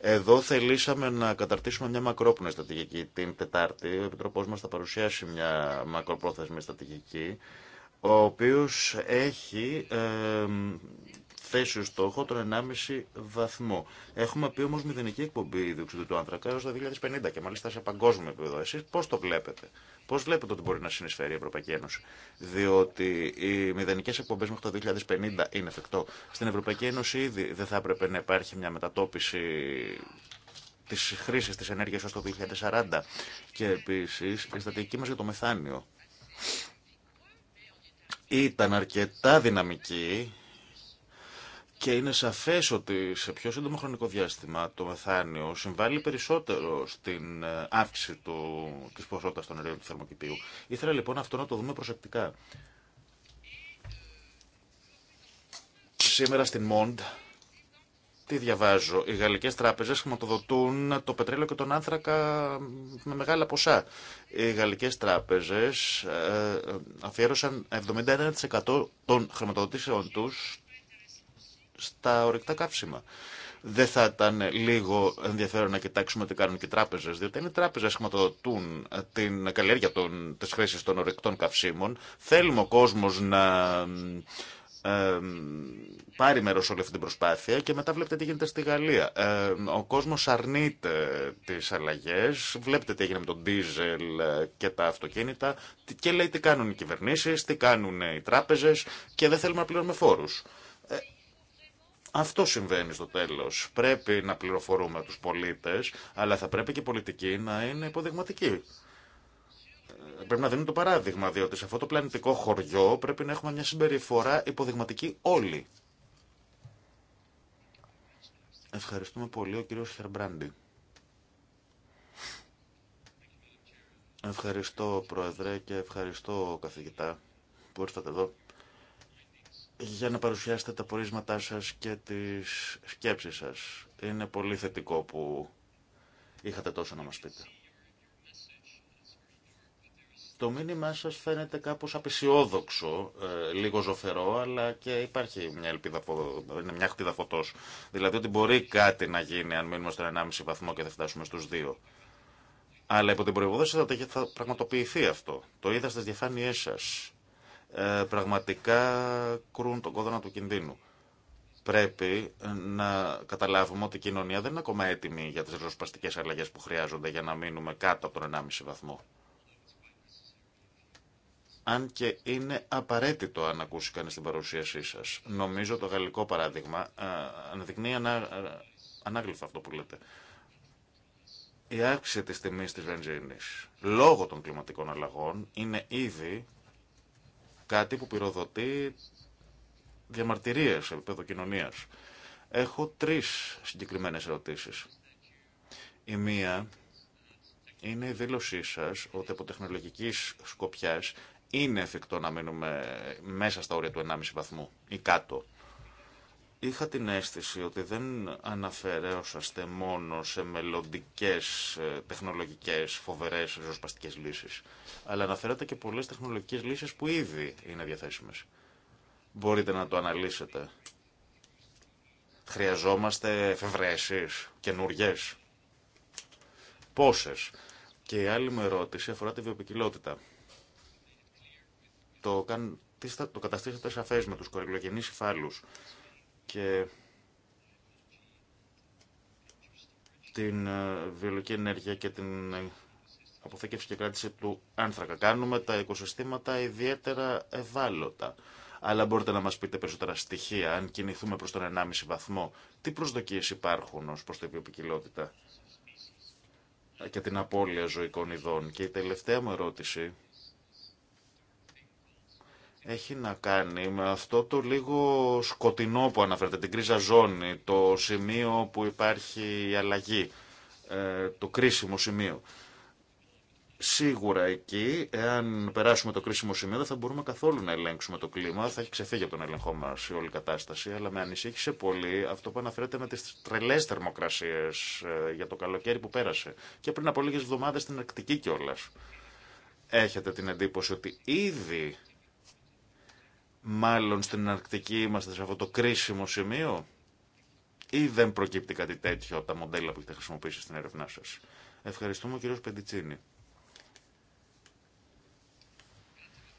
Εδώ θελήσαμε να καταρτήσουμε μια μακρόπνοη στρατηγική. Την Τετάρτη ο Επιτροπός μας θα παρουσιάσει μια μακροπρόθεσμη στρατηγική ο οποίος έχει ε, θέσει στόχο τον 1,5 βαθμό. Έχουμε πει όμω μηδενική εκπομπή διοξιδίου του άνθρακα έω το 2050 και μάλιστα σε παγκόσμιο επίπεδο. Εσεί πώ το βλέπετε, πώ βλέπετε ότι μπορεί να συνεισφέρει η Ευρωπαϊκή Ένωση, Διότι οι μηδενικέ εκπομπέ μέχρι το 2050 είναι εφικτό. Στην Ευρωπαϊκή Ένωση ήδη δεν θα έπρεπε να υπάρχει μια μετατόπιση τη χρήση τη ενέργεια ω το 2040. Και επίση η στρατηγική μα για το μεθάνιο ήταν αρκετά δυναμική και είναι σαφές ότι σε πιο σύντομο χρονικό διάστημα το μεθάνιο συμβάλλει περισσότερο στην ε, αύξηση του, της ποσότητας των αερίων του θερμοκηπίου. Ήθελα λοιπόν αυτό να το δούμε προσεκτικά. Σήμερα στην Μοντ, τι διαβάζω, οι γαλλικές τράπεζες χρηματοδοτούν το πετρέλαιο και τον άνθρακα με μεγάλα ποσά. Οι γαλλικές τράπεζες ε, ε, αφιέρωσαν 71% των χρηματοδοτήσεων τους στα ορυκτά καύσιμα. Δεν θα ήταν λίγο ενδιαφέρον να κοιτάξουμε τι κάνουν και οι τράπεζε, διότι αν οι τράπεζε χρηματοδοτούν την καλλιέργεια τη χρήση των ορυκτών καυσίμων, θέλουμε ο κόσμο να ε, πάρει μέρο σε όλη αυτή την προσπάθεια και μετά βλέπετε τι γίνεται στη Γαλλία. Ε, ο κόσμο αρνείται τι αλλαγέ, βλέπετε τι έγινε με τον ντίζελ και τα αυτοκίνητα και λέει τι κάνουν οι κυβερνήσει, τι κάνουν οι τράπεζε και δεν θέλουμε να πληρώνουμε φόρου. Ε, αυτό συμβαίνει στο τέλο. Πρέπει να πληροφορούμε του πολίτε, αλλά θα πρέπει και η πολιτική να είναι υποδειγματική. Ε, πρέπει να δίνουν το παράδειγμα, διότι σε αυτό το πλανητικό χωριό πρέπει να έχουμε μια συμπεριφορά υποδειγματική όλοι. Ευχαριστούμε πολύ ο κύριος Χερμπράντι. Ευχαριστώ Πρόεδρε και ευχαριστώ καθηγητά που ήρθατε εδώ για να παρουσιάσετε τα πορίσματά σας και τις σκέψεις σας. Είναι πολύ θετικό που είχατε τόσο να μας πείτε. Το μήνυμά σας φαίνεται κάπως απεσιόδοξο, ε, λίγο ζωφερό, αλλά και υπάρχει μια ελπίδα, μια χτίδα φωτός. Δηλαδή ότι μπορεί κάτι να γίνει αν μείνουμε στον 1,5 βαθμό και δεν φτάσουμε στους 2. Αλλά υπό την θα πραγματοποιηθεί αυτό. Το είδα στις διαφάνειές σας ε, πραγματικά κρούν τον κόδωνα του κινδύνου. Πρέπει να καταλάβουμε ότι η κοινωνία δεν είναι ακόμα έτοιμη για τις ριζοσπαστικές αλλαγές που χρειάζονται για να μείνουμε κάτω από τον 1,5 βαθμό. Αν και είναι απαραίτητο αν ακούσει κανείς την παρουσίασή σας. Νομίζω το γαλλικό παράδειγμα ε, αναδεικνύει ανά, ε, ανάγλυφα αυτό που λέτε. Η αύξηση της τιμής της βενζίνης λόγω των κλιματικών αλλαγών είναι ήδη Κάτι που πυροδοτεί διαμαρτυρίες σε επίπεδο κοινωνίας. Έχω τρεις συγκεκριμένες ερωτήσεις. Η μία είναι η δήλωσή σας ότι από τεχνολογικής σκοπιάς είναι εφικτό να μείνουμε μέσα στα όρια του 1,5 βαθμού ή κάτω είχα την αίσθηση ότι δεν αναφερέωσαστε μόνο σε μελλοντικέ ε, τεχνολογικές φοβερές ριζοσπαστικές λύσεις, αλλά αναφέρατε και πολλές τεχνολογικές λύσεις που ήδη είναι διαθέσιμες. Μπορείτε να το αναλύσετε. Χρειαζόμαστε εφευρέσεις, καινούριε. Πόσες. Και η άλλη μου ερώτηση αφορά τη βιοπικιλότητα. Το, καν... το καταστήσατε σαφές με του κορυκλογενείς υφάλους και την ε, βιολογική ενέργεια και την ε, αποθήκευση και κράτηση του άνθρακα. Κάνουμε τα οικοσυστήματα ιδιαίτερα ευάλωτα. Αλλά μπορείτε να μας πείτε περισσότερα στοιχεία, αν κινηθούμε προς τον 1,5 βαθμό, τι προσδοκίες υπάρχουν ως προς την βιοποικιλότητα και την απώλεια ζωικών ειδών. Και η τελευταία μου ερώτηση έχει να κάνει με αυτό το λίγο σκοτεινό που αναφέρεται, την κρίζα ζώνη, το σημείο που υπάρχει η αλλαγή, ε, το κρίσιμο σημείο. Σίγουρα εκεί, εάν περάσουμε το κρίσιμο σημείο, δεν θα μπορούμε καθόλου να ελέγξουμε το κλίμα. Θα έχει ξεφύγει από τον ελεγχό μα η όλη κατάσταση. Αλλά με ανησύχησε πολύ αυτό που αναφέρεται με τι τρελέ θερμοκρασίε ε, για το καλοκαίρι που πέρασε. Και πριν από λίγε εβδομάδε στην Αρκτική κιόλα. Έχετε την εντύπωση ότι ήδη μάλλον στην Αρκτική είμαστε σε αυτό το κρίσιμο σημείο ή δεν προκύπτει κάτι τέτοιο από τα μοντέλα που έχετε χρησιμοποιήσει στην έρευνά σας. Ευχαριστούμε κύριος Πεντιτσίνη.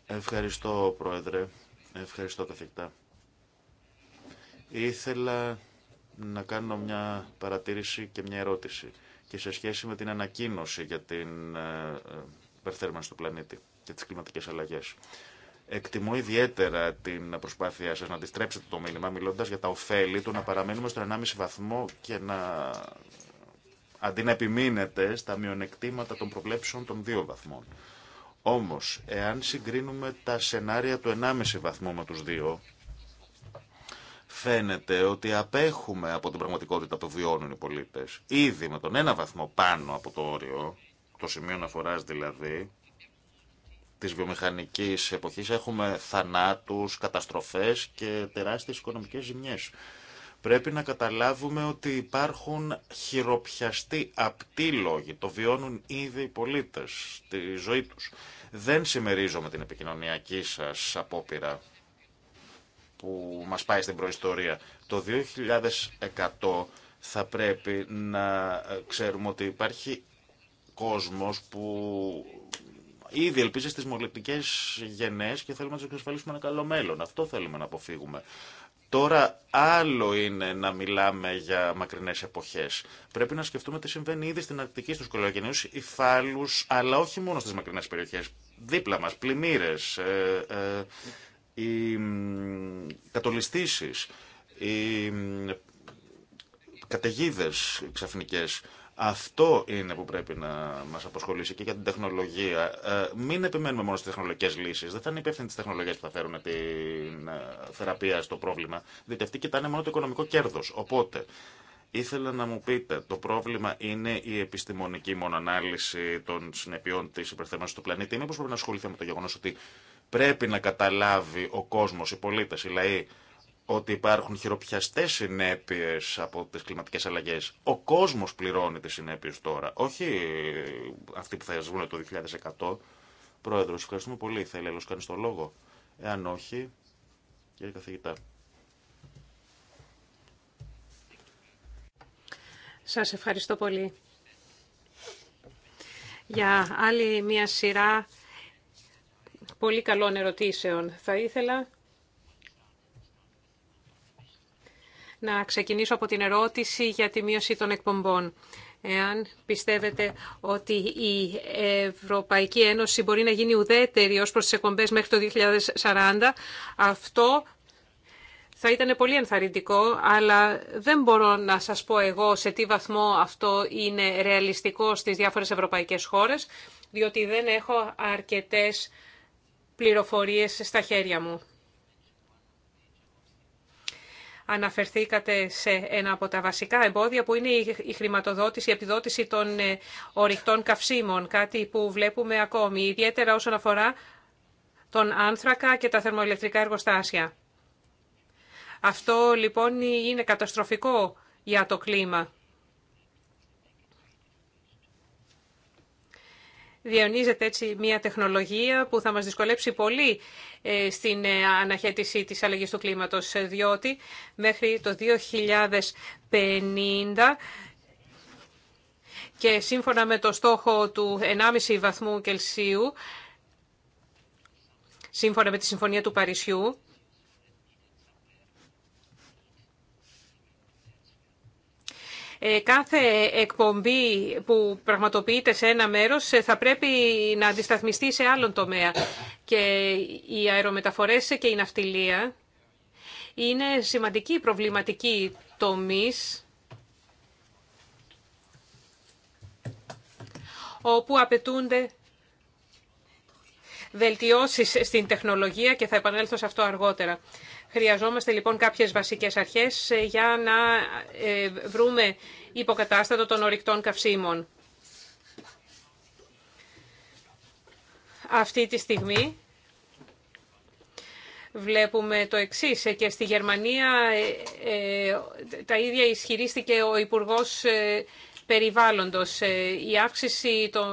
Ευχαριστώ Πρόεδρε, ευχαριστώ καθηγητά. Ήθελα να κάνω μια παρατήρηση και μια ερώτηση και σε σχέση με την ανακοίνωση για την ε, ε, υπερθέρμανση του πλανήτη και τις κλιματικές αλλαγές. Εκτιμώ ιδιαίτερα την προσπάθειά σα να αντιστρέψετε το μήνυμα μιλώντα για τα ωφέλη του να παραμένουμε στον 1,5 βαθμό και να αντί να επιμείνετε στα μειονεκτήματα των προβλέψεων των 2 βαθμών. Όμω, εάν συγκρίνουμε τα σενάρια του 1,5 βαθμού με του 2, φαίνεται ότι απέχουμε από την πραγματικότητα που βιώνουν οι πολίτε. Ήδη με τον 1 βαθμό πάνω από το όριο, το σημείο αναφορά δηλαδή, της βιομηχανικής εποχής έχουμε θανάτους, καταστροφές και τεράστιες οικονομικές ζημιές. Πρέπει να καταλάβουμε ότι υπάρχουν χειροπιαστοί απτοί λόγοι. Το βιώνουν ήδη οι πολίτες στη ζωή τους. Δεν συμμερίζομαι την επικοινωνιακή σας απόπειρα που μας πάει στην προϊστορία. Το 2100 θα πρέπει να ξέρουμε ότι υπάρχει κόσμος που ήδη ελπίζει στις μολυπτικέ γενέ και θέλουμε να τους εξασφαλίσουμε ένα καλό μέλλον. Αυτό θέλουμε να αποφύγουμε. Τώρα άλλο είναι να μιλάμε για μακρινές εποχές. Πρέπει να σκεφτούμε τι συμβαίνει ήδη στην Αρκτική, στους οι υφάλους, αλλά όχι μόνο στις μακρινές περιοχές. Δίπλα μας, πλημμύρες, ε, ε οι κατολιστήσεις, οι καταιγίδε ξαφνικές. Αυτό είναι που πρέπει να μα απασχολήσει και για την τεχνολογία. Ε, μην επιμένουμε μόνο στι τεχνολογικέ λύσει. Δεν θα είναι υπεύθυνοι τη τεχνολογία που θα φέρουν την ε, θεραπεία στο πρόβλημα, διότι αυτοί κοιτάνε μόνο το οικονομικό κέρδο. Οπότε, ήθελα να μου πείτε, το πρόβλημα είναι η επιστημονική μονανάλυση των συνεπειών τη υπερθέρμανση του πλανήτη, μήπω πρέπει να ασχοληθούμε με το γεγονό ότι πρέπει να καταλάβει ο κόσμο, οι πολίτε, οι λαοί, ότι υπάρχουν χειροπιαστέ συνέπειε από τις κλιματικές αλλαγές. Ο κόσμος πληρώνει τις συνέπειε τώρα, όχι αυτοί που θα ζουν το 2100. Πρόεδρος, ευχαριστούμε πολύ. Θέλει άλλο κάνει το λόγο. Εάν όχι, κύριε καθηγητά. Σας ευχαριστώ πολύ για άλλη μια σειρά πολύ καλών ερωτήσεων. Θα ήθελα να ξεκινήσω από την ερώτηση για τη μείωση των εκπομπών. Εάν πιστεύετε ότι η Ευρωπαϊκή Ένωση μπορεί να γίνει ουδέτερη ως προς τις εκπομπές μέχρι το 2040, αυτό θα ήταν πολύ ενθαρρυντικό, αλλά δεν μπορώ να σας πω εγώ σε τι βαθμό αυτό είναι ρεαλιστικό στις διάφορες ευρωπαϊκές χώρες, διότι δεν έχω αρκετές πληροφορίες στα χέρια μου αναφερθήκατε σε ένα από τα βασικά εμπόδια που είναι η χρηματοδότηση, η επιδότηση των ε, ορυκτών καυσίμων, κάτι που βλέπουμε ακόμη, ιδιαίτερα όσον αφορά τον άνθρακα και τα θερμοελεκτρικά εργοστάσια. Αυτό λοιπόν είναι καταστροφικό για το κλίμα. Διαιωνίζεται έτσι μια τεχνολογία που θα μας δυσκολέψει πολύ ε, στην ε, αναχέτηση της αλλαγής του κλίματος, ε, διότι μέχρι το 2050 και σύμφωνα με το στόχο του 1,5 βαθμού Κελσίου, σύμφωνα με τη Συμφωνία του Παρισιού, Ε, κάθε εκπομπή που πραγματοποιείται σε ένα μέρος ε, θα πρέπει να αντισταθμιστεί σε άλλον τομέα. Και οι αερομεταφορές και η ναυτιλία είναι σημαντική προβληματική τομής όπου απαιτούνται Βελτιώσει στην τεχνολογία και θα επανέλθω σε αυτό αργότερα. Χρειαζόμαστε λοιπόν κάποιες βασικές αρχές ε, για να ε, βρούμε υποκατάστατο των ορυκτών καυσίμων. Αυτή τη στιγμή βλέπουμε το εξής ε, και στη Γερμανία τα ίδια ισχυρίστηκε ο Υπουργός Περιβάλλοντος. Η αύξηση των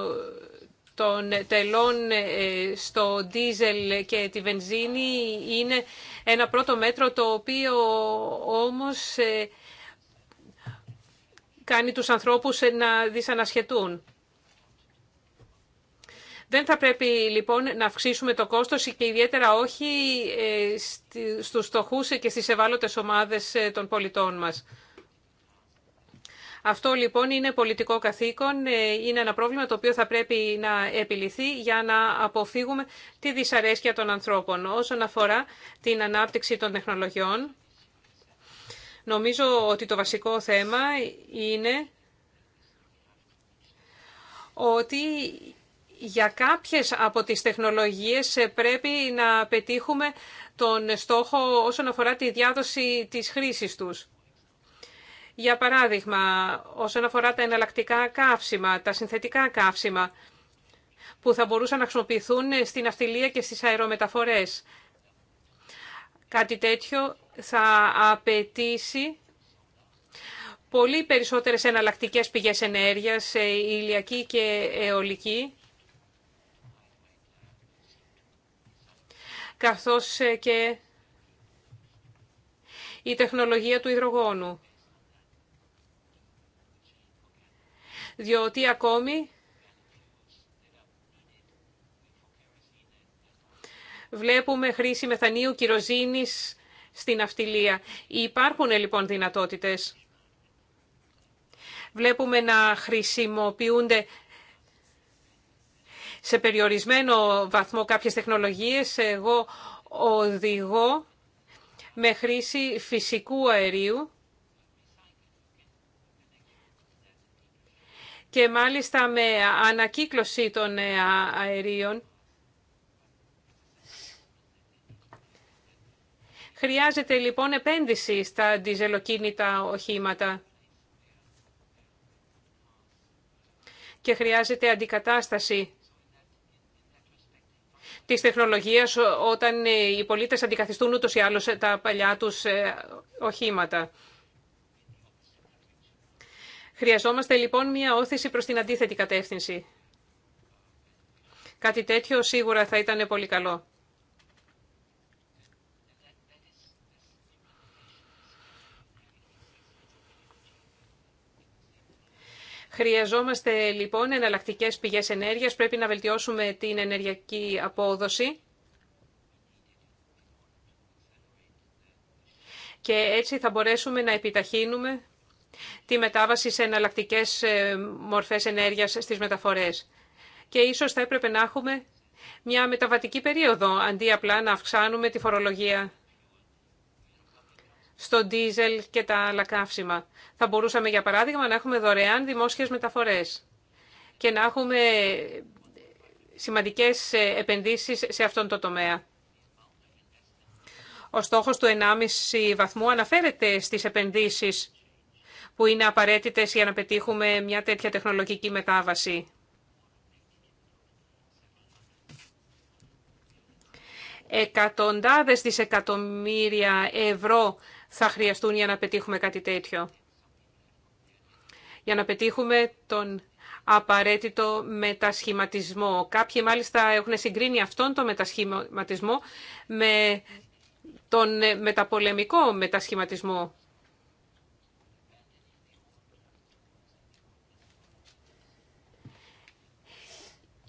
των τελών ε, στο ντίζελ και τη βενζίνη είναι ένα πρώτο μέτρο το οποίο όμως ε, κάνει τους ανθρώπους ε, να δυσανασχετούν. Δεν θα πρέπει λοιπόν να αυξήσουμε το κόστος και ιδιαίτερα όχι στους στοχούς και στις ευάλωτες ομάδες των πολιτών μας. Αυτό λοιπόν είναι πολιτικό καθήκον, ε, είναι ένα πρόβλημα το οποίο θα πρέπει να επιληθεί για να αποφύγουμε τη δυσαρέσκεια των ανθρώπων. Όσον αφορά την ανάπτυξη των τεχνολογιών, νομίζω ότι το βασικό θέμα είναι ότι για κάποιες από τις τεχνολογίες ε, πρέπει να πετύχουμε τον στόχο όσον αφορά τη διάδοση της χρήσης τους. Για παράδειγμα, όσον αφορά τα εναλλακτικά καύσιμα, τα συνθετικά καύσιμα, που θα μπορούσαν να χρησιμοποιηθούν στην αυτιλία και στις αερομεταφορές. Κάτι τέτοιο θα απαιτήσει πολύ περισσότερες εναλλακτικές πηγές ενέργειας, ε, ηλιακή και αιωλική, καθώς ε, και η τεχνολογία του υδρογόνου. διότι ακόμη βλέπουμε χρήση μεθανίου κυροζίνης στην αυτιλία. Υπάρχουν ε, λοιπόν δυνατότητες. Βλέπουμε να χρησιμοποιούνται σε περιορισμένο βαθμό κάποιες τεχνολογίες. Εγώ οδηγώ με χρήση φυσικού αερίου και μάλιστα με ανακύκλωση των ε, αερίων. Χρειάζεται λοιπόν επένδυση στα διζελοκίνητα οχήματα. Και χρειάζεται αντικατάσταση της τεχνολογίας όταν ε, οι πολίτες αντικαθιστούν ούτως ή άλλως τα παλιά τους ε, οχήματα. Χρειαζόμαστε λοιπόν μια όθηση προς την αντίθετη κατεύθυνση. Κάτι τέτοιο σίγουρα θα ήταν πολύ καλό. Χρειαζόμαστε λοιπόν εναλλακτικέ πηγές ενέργειας. Πρέπει να βελτιώσουμε την ενεργειακή απόδοση. Και έτσι θα μπορέσουμε να επιταχύνουμε τη μετάβαση σε εναλλακτικέ ε, μορφές ενέργειας στις μεταφορές. Και ίσως θα έπρεπε να έχουμε μια μεταβατική περίοδο, αντί απλά να αυξάνουμε τη φορολογία στο ντίζελ και τα άλλα καύσιμα. Θα μπορούσαμε, για παράδειγμα, να έχουμε δωρεάν δημόσιες μεταφορές και να έχουμε σημαντικές ε, επενδύσεις σε αυτόν τον τομέα. Ο στόχος του 1,5 βαθμού αναφέρεται στις επενδύσεις που είναι απαραίτητες για να πετύχουμε μια τέτοια τεχνολογική μετάβαση. Εκατοντάδες δισεκατομμύρια ευρώ θα χρειαστούν για να πετύχουμε κάτι τέτοιο. Για να πετύχουμε τον απαραίτητο μετασχηματισμό. Κάποιοι μάλιστα έχουν συγκρίνει αυτόν τον μετασχηματισμό με τον μεταπολεμικό μετασχηματισμό.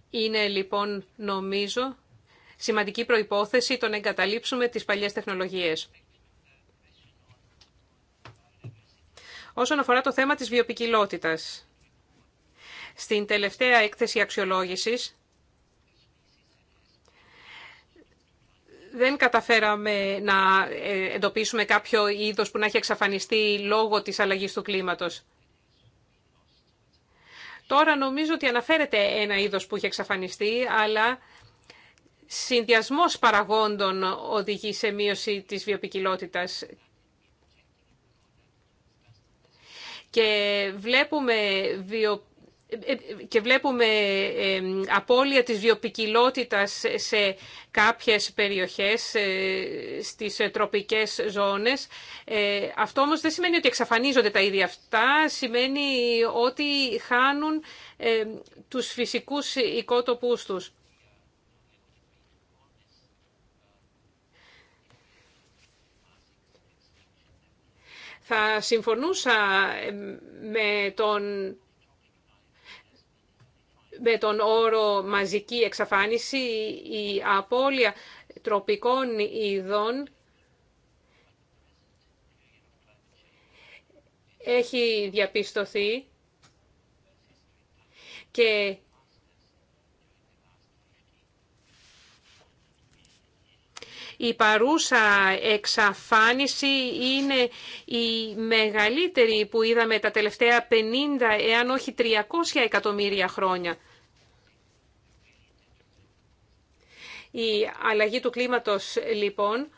Είναι λοιπόν, νομίζω, σημαντική προϋπόθεση το να εγκαταλείψουμε τις παλιές τεχνολογίες. Όσον αφορά το θέμα της βιοπικιλότητας, στην τελευταία έκθεση αξιολόγησης δεν καταφέραμε να ε, εντοπίσουμε κάποιο είδος που να έχει εξαφανιστεί λόγω της αλλαγής του κλίματος. Τώρα νομίζω ότι αναφέρεται ένα είδος που είχε εξαφανιστεί, αλλά συνδυασμός παραγόντων οδηγεί σε μείωση της βιοπικιλότητας. Και βλέπουμε βιο και βλέπουμε απώλεια της βιοπικιλότητας σε κάποιες περιοχές, ε, στις ε, τροπικές ζώνες. Ε, αυτό όμως δεν σημαίνει ότι εξαφανίζονται τα ίδια αυτά, σημαίνει ότι χάνουν τους φυσικούς οικότοπούς τους. Θα συμφωνούσα με τον με τον όρο μαζική εξαφάνιση, η απώλεια τροπικών ειδών έχει διαπιστωθεί και η παρούσα εξαφάνιση είναι η μεγαλύτερη που είδαμε τα τελευταία 50 εάν όχι 300 εκατομμύρια χρόνια. Η αλλαγή του κλίματος, λοιπόν,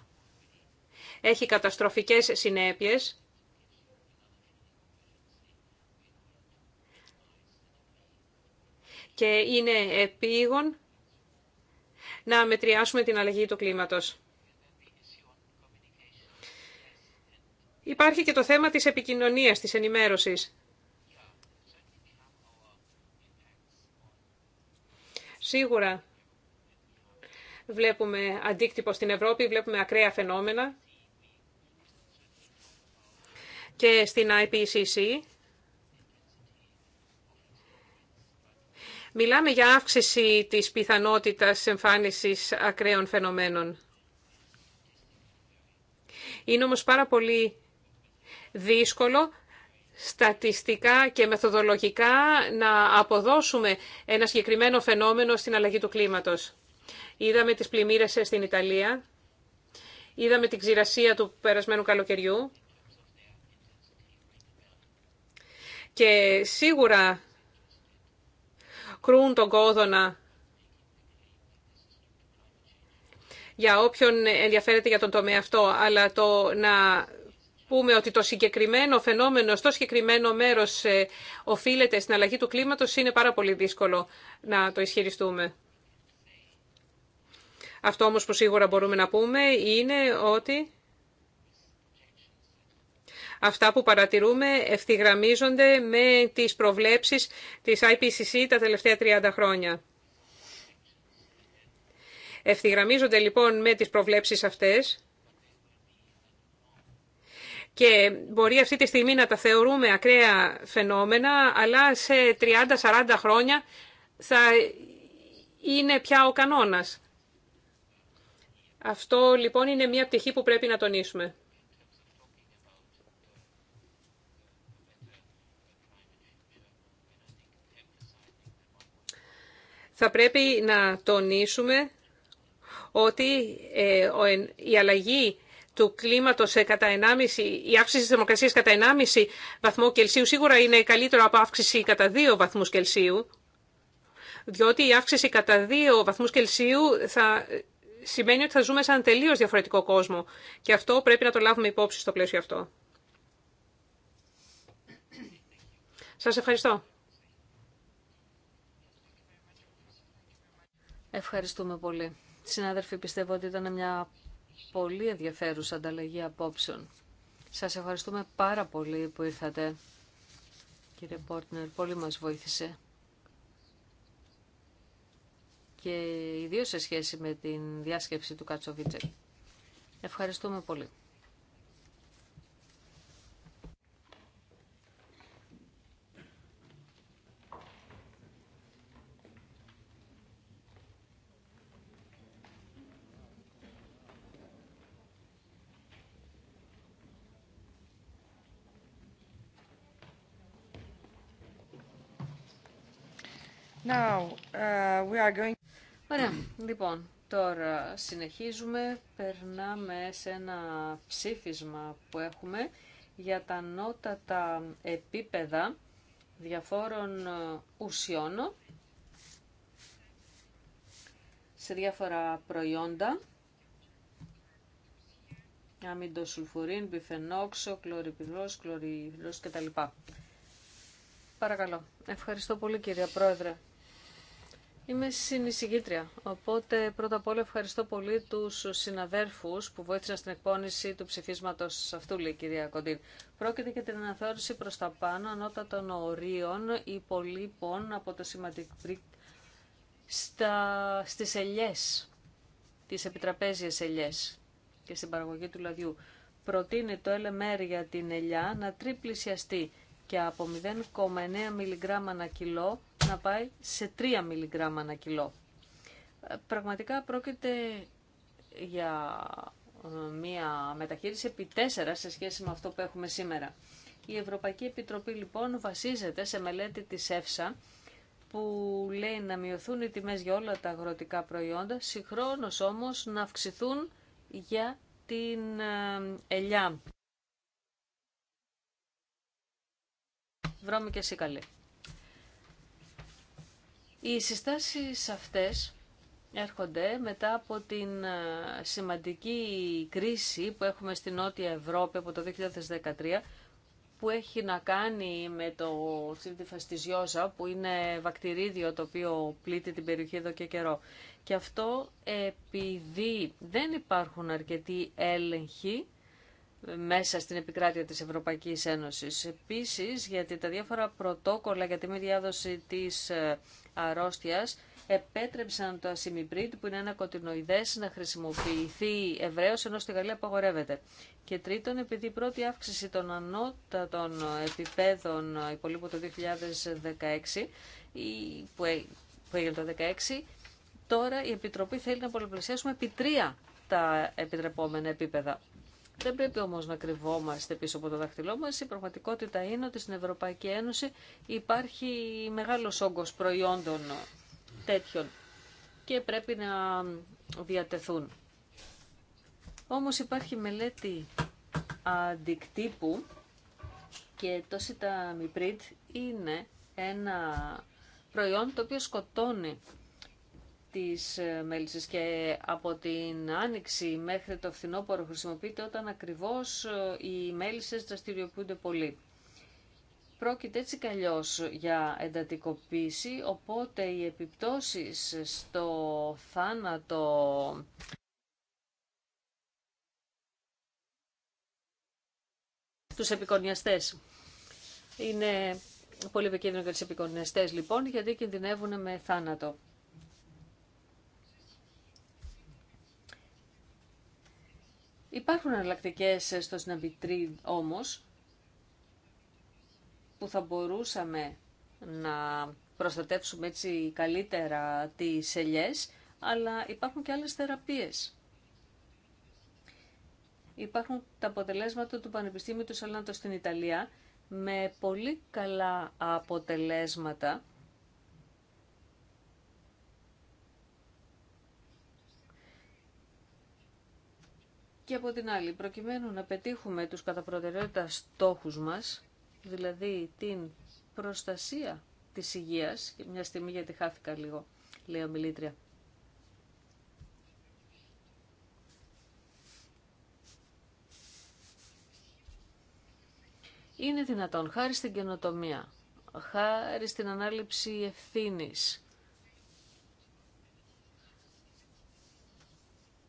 έχει καταστροφικές συνέπειες. Και είναι επίγον να μετριάσουμε την αλλαγή του κλίματος. Υπάρχει και το θέμα της επικοινωνίας, της ενημέρωσης. Σίγουρα Βλέπουμε αντίκτυπο στην Ευρώπη, βλέπουμε ακραία φαινόμενα και στην IPCC. Μιλάμε για αύξηση της πιθανότητας εμφάνισης ακραίων φαινομένων. Είναι όμως πάρα πολύ δύσκολο στατιστικά και μεθοδολογικά να αποδώσουμε ένα συγκεκριμένο φαινόμενο στην αλλαγή του κλίματος. Είδαμε τις πλημμύρες στην Ιταλία, είδαμε την ξηρασία του περασμένου καλοκαιριού και σίγουρα κρούν τον κόδωνα για όποιον ενδιαφέρεται για τον τομέα αυτό, αλλά το να πούμε ότι το συγκεκριμένο φαινόμενο στο συγκεκριμένο μέρος ε, οφείλεται στην αλλαγή του κλίματος είναι πάρα πολύ δύσκολο να το ισχυριστούμε. Αυτό όμως που σίγουρα μπορούμε να πούμε είναι ότι αυτά που παρατηρούμε ευθυγραμμίζονται με τις προβλέψεις της IPCC τα τελευταία 30 χρόνια. Ευθυγραμμίζονται λοιπόν με τις προβλέψεις αυτές και μπορεί αυτή τη στιγμή να τα θεωρούμε ακραία φαινόμενα, αλλά σε 30-40 χρόνια θα είναι πια ο κανόνας. Αυτό λοιπόν είναι μια πτυχή που πρέπει να τονίσουμε. Θα πρέπει να τονίσουμε ότι ε, η αλλαγή του κλίματος κατά 1,5, η αύξηση της θερμοκρασίας κατά 1,5 βαθμό Κελσίου σίγουρα είναι καλύτερο από αύξηση κατά 2 βαθμούς Κελσίου, διότι η αύξηση κατά 2 βαθμούς Κελσίου θα σημαίνει ότι θα ζούμε σαν έναν τελείως διαφορετικό κόσμο και αυτό πρέπει να το λάβουμε υπόψη στο πλαίσιο αυτό. Σας ευχαριστώ. Ευχαριστούμε πολύ. Συνάδελφοι, πιστεύω ότι ήταν μια πολύ ενδιαφέρουσα ανταλλαγή απόψεων. Σας ευχαριστούμε πάρα πολύ που ήρθατε, κύριε Πόρτνερ. Πολύ μας βοήθησε και ιδίως σε σχέση με την διάσκεψη του Κατσοβίτσεκ. Ευχαριστούμε πολύ. Uh, Ωραία, λοιπόν, τώρα συνεχίζουμε, περνάμε σε ένα ψήφισμα που έχουμε για τα νότατα επίπεδα διαφόρων ε, ουσιών σε διάφορα προϊόντα αμυντοσουλφουρίν, μπιφενόξο, κλωριπυρός, κλωριπυρός κτλ. Παρακαλώ. Ευχαριστώ πολύ κυρία Πρόεδρε. Είμαι συνεισηγήτρια, οπότε πρώτα απ' όλα ευχαριστώ πολύ τους συναδέρφους που βοήθησαν στην εκπόνηση του ψηφίσματος αυτού, λέει η κυρία Κοντίν. Πρόκειται για την αναθεώρηση προς τα πάνω ανώτατων ορίων υπολείπων από το σημαντικό στα... στις ελιές, τις επιτραπέζιες ελιές και στην παραγωγή του λαδιού. Προτείνει το LMR για την ελιά να τριπλησιαστεί και από 0,9 μιλιγκράμμα ανά κιλό να πάει σε 3 μιλιγκράμμα ανά κιλό. Ε, πραγματικά πρόκειται για ε, μια μεταχείριση επί 4 σε σχέση με αυτό που έχουμε σήμερα. Η Ευρωπαϊκή Επιτροπή λοιπόν βασίζεται σε μελέτη της ΕΦΣΑ που λέει να μειωθούν οι τιμές για όλα τα αγροτικά προϊόντα, συγχρόνως όμως να αυξηθούν για την ε, ελιά. και και καλή. Οι συστάσεις αυτές έρχονται μετά από την ε, σημαντική κρίση που έχουμε στην Νότια Ευρώπη από το 2013 που έχει να κάνει με το φαστιζιόζα που είναι βακτηρίδιο το οποίο πλήττει την περιοχή εδώ και καιρό. Και αυτό επειδή δεν υπάρχουν αρκετοί έλεγχοι μέσα στην επικράτεια της Ευρωπαϊκής Ένωσης. Επίσης, γιατί τα διάφορα πρωτόκολλα για τη μη διάδοση της ε, αρρώστιας επέτρεψαν το ασημιπρίτ, που είναι ένα κοτινοειδές, να χρησιμοποιηθεί ευρέως, ενώ στη Γαλλία απαγορεύεται. Και τρίτον, επειδή η πρώτη αύξηση των ανώτατων επιπέδων υπολείπου το 2016, ε, που έγινε το 2016, τώρα η Επιτροπή θέλει να πολλαπλασιάσουμε επί τρία τα επιτρεπόμενα επίπεδα. Δεν πρέπει όμως να κρυβόμαστε πίσω από το δάχτυλό μας. Η πραγματικότητα είναι ότι στην Ευρωπαϊκή Ένωση υπάρχει μεγάλος όγκος προϊόντων τέτοιων και πρέπει να διατεθούν. Όμως υπάρχει μελέτη αντικτύπου και το σιταμιπρίτ είναι ένα προϊόν το οποίο σκοτώνει της ε, μέλισσας και από την άνοιξη μέχρι το φθινόπωρο χρησιμοποιείται όταν ακριβώς ε, οι μέλισσες δραστηριοποιούνται πολύ. Πρόκειται έτσι καλλιώς για εντατικοποίηση, οπότε οι επιπτώσεις στο θάνατο τους επικονιαστές είναι πολύ επικίνδυνο για τους επικονιαστές λοιπόν, γιατί κινδυνεύουν με θάνατο. Υπάρχουν εναλλακτικέ στο Snapdragon όμως που θα μπορούσαμε να προστατεύσουμε έτσι καλύτερα τις ελιές, αλλά υπάρχουν και άλλες θεραπείες. Υπάρχουν τα αποτελέσματα του Πανεπιστήμιου του Σαλάντο στην Ιταλία με πολύ καλά αποτελέσματα Και από την άλλη, προκειμένου να πετύχουμε τους κατά προτεραιότητα στόχους μας, δηλαδή την προστασία της υγείας, μια στιγμή γιατί χάθηκα λίγο, λέει ο Μιλήτρια. Είναι δυνατόν, χάρη στην καινοτομία, χάρη στην ανάληψη ευθύνης,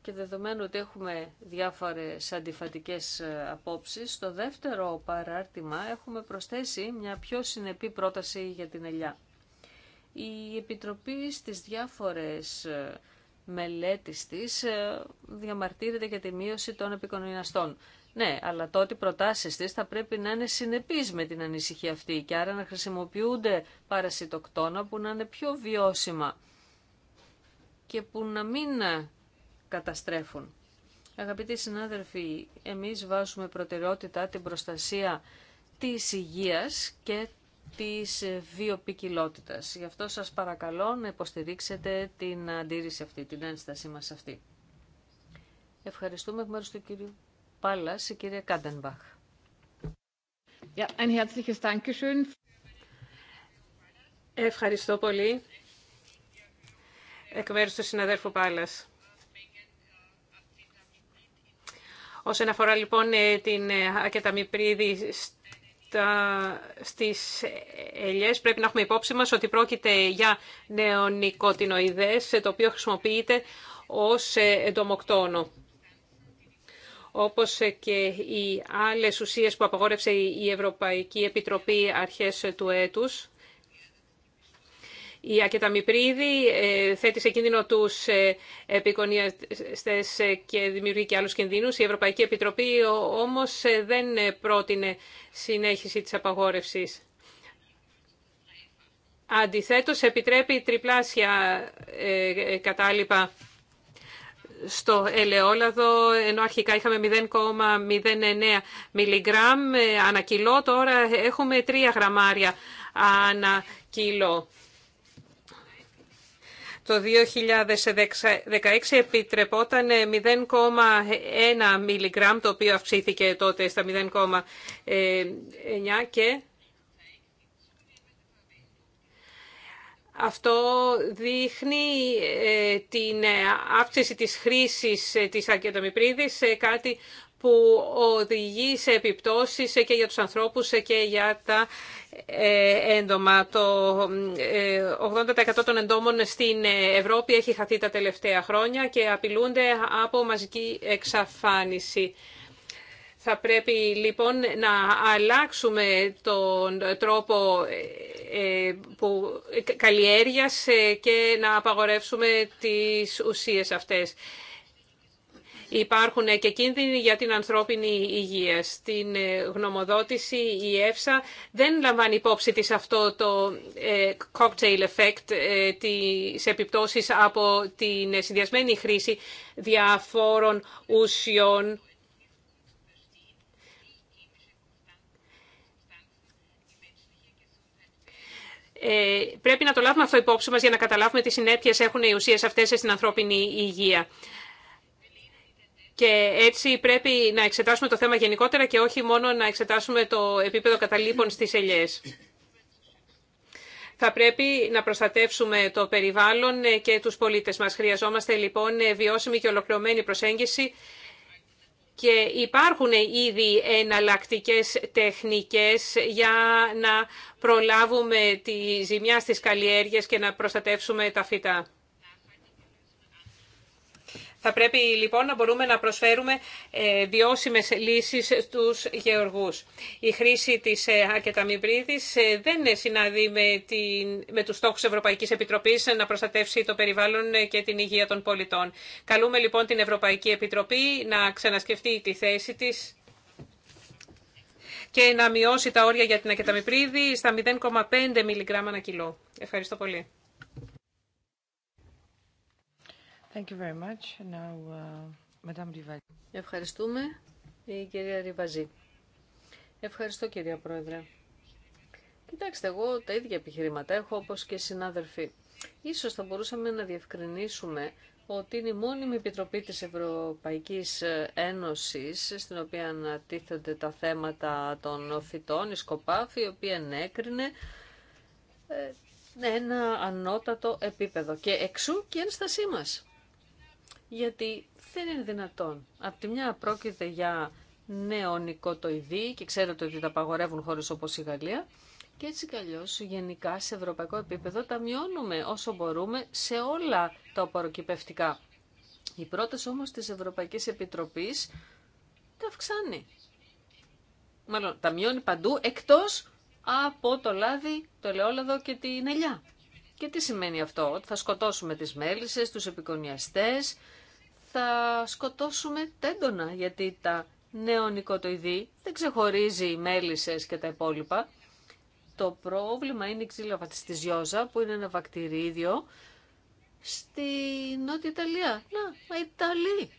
και δεδομένου ότι έχουμε διάφορες αντιφατικές ε, απόψεις, στο δεύτερο παράρτημα έχουμε προσθέσει μια πιο συνεπή πρόταση για την ελιά. Η Επιτροπή στις διάφορες ε, μελέτης της ε, διαμαρτύρεται για τη μείωση των επικοινωνιαστών. Ναι, αλλά τότε οι προτάσεις της θα πρέπει να είναι συνεπείς με την ανησυχία αυτή και άρα να χρησιμοποιούνται παρασιτοκτόνα που να είναι πιο βιώσιμα και που να μην καταστρέφουν. Αγαπητοί συνάδελφοι, εμείς βάζουμε προτεραιότητα την προστασία της υγείας και της βιοπικιλότητας. Γι' αυτό σας παρακαλώ να υποστηρίξετε την αντίρρηση αυτή, την ένστασή μας αυτή. Ευχαριστούμε εκ μέρους του κύριου Πάλλας, η κυρία Κάντενμπαχ. ein herzliches Dankeschön. Ευχαριστώ πολύ. Εκ μέρους του συναδέλφου Πάλλας. Όσον αφορά λοιπόν ε, την ε, τα στις ελιές πρέπει να έχουμε υπόψη μας ότι πρόκειται για νεονικοτινοειδές ε, το οποίο χρησιμοποιείται ως εντομοκτόνο. Όπως και οι άλλες ουσίες που απαγόρευσε η Ευρωπαϊκή Επιτροπή αρχές του έτους η ακεταμιπρίδη ε, θέτει σε κίνδυνο τους ε, επικονιαστές ε, και δημιουργεί και άλλου κινδύνου. Η Ευρωπαϊκή Επιτροπή όμως δεν πρότεινε συνέχιση της απαγόρευση. Αντιθέτω, επιτρέπει τριπλάσια κατάλοιπα στο ελαιόλαδο, ενώ αρχικά είχαμε 0,09 μιλιγκράμμ ανά κιλό, τώρα έχουμε 3 γραμμάρια ανά κιλό. Το 2016 επιτρεπόταν 0,1 ε, μιλιγκράμμ, το οποίο αυξήθηκε τότε στα 0,9 και Αυτό δείχνει ε, την ε, αύξηση της χρήσης της σε κάτι που οδηγεί σε επιπτώσεις και για τους ανθρώπους και για τα ε, έντομα. Το 80% ε, των εντόμων στην Ευρώπη έχει χαθεί τα τελευταία χρόνια και απειλούνται από μαζική εξαφάνιση. Θα πρέπει λοιπόν να αλλάξουμε τον τρόπο ε, που, καλλιέργειας και να απαγορεύσουμε τις ουσίες αυτές υπάρχουν και κίνδυνοι για την ανθρώπινη υγεία. Στην ε, γνωμοδότηση η ΕΦΣΑ δεν λαμβάνει υπόψη της αυτό το ε, cocktail effect, ε, της επιπτώσεις από την συνδυασμένη χρήση διαφόρων ουσιών Ε, πρέπει να το λάβουμε αυτό υπόψη μας για να καταλάβουμε τι συνέπειες έχουν οι ουσίες αυτές στην ανθρώπινη υγεία και έτσι πρέπει να εξετάσουμε το θέμα γενικότερα και όχι μόνο να εξετάσουμε το επίπεδο καταλήπων στις ελιές. Θα πρέπει να προστατεύσουμε το περιβάλλον και τους πολίτες μας. Χρειαζόμαστε λοιπόν βιώσιμη και ολοκληρωμένη προσέγγιση και υπάρχουν ήδη εναλλακτικέ τεχνικές για να προλάβουμε τη ζημιά στις καλλιέργειες και να προστατεύσουμε τα φυτά. Θα πρέπει λοιπόν να μπορούμε να προσφέρουμε ε, βιώσιμες λύσεις στους γεωργούς. Η χρήση της ακεταμιβρίδης ε, ε, δεν συνάδει με, την, με τους στόχους Ευρωπαϊκής Επιτροπής να προστατεύσει το περιβάλλον και την υγεία των πολιτών. Καλούμε λοιπόν την Ευρωπαϊκή Επιτροπή να ξανασκεφτεί τη θέση της και να μειώσει τα όρια για την ακεταμιπρίδη στα 0,5 μιλιγκράμμα ανά κιλό. Ευχαριστώ πολύ. Uh, Ευχαριστούμε η κυρία Ριβαζή. Ευχαριστώ κυρία Πρόεδρε. Κοιτάξτε, εγώ τα ίδια επιχειρήματα έχω όπως και οι συνάδελφοι. Ίσως θα μπορούσαμε να διευκρινίσουμε ότι είναι η μόνιμη επιτροπή της Ευρωπαϊκής Ένωσης στην οποία ανατίθενται τα θέματα των φυτών, η Σκοπάφη, η οποία ενέκρινε ε, ένα ανώτατο επίπεδο και εξού και ένστασή μας γιατί δεν είναι δυνατόν. Απ' τη μια πρόκειται για το νοικοτοειδή και ξέρετε ότι τα απαγορεύουν χώρες όπως η Γαλλία και έτσι κι γενικά σε ευρωπαϊκό επίπεδο τα μειώνουμε όσο μπορούμε σε όλα τα απορροκυπευτικά. Η πρόταση όμως της Ευρωπαϊκής Επιτροπής τα αυξάνει. Μάλλον τα μειώνει παντού εκτός από το λάδι, το ελαιόλαδο και την ελιά. Και τι σημαίνει αυτό, ότι θα σκοτώσουμε τις μέλισσες, τους επικονιαστές, θα σκοτώσουμε τέντονα, γιατί τα νεονικοτοειδή δεν ξεχωρίζει οι μέλισσες και τα υπόλοιπα. Το πρόβλημα είναι η ξύλα της που είναι ένα βακτηρίδιο, στη Νότια Ιταλία. Να, μα Ιταλή.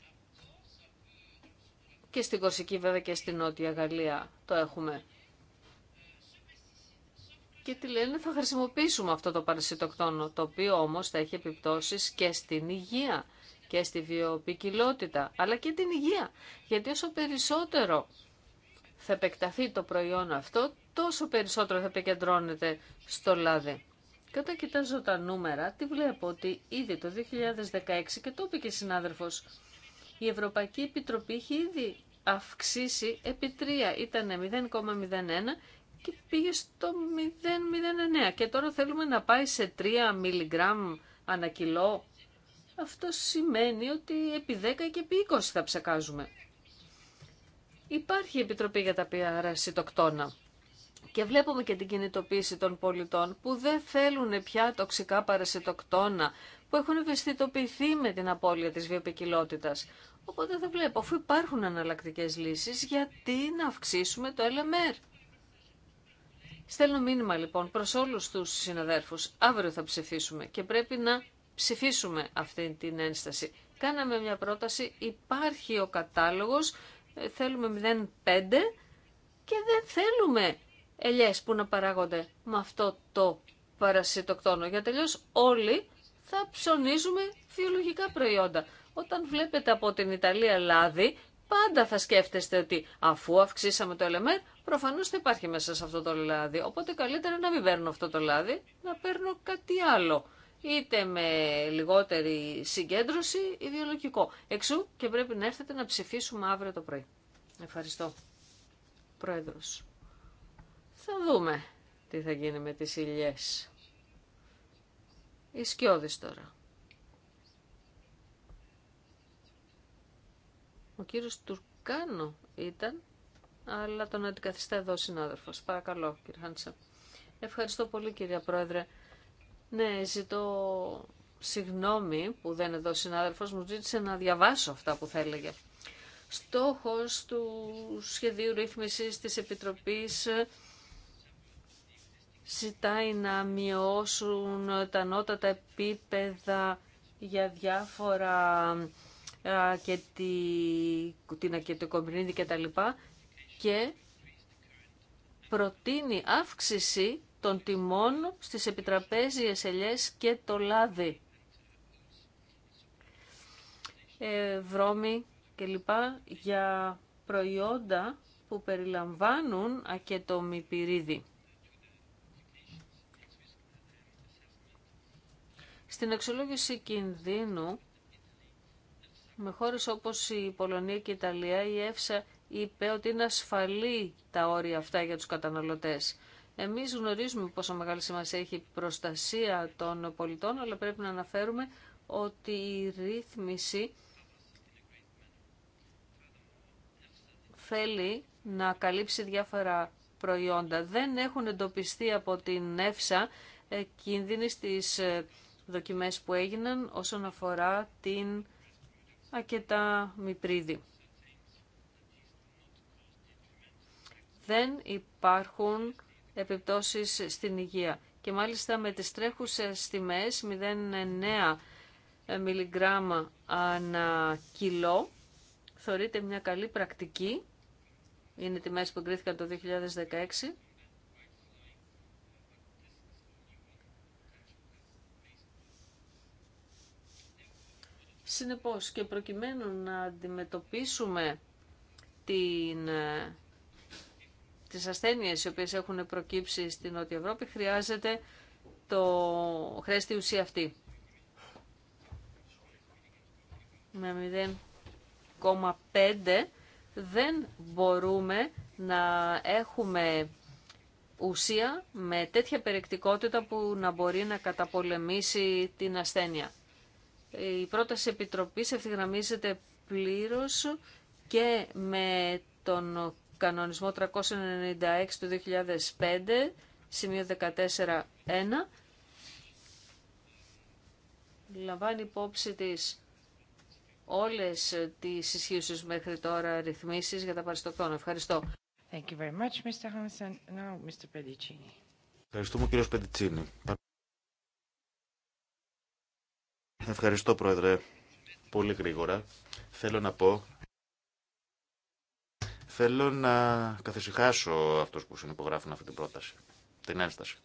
Και στην Κορσική βέβαια και στη Νότια Γαλλία το έχουμε. Και τι λένε, θα χρησιμοποιήσουμε αυτό το παρασιτοκτόνο, το οποίο όμως θα έχει επιπτώσεις και στην υγεία και στη βιοποικιλότητα, αλλά και την υγεία. Γιατί όσο περισσότερο θα επεκταθεί το προϊόν αυτό, τόσο περισσότερο θα επικεντρώνεται στο λάδι. Και όταν κοιτάζω τα νούμερα, τι βλέπω ότι ήδη το 2016, και το είπε και συνάδελφος, η Ευρωπαϊκή Επιτροπή είχε ήδη αυξήσει επί 3, ήταν 0,01 και πήγε στο 0,09 και τώρα θέλουμε να πάει σε 3 μιλιγκράμμ ανά αυτό σημαίνει ότι επί 10 και επί 20 θα ψεκάζουμε. Υπάρχει Επιτροπή για τα Παρασιτοκτόνα και βλέπουμε και την κινητοποίηση των πολιτών που δεν θέλουν πια τοξικά παρασιτοκτόνα που έχουν ευαισθητοποιηθεί με την απώλεια της βιοπικιλότητας. Οπότε δεν βλέπω, αφού υπάρχουν εναλλακτικέ λύσεις, γιατί να αυξήσουμε το LMR. Στέλνω μήνυμα λοιπόν προς όλους τους συναδέρφους. Αύριο θα ψηφίσουμε και πρέπει να ψηφίσουμε αυτή την ένσταση. Κάναμε μια πρόταση, υπάρχει ο κατάλογος, ε, θέλουμε 0,5 και δεν θέλουμε ελιές που να παράγονται με αυτό το παρασιτοκτόνο. Για τελειώς όλοι θα ψωνίζουμε βιολογικά προϊόντα. Όταν βλέπετε από την Ιταλία λάδι, πάντα θα σκέφτεστε ότι αφού αυξήσαμε το ελεμέρ, προφανώς θα υπάρχει μέσα σε αυτό το λάδι. Οπότε καλύτερα να μην παίρνω αυτό το λάδι, να παίρνω κάτι άλλο είτε με λιγότερη συγκέντρωση ιδεολογικό. Εξού και πρέπει να έρθετε να ψηφίσουμε αύριο το πρωί. Ευχαριστώ. Πρόεδρος. Θα δούμε τι θα γίνει με τις ηλιές. Η Σκιώδης τώρα. Ο κύριος Τουρκάνο ήταν, αλλά τον αντικαθιστά εδώ ο συνάδελφος. Παρακαλώ, κύριε Χάντσα. Ευχαριστώ πολύ, κυρία Πρόεδρε. Ναι, ζητώ συγγνώμη που δεν εδώ ο συνάδελφος μου ζήτησε να διαβάσω αυτά που θα έλεγε. Στόχος του σχεδίου ρύθμισης της Επιτροπής ε, ζητάει να μειώσουν τα ανώτατα επίπεδα για διάφορα ε, και την ακετοκομπρίνη και τα λοιπά και προτείνει αύξηση ...τον τιμών στις επιτραπέζιες ελιές και το λάδι. Ε, βρώμη και λοιπά για προϊόντα που περιλαμβάνουν ακέτομη πυρίδι. Στην αξιολόγηση κινδύνου με χώρες όπως η Πολωνία και η Ιταλία η ΕΦΣΑ είπε ότι είναι ασφαλή τα όρια αυτά για τους καταναλωτές. Εμείς γνωρίζουμε πόσο μεγάλη σημασία έχει η προστασία των πολιτών, αλλά πρέπει να αναφέρουμε ότι η ρύθμιση θέλει να καλύψει διάφορα προϊόντα. Δεν έχουν εντοπιστεί από την ΕΦΣΑ ε, κίνδυνοι στις ε, δοκιμές που έγιναν όσον αφορά την ακετά μυπρίδη. Δεν υπάρχουν επιπτώσεις στην υγεία. Και μάλιστα με τις τρέχουσες τιμές 0,9 μιλιγκράμμα ανά κιλό θεωρείται μια καλή πρακτική. Είναι τιμές που εγκρίθηκαν το 2016. Συνεπώς και προκειμένου να αντιμετωπίσουμε την ε, τις ασθένειες οι οποίες έχουν προκύψει στην Νότια Ευρώπη χρειάζεται το χρέστη ουσία αυτή. Με 0,5 δεν μπορούμε να έχουμε ουσία με τέτοια περιεκτικότητα που να μπορεί να καταπολεμήσει την ασθένεια. Η πρόταση επιτροπής ευθυγραμμίζεται πλήρως και με τον κανονισμό 396 του 2005, σημείο 14.1, λαμβάνει υπόψη της όλες τις ισχύουσες μέχρι τώρα ρυθμίσεις για τα παριστοκτόνα. Ευχαριστώ. Thank you very much, Mr. Hansen. Now, Mr. Pedicini. Ευχαριστούμε, κύριος Πεντιτσίνη. Ευχαριστώ, Πρόεδρε. Πολύ γρήγορα. Θέλω να πω Θέλω να καθησυχάσω αυτούς που συνυπογράφουν αυτή την πρόταση, την ένσταση.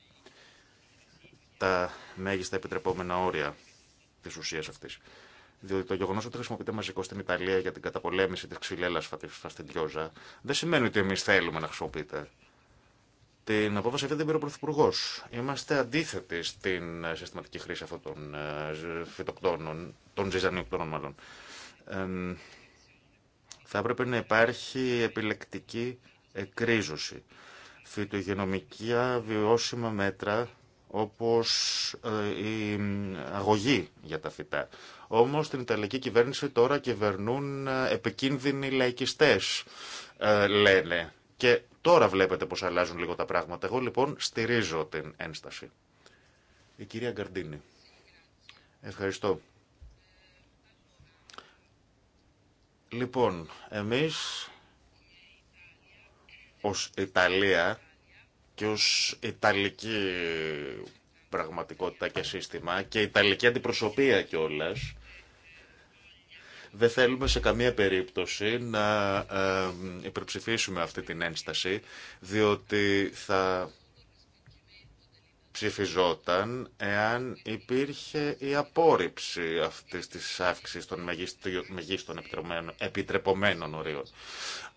Τα μέγιστα επιτρεπόμενα όρια τη ουσία αυτή. Διότι το γεγονό ότι χρησιμοποιείται μαζικό στην Ιταλία για την καταπολέμηση τη ξυλέλα φαστιντιόζα δεν σημαίνει ότι εμεί θέλουμε να χρησιμοποιείται. Την απόφαση αυτή δεν πήρε ο Πρωθυπουργό. Είμαστε αντίθετοι στην ε, συστηματική χρήση αυτών των ε, φυτοκτόνων, των ζυζανιοκτόνων μάλλον. Θα έπρεπε να υπάρχει επιλεκτική εκρίζωση. Φυτογενομικά βιώσιμα μέτρα όπως ε, η αγωγή για τα φυτά. Όμως την Ιταλική κυβέρνηση τώρα κυβερνούν ε, επικίνδυνοι λαϊκιστές, ε, λένε. Και τώρα βλέπετε πως αλλάζουν λίγο τα πράγματα. Εγώ λοιπόν στηρίζω την ένσταση. Η κυρία Γκαρντίνη. Ευχαριστώ. Λοιπόν, εμείς ως Ιταλία και ως Ιταλική πραγματικότητα και σύστημα και Ιταλική αντιπροσωπεία κιόλα. Δεν θέλουμε σε καμία περίπτωση να ε, ε, υπερψηφίσουμε αυτή την ένσταση, διότι θα ψηφιζόταν εάν υπήρχε η απόρριψη αυτή τη αύξηση των μεγίστων επιτρεπωμένων ορίων.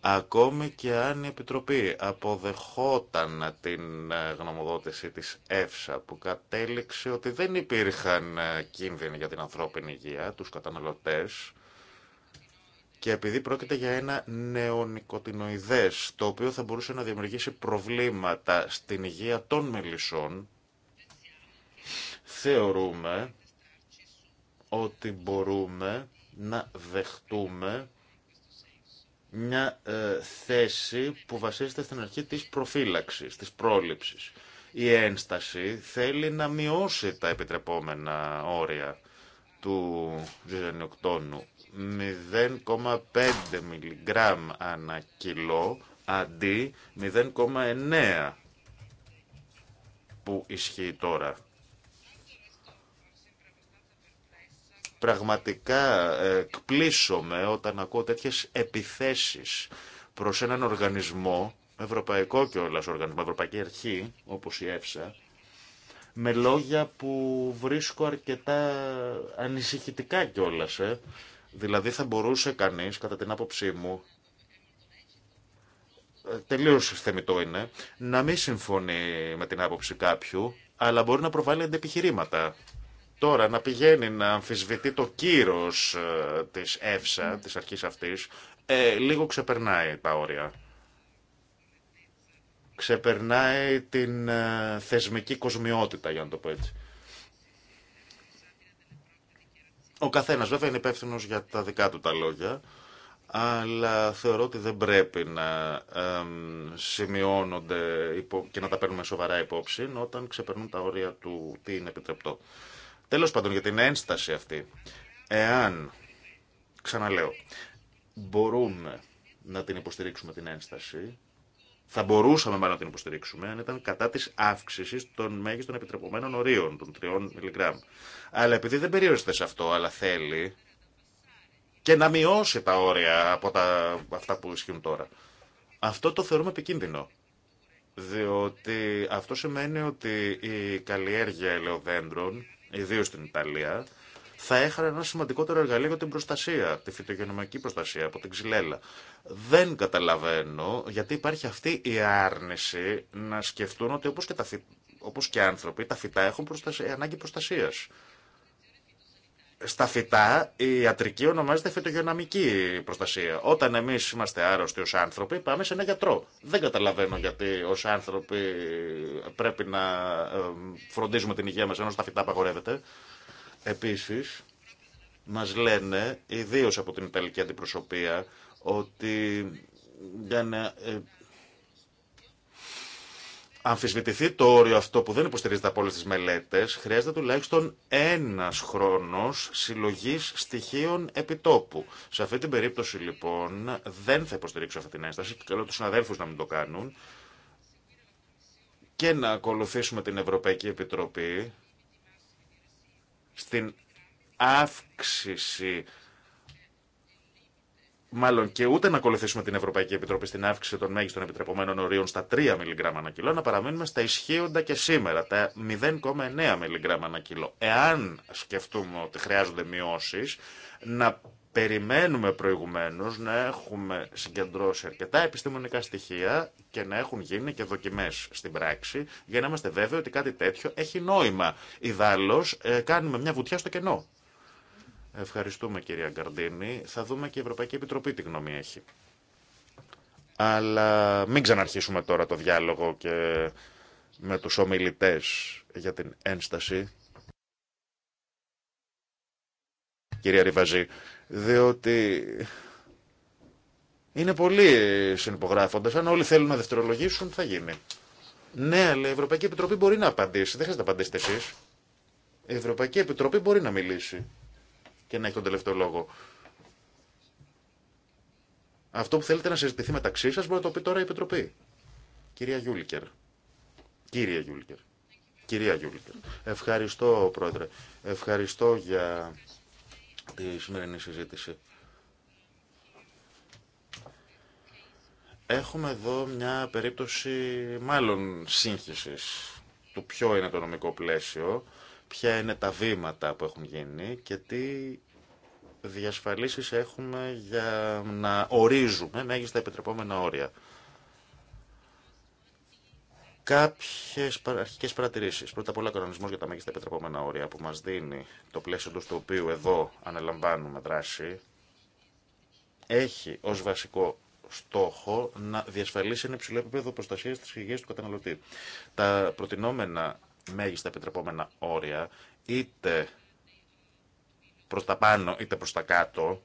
Ακόμη και αν η Επιτροπή αποδεχόταν την ε, γνωμοδότηση της ΕΦΣΑ που κατέληξε ότι δεν υπήρχαν ε, κίνδυνοι για την ανθρώπινη υγεία, τους καταναλωτές, και επειδή πρόκειται για ένα νεονικοτινοειδές, το οποίο θα μπορούσε να δημιουργήσει προβλήματα στην υγεία των μελισσών, Θεωρούμε ότι μπορούμε να δεχτούμε μια ε, θέση που βασίζεται στην αρχή της προφύλαξης, της πρόληψης. Η ένσταση θέλει να μειώσει τα επιτρεπόμενα όρια του ζυζανιοκτώνου. 0,5 μιλιγκράμμ ανά κιλό αντί 0,9 που ισχύει τώρα. Πραγματικά ε, εκπλήσωμαι όταν ακούω τέτοιες επιθέσεις προς έναν οργανισμό, ευρωπαϊκό κιόλας οργανισμό, ευρωπαϊκή αρχή, όπως η ΕΦΣΑ, με λόγια που βρίσκω αρκετά ανησυχητικά κιόλας. Ε. Δηλαδή θα μπορούσε κανείς, κατά την άποψή μου, ε, τελείως θεμητό είναι, να μην συμφωνεί με την άποψη κάποιου, αλλά μπορεί να προβάλλει αντεπιχειρήματα Τώρα να πηγαίνει να αμφισβητεί το κύρος ε, της ΕΦΣΑ, ναι. της αρχής αυτής, ε, λίγο ξεπερνάει τα όρια. Ξεπερνάει την ε, θεσμική κοσμιότητα, για να το πω έτσι. Ο καθένας βέβαια είναι υπεύθυνο για τα δικά του τα λόγια, αλλά θεωρώ ότι δεν πρέπει να σημειώνονται και να τα παίρνουμε σοβαρά υπόψη όταν ξεπερνούν τα όρια του τι είναι επιτρεπτό. Τέλο πάντων, για την ένσταση αυτή, εάν, ξαναλέω, μπορούμε να την υποστηρίξουμε την ένσταση, θα μπορούσαμε μάλλον να την υποστηρίξουμε αν ήταν κατά τη αύξηση των μέγιστων επιτρεπωμένων ορίων των 3 μιλιγκράμμ. Αλλά επειδή δεν περιορίζεται σε αυτό, αλλά θέλει και να μειώσει τα όρια από τα, αυτά που ισχύουν τώρα. Αυτό το θεωρούμε επικίνδυνο. Διότι αυτό σημαίνει ότι η καλλιέργεια ελαιοδέντρων ιδίω στην Ιταλία, θα έχανε ένα σημαντικότερο εργαλείο για την προστασία, τη φυτογενομική προστασία από την ξυλέλα. Δεν καταλαβαίνω γιατί υπάρχει αυτή η άρνηση να σκεφτούν ότι όπως και, όπως και άνθρωποι, τα φυτά έχουν προστασία, ανάγκη προστασίας στα φυτά η ιατρική ονομάζεται φυτογειονομική προστασία. Όταν εμεί είμαστε άρρωστοι ω άνθρωποι, πάμε σε ένα γιατρό. Δεν καταλαβαίνω γιατί ω άνθρωποι πρέπει να φροντίζουμε την υγεία μα ενώ στα φυτά απαγορεύεται. Επίση, μα λένε, ιδίω από την Ιταλική αντιπροσωπεία, ότι για να ε, αμφισβητηθεί το όριο αυτό που δεν υποστηρίζεται από όλε τι μελέτε, χρειάζεται τουλάχιστον ένα χρόνο συλλογή στοιχείων επιτόπου. Σε αυτή την περίπτωση, λοιπόν, δεν θα υποστηρίξω αυτή την ένσταση και καλώ του συναδέλφου να μην το κάνουν και να ακολουθήσουμε την Ευρωπαϊκή Επιτροπή στην αύξηση μάλλον και ούτε να ακολουθήσουμε την Ευρωπαϊκή Επιτροπή στην αύξηση των μέγιστων επιτρεπωμένων ορίων στα 3 μιλιγκράμμα ανά κιλό, να παραμείνουμε στα ισχύοντα και σήμερα, τα 0,9 μιλιγκράμμα ανά κιλό. Εάν σκεφτούμε ότι χρειάζονται μειώσει, να περιμένουμε προηγουμένω να έχουμε συγκεντρώσει αρκετά επιστημονικά στοιχεία και να έχουν γίνει και δοκιμέ στην πράξη για να είμαστε βέβαιοι ότι κάτι τέτοιο έχει νόημα. Ιδάλω, ε, κάνουμε μια βουτιά στο κενό. Ευχαριστούμε κυρία Γκαρντίνη. Θα δούμε και η Ευρωπαϊκή Επιτροπή τι γνώμη έχει. Αλλά μην ξαναρχίσουμε τώρα το διάλογο και με τους ομιλητές για την ένσταση. Κυρία Ριβαζή, διότι είναι πολλοί συνυπογράφοντες. Αν όλοι θέλουν να δευτερολογήσουν θα γίνει. Ναι, αλλά η Ευρωπαϊκή Επιτροπή μπορεί να απαντήσει. Δεν χρειάζεται να απαντήσετε εσείς. Η Ευρωπαϊκή Επιτροπή μπορεί να μιλήσει και να έχει τον τελευταίο λόγο. Αυτό που θέλετε να συζητηθεί μεταξύ σα μπορεί να το πει τώρα η Επιτροπή. Κυρία Γιούλικερ. Κύριε Γιούλικερ. Κυρία Γιούλικερ. Ευχαριστώ, Πρόεδρε. Ευχαριστώ για τη σημερινή συζήτηση. Έχουμε εδώ μια περίπτωση μάλλον σύγχυσης του ποιο είναι το νομικό πλαίσιο ποια είναι τα βήματα που έχουν γίνει και τι διασφαλίσεις έχουμε για να ορίζουμε μέγιστα επιτρεπόμενα όρια. Κάποιε αρχικέ παρατηρήσει. Πρώτα απ' όλα, ο κανονισμό για τα μέγιστα επιτρεπόμενα όρια που μα δίνει το πλαίσιο του στο οποίο εδώ αναλαμβάνουμε δράση έχει ω βασικό στόχο να διασφαλίσει ένα υψηλό επίπεδο προστασία τη υγεία του καταναλωτή. Τα προτινόμενα μέγιστα επιτρεπόμενα όρια, είτε προς τα πάνω είτε προς τα κάτω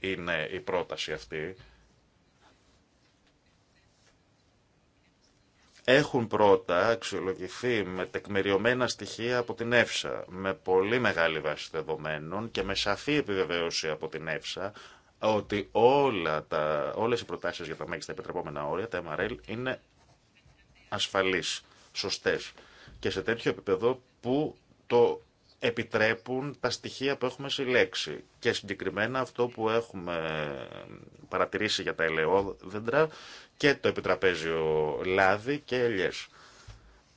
είναι η πρόταση αυτή, έχουν πρώτα αξιολογηθεί με τεκμηριωμένα στοιχεία από την ΕΦΣΑ, με πολύ μεγάλη βάση δεδομένων και με σαφή επιβεβαίωση από την ΕΦΣΑ ότι όλα τα, όλες οι προτάσεις για τα μέγιστα επιτρεπόμενα όρια, τα MRL, είναι ασφαλείς, σωστές και σε τέτοιο επίπεδο που το επιτρέπουν τα στοιχεία που έχουμε συλλέξει. Και συγκεκριμένα αυτό που έχουμε παρατηρήσει για τα ελαιόδεντρα και το επιτραπέζιο λάδι και ελιές.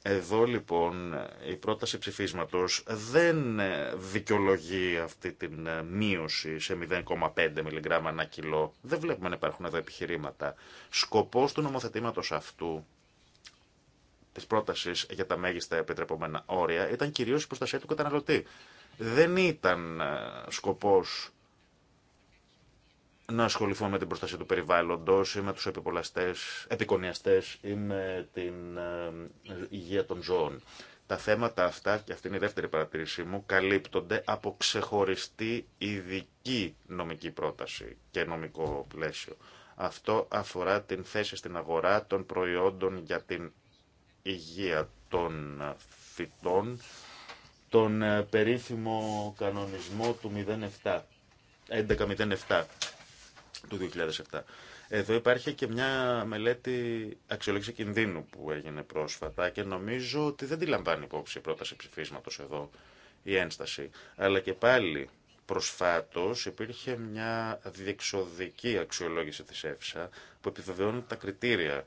Εδώ λοιπόν η πρόταση ψηφίσματος δεν δικαιολογεί αυτή την μείωση σε 0,5 μιλιγκράμμα ανά κιλό. Δεν βλέπουμε να υπάρχουν εδώ επιχειρήματα. Σκοπός του νομοθετήματος αυτού τη πρόταση για τα μέγιστα επιτρεπόμενα όρια ήταν κυρίω η προστασία του καταναλωτή. Δεν ήταν ε, σκοπό να ασχοληθούμε με την προστασία του περιβάλλοντο ή με του επικονιαστέ ή με την ε, υγεία των ζώων. Τα θέματα αυτά, και αυτή είναι η δεύτερη παρατηρήσή μου, καλύπτονται από ξεχωριστή ειδική νομική πρόταση και νομικό πλαίσιο. Αυτό αφορά την θέση στην αγορά των προϊόντων για την υγεία των φυτών τον ε, περίφημο κανονισμό του 07, 1107 του 2007. Εδώ υπάρχει και μια μελέτη αξιολόγηση κινδύνου που έγινε πρόσφατα και νομίζω ότι δεν τη λαμβάνει υπόψη η πρόταση ψηφίσματος εδώ η ένσταση. Αλλά και πάλι προσφάτως υπήρχε μια διεξοδική αξιολόγηση της ΕΦΣΑ που επιβεβαιώνει τα κριτήρια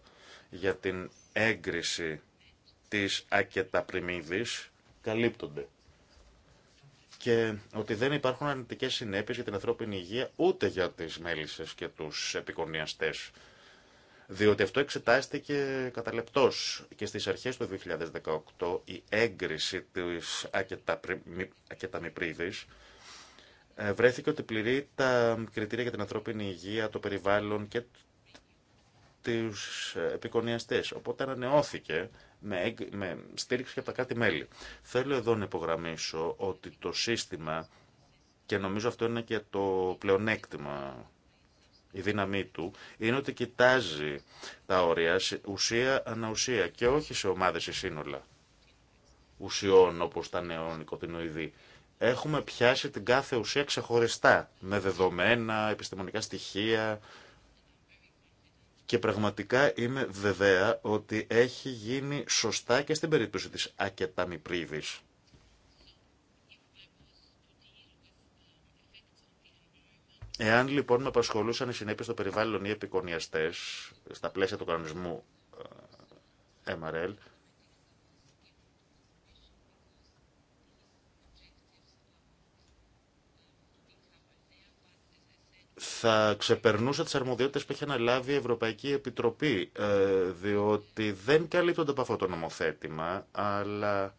για την έγκριση της ακεταπριμίδης καλύπτονται και ότι δεν υπάρχουν αρνητικές συνέπειες για την ανθρώπινη υγεία ούτε για τις μέλισσες και τους επικονιαστές. Διότι αυτό εξετάστηκε καταλεπτός και στις αρχές του 2018 η έγκριση της ακεταμιπρίδης ε, βρέθηκε ότι πληρεί τα κριτήρια για την ανθρώπινη υγεία, το περιβάλλον και τους επικονιαστές. Οπότε ανανεώθηκε με, με στήριξη από τα κάτι μελη Θέλω εδώ να υπογραμμίσω ότι το σύστημα, και νομίζω αυτό είναι και το πλεονέκτημα η δύναμή του είναι ότι κοιτάζει τα όρια ουσία αναουσία και όχι σε ομάδες ή σύνολα ουσιών όπως τα νεονικοτινοειδή. Έχουμε πιάσει την κάθε ουσία ξεχωριστά με δεδομένα, επιστημονικά στοιχεία, και πραγματικά είμαι βεβαία ότι έχει γίνει σωστά και στην περίπτωση της Ακεταμιπρίβης. Εάν λοιπόν με απασχολούσαν οι συνέπειε στο περιβάλλον ή επικονιαστέ στα πλαίσια του κανονισμού ε, MRL, θα ξεπερνούσε τις αρμοδιότητες που έχει αναλάβει η Ευρωπαϊκή Επιτροπή, ε, διότι δεν καλύπτονται από αυτό το νομοθέτημα, αλλά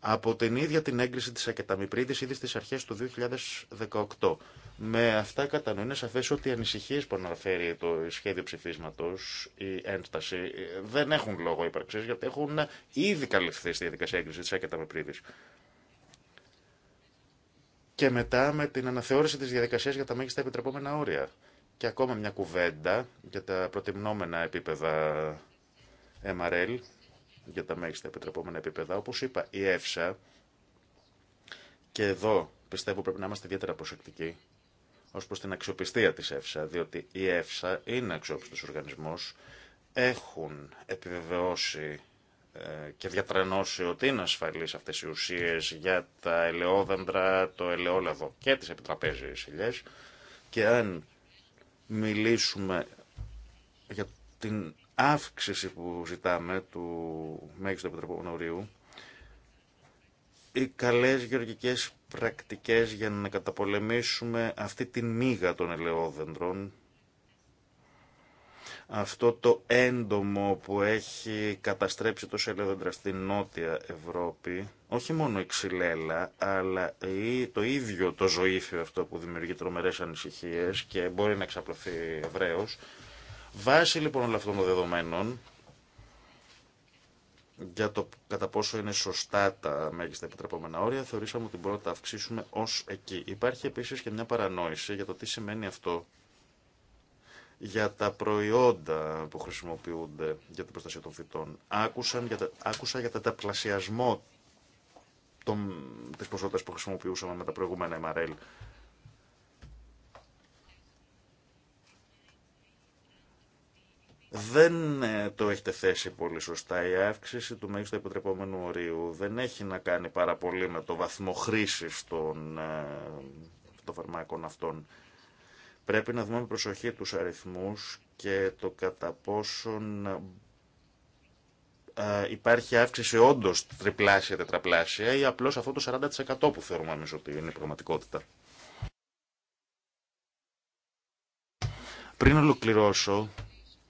από την ίδια την έγκριση της Ακεταμιπρίδης ήδη στις αρχές του 2018. Με αυτά κατανοεί, είναι σαφές ότι οι ανησυχίες που αναφέρει το σχέδιο ψηφίσματος, η ένσταση, δεν έχουν λόγο ύπαρξης, γιατί έχουν ήδη καλυφθεί στη διαδικασία έγκρισης της Ακεταμιπρίδης και μετά με την αναθεώρηση της διαδικασίας για τα μέγιστα επιτρεπόμενα όρια. Και ακόμα μια κουβέντα για τα προτιμνόμενα επίπεδα MRL, για τα μέγιστα επιτρεπόμενα επίπεδα. Όπως είπα, η ΕΦΣΑ, και εδώ πιστεύω πρέπει να είμαστε ιδιαίτερα προσεκτικοί, ως προς την αξιοπιστία της ΕΦΣΑ, διότι η ΕΦΣΑ είναι αξιόπιστος οργανισμός, έχουν επιβεβαιώσει ε, και διατρανώσει ότι είναι ασφαλείς αυτές οι ουσίες για τα ελαιόδεντρα, το ελαιόλαδο και τις επιτραπέζιες ηλιές και αν μιλήσουμε για την αύξηση που ζητάμε του μέγιστου επιτρεπόμενου οι καλές γεωργικές πρακτικές για να καταπολεμήσουμε αυτή τη μίγα των ελαιόδεντρων αυτό το έντομο που έχει καταστρέψει το ελεύθερα στην Νότια Ευρώπη, όχι μόνο η ξυλέλα, αλλά το ίδιο το ζωήφιο αυτό που δημιουργεί τρομερές ανησυχίες και μπορεί να εξαπλωθεί ευραίως. Βάσει λοιπόν όλων αυτών των δεδομένων, για το κατά πόσο είναι σωστά τα μέγιστα επιτρεπόμενα όρια, θεωρήσαμε ότι μπορούμε να τα αυξήσουμε ως εκεί. Υπάρχει επίσης και μια παρανόηση για το τι σημαίνει αυτό για τα προϊόντα που χρησιμοποιούνται για την προστασία των φυτών. Άκουσαν για τα, άκουσα για τα ταπλασιασμό των, της ποσότητας που χρησιμοποιούσαμε με τα προηγούμενα MRL. Δεν ε, το έχετε θέσει πολύ σωστά. Η αύξηση του μέγιστου επιτρεπόμενου ορίου δεν έχει να κάνει πάρα πολύ με το βαθμό χρήσης των, ε, των φαρμάκων αυτών. Πρέπει να δούμε με προσοχή τους αριθμούς και το κατά πόσον ε, υπάρχει αύξηση όντω τριπλάσια, τετραπλάσια ή απλώς αυτό το 40% που θεωρούμε εμείς ότι είναι η πραγματικότητα. Πριν ολοκληρώσω,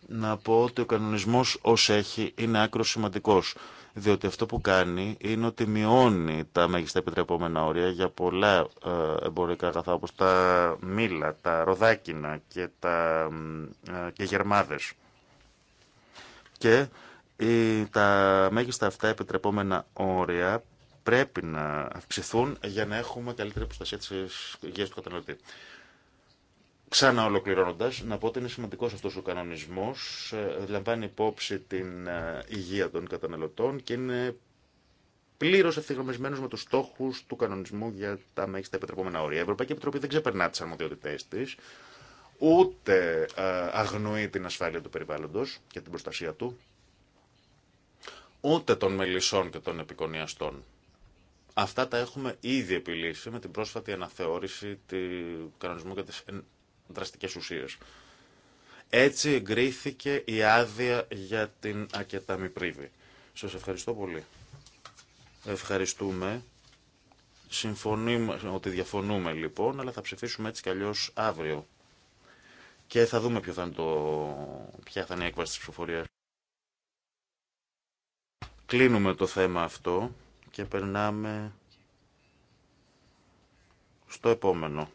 να πω ότι ο κανονισμός ως έχει είναι άκρο σημαντικός διότι αυτό που κάνει είναι ότι μειώνει τα μέγιστα επιτρεπόμενα όρια για πολλά ε, εμπορικά αγαθά όπως τα μήλα, τα ροδάκινα και, τα, ε, και γερμάδες. Και τα μέγιστα αυτά επιτρεπόμενα όρια πρέπει να αυξηθούν για να έχουμε καλύτερη προστασία της υγείας του καταναλωτή. Ξαναολοκληρώνοντας, να πω ότι είναι σημαντικός αυτός ο κανονισμός, ε, λαμβάνει υπόψη την ε, υγεία των καταναλωτών και είναι πλήρω ευθυγραμμισμένο με του στόχου του κανονισμού για τα μέχρι τα επιτρεπόμενα όρια. Η Ευρωπαϊκή Επιτροπή δεν ξεπερνά τι αρμοδιότητες τη, ούτε ε, αγνοεί την ασφάλεια του περιβάλλοντο και την προστασία του, ούτε των μελισσών και των επικονιαστών. Αυτά τα έχουμε ήδη επιλύσει με την πρόσφατη αναθεώρηση του κανονισμού για τι δραστικέ ουσίε. Έτσι εγκρίθηκε η άδεια για την ακεταμιπρίβη. Σας ευχαριστώ πολύ. Ευχαριστούμε. Συμφωνούμε ότι διαφωνούμε λοιπόν, αλλά θα ψηφίσουμε έτσι κι αλλιώς αύριο. Και θα δούμε ποιο θα το... ποια θα είναι η έκβαση τη ψηφοφορία. Κλείνουμε το θέμα αυτό και περνάμε στο επόμενο.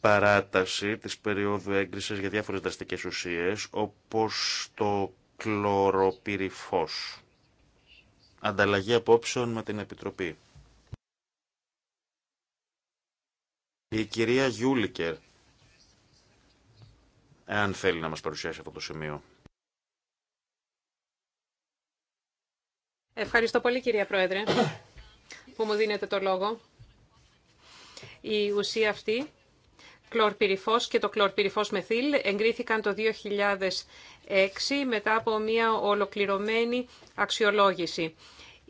παράταση της περίοδου έγκρισης για διάφορες δραστικές ουσίες, όπως το κλωροπυρηφός. Ανταλλαγή απόψεων με την Επιτροπή. Η κυρία Γιούλικερ, εάν θέλει να μας παρουσιάσει αυτό το σημείο. Ευχαριστώ πολύ κυρία Πρόεδρε που μου δίνετε το λόγο. Η ουσία αυτή κλορπυριφός και το κλωρπυριφός μεθύλ εγκρίθηκαν το 2006 μετά από μια ολοκληρωμένη αξιολόγηση.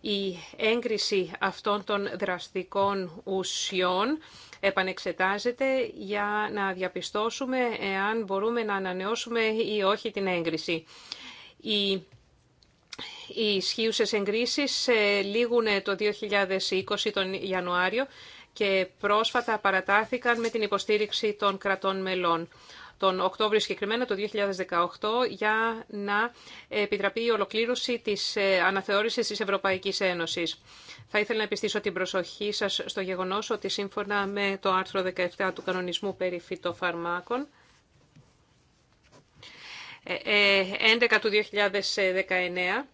Η έγκριση αυτών των δραστικών ουσιών επανεξετάζεται για να διαπιστώσουμε εάν μπορούμε να ανανεώσουμε ή όχι την έγκριση. Η οι ισχύουσες εγκρίσεις ε, λήγουν το 2020 τον Ιανουάριο και πρόσφατα παρατάθηκαν με την υποστήριξη των κρατών μελών. Τον Οκτώβριο συγκεκριμένα το 2018 για να επιτραπεί η ολοκλήρωση της ε, αναθεώρησης της Ευρωπαϊκής Ένωσης. Θα ήθελα να επιστήσω την προσοχή σας στο γεγονός ότι σύμφωνα με το άρθρο 17 του κανονισμού περί φυτοφαρμάκων 11 ε, ε, του 2019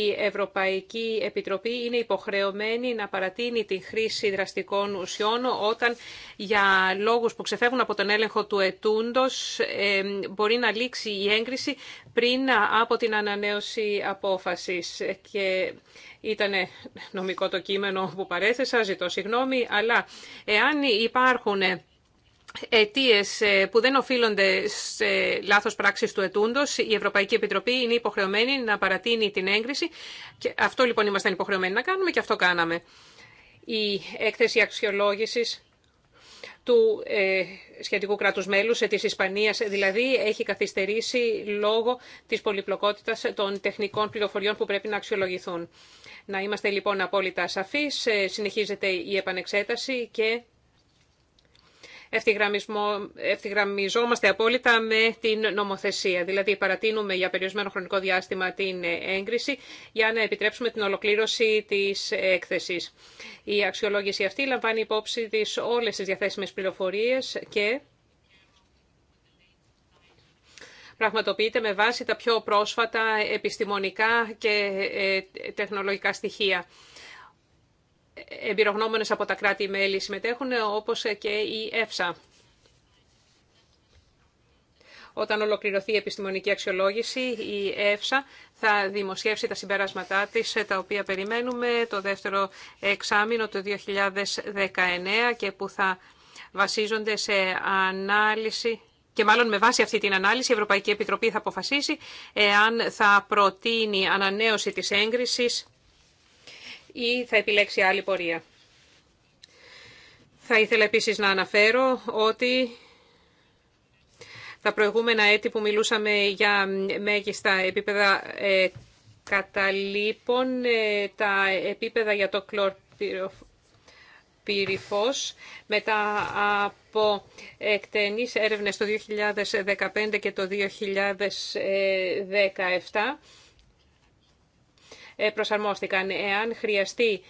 η Ευρωπαϊκή Επιτροπή είναι υποχρεωμένη να παρατείνει τη χρήση δραστικών ουσιών όταν για λόγους που ξεφεύγουν από τον έλεγχο του ετούντος ε, μπορεί να λήξει η έγκριση πριν από την ανανέωση απόφασης. Και ήταν νομικό το κείμενο που παρέθεσα, ζητώ συγγνώμη, αλλά εάν υπάρχουν αιτίε ε, που δεν οφείλονται σε λάθο πράξη του ετούντο, η Ευρωπαϊκή Επιτροπή είναι υποχρεωμένη να παρατείνει την έγκριση. Και αυτό λοιπόν ήμασταν υποχρεωμένοι να κάνουμε και αυτό κάναμε. Η έκθεση αξιολόγηση του ε, σχετικού κράτους μέλους ε, της Ισπανίας, δηλαδή έχει καθυστερήσει λόγω της πολυπλοκότητας των τεχνικών πληροφοριών που πρέπει να αξιολογηθούν. Να είμαστε λοιπόν απόλυτα σαφείς, ε, συνεχίζεται η επανεξέταση και ευθυγραμμιζόμαστε απόλυτα με την νομοθεσία. Δηλαδή παρατείνουμε για περιορισμένο χρονικό διάστημα την έγκριση για να επιτρέψουμε την ολοκλήρωση της έκθεσης. Η αξιολόγηση αυτή λαμβάνει υπόψη τη όλες τις διαθέσιμες πληροφορίες και πραγματοποιείται με βάση τα πιο πρόσφατα επιστημονικά και ε, τεχνολογικά στοιχεία εμπειρογνώμονες από τα κράτη-μέλη συμμετέχουν, όπως και η ΕΦΣΑ. Όταν ολοκληρωθεί η επιστημονική αξιολόγηση, η ΕΦΣΑ θα δημοσιεύσει τα συμπεράσματά της, τα οποία περιμένουμε το δεύτερο εξάμεινο του 2019 και που θα βασίζονται σε ανάλυση και μάλλον με βάση αυτή την ανάλυση η Ευρωπαϊκή Επιτροπή θα αποφασίσει εάν θα προτείνει ανανέωση της έγκρισης ή θα επιλέξει άλλη πορεία. Θα ήθελα επίσης να αναφέρω ότι τα προηγούμενα έτη που μιλούσαμε για μέγιστα επίπεδα ε, καταλήπων, ε, τα επίπεδα για το κλωρπυρηφός μετά από εκτενείς έρευνες το 2015 και το 2017 ε, προσαρμόστηκαν. Εάν χρειαστεί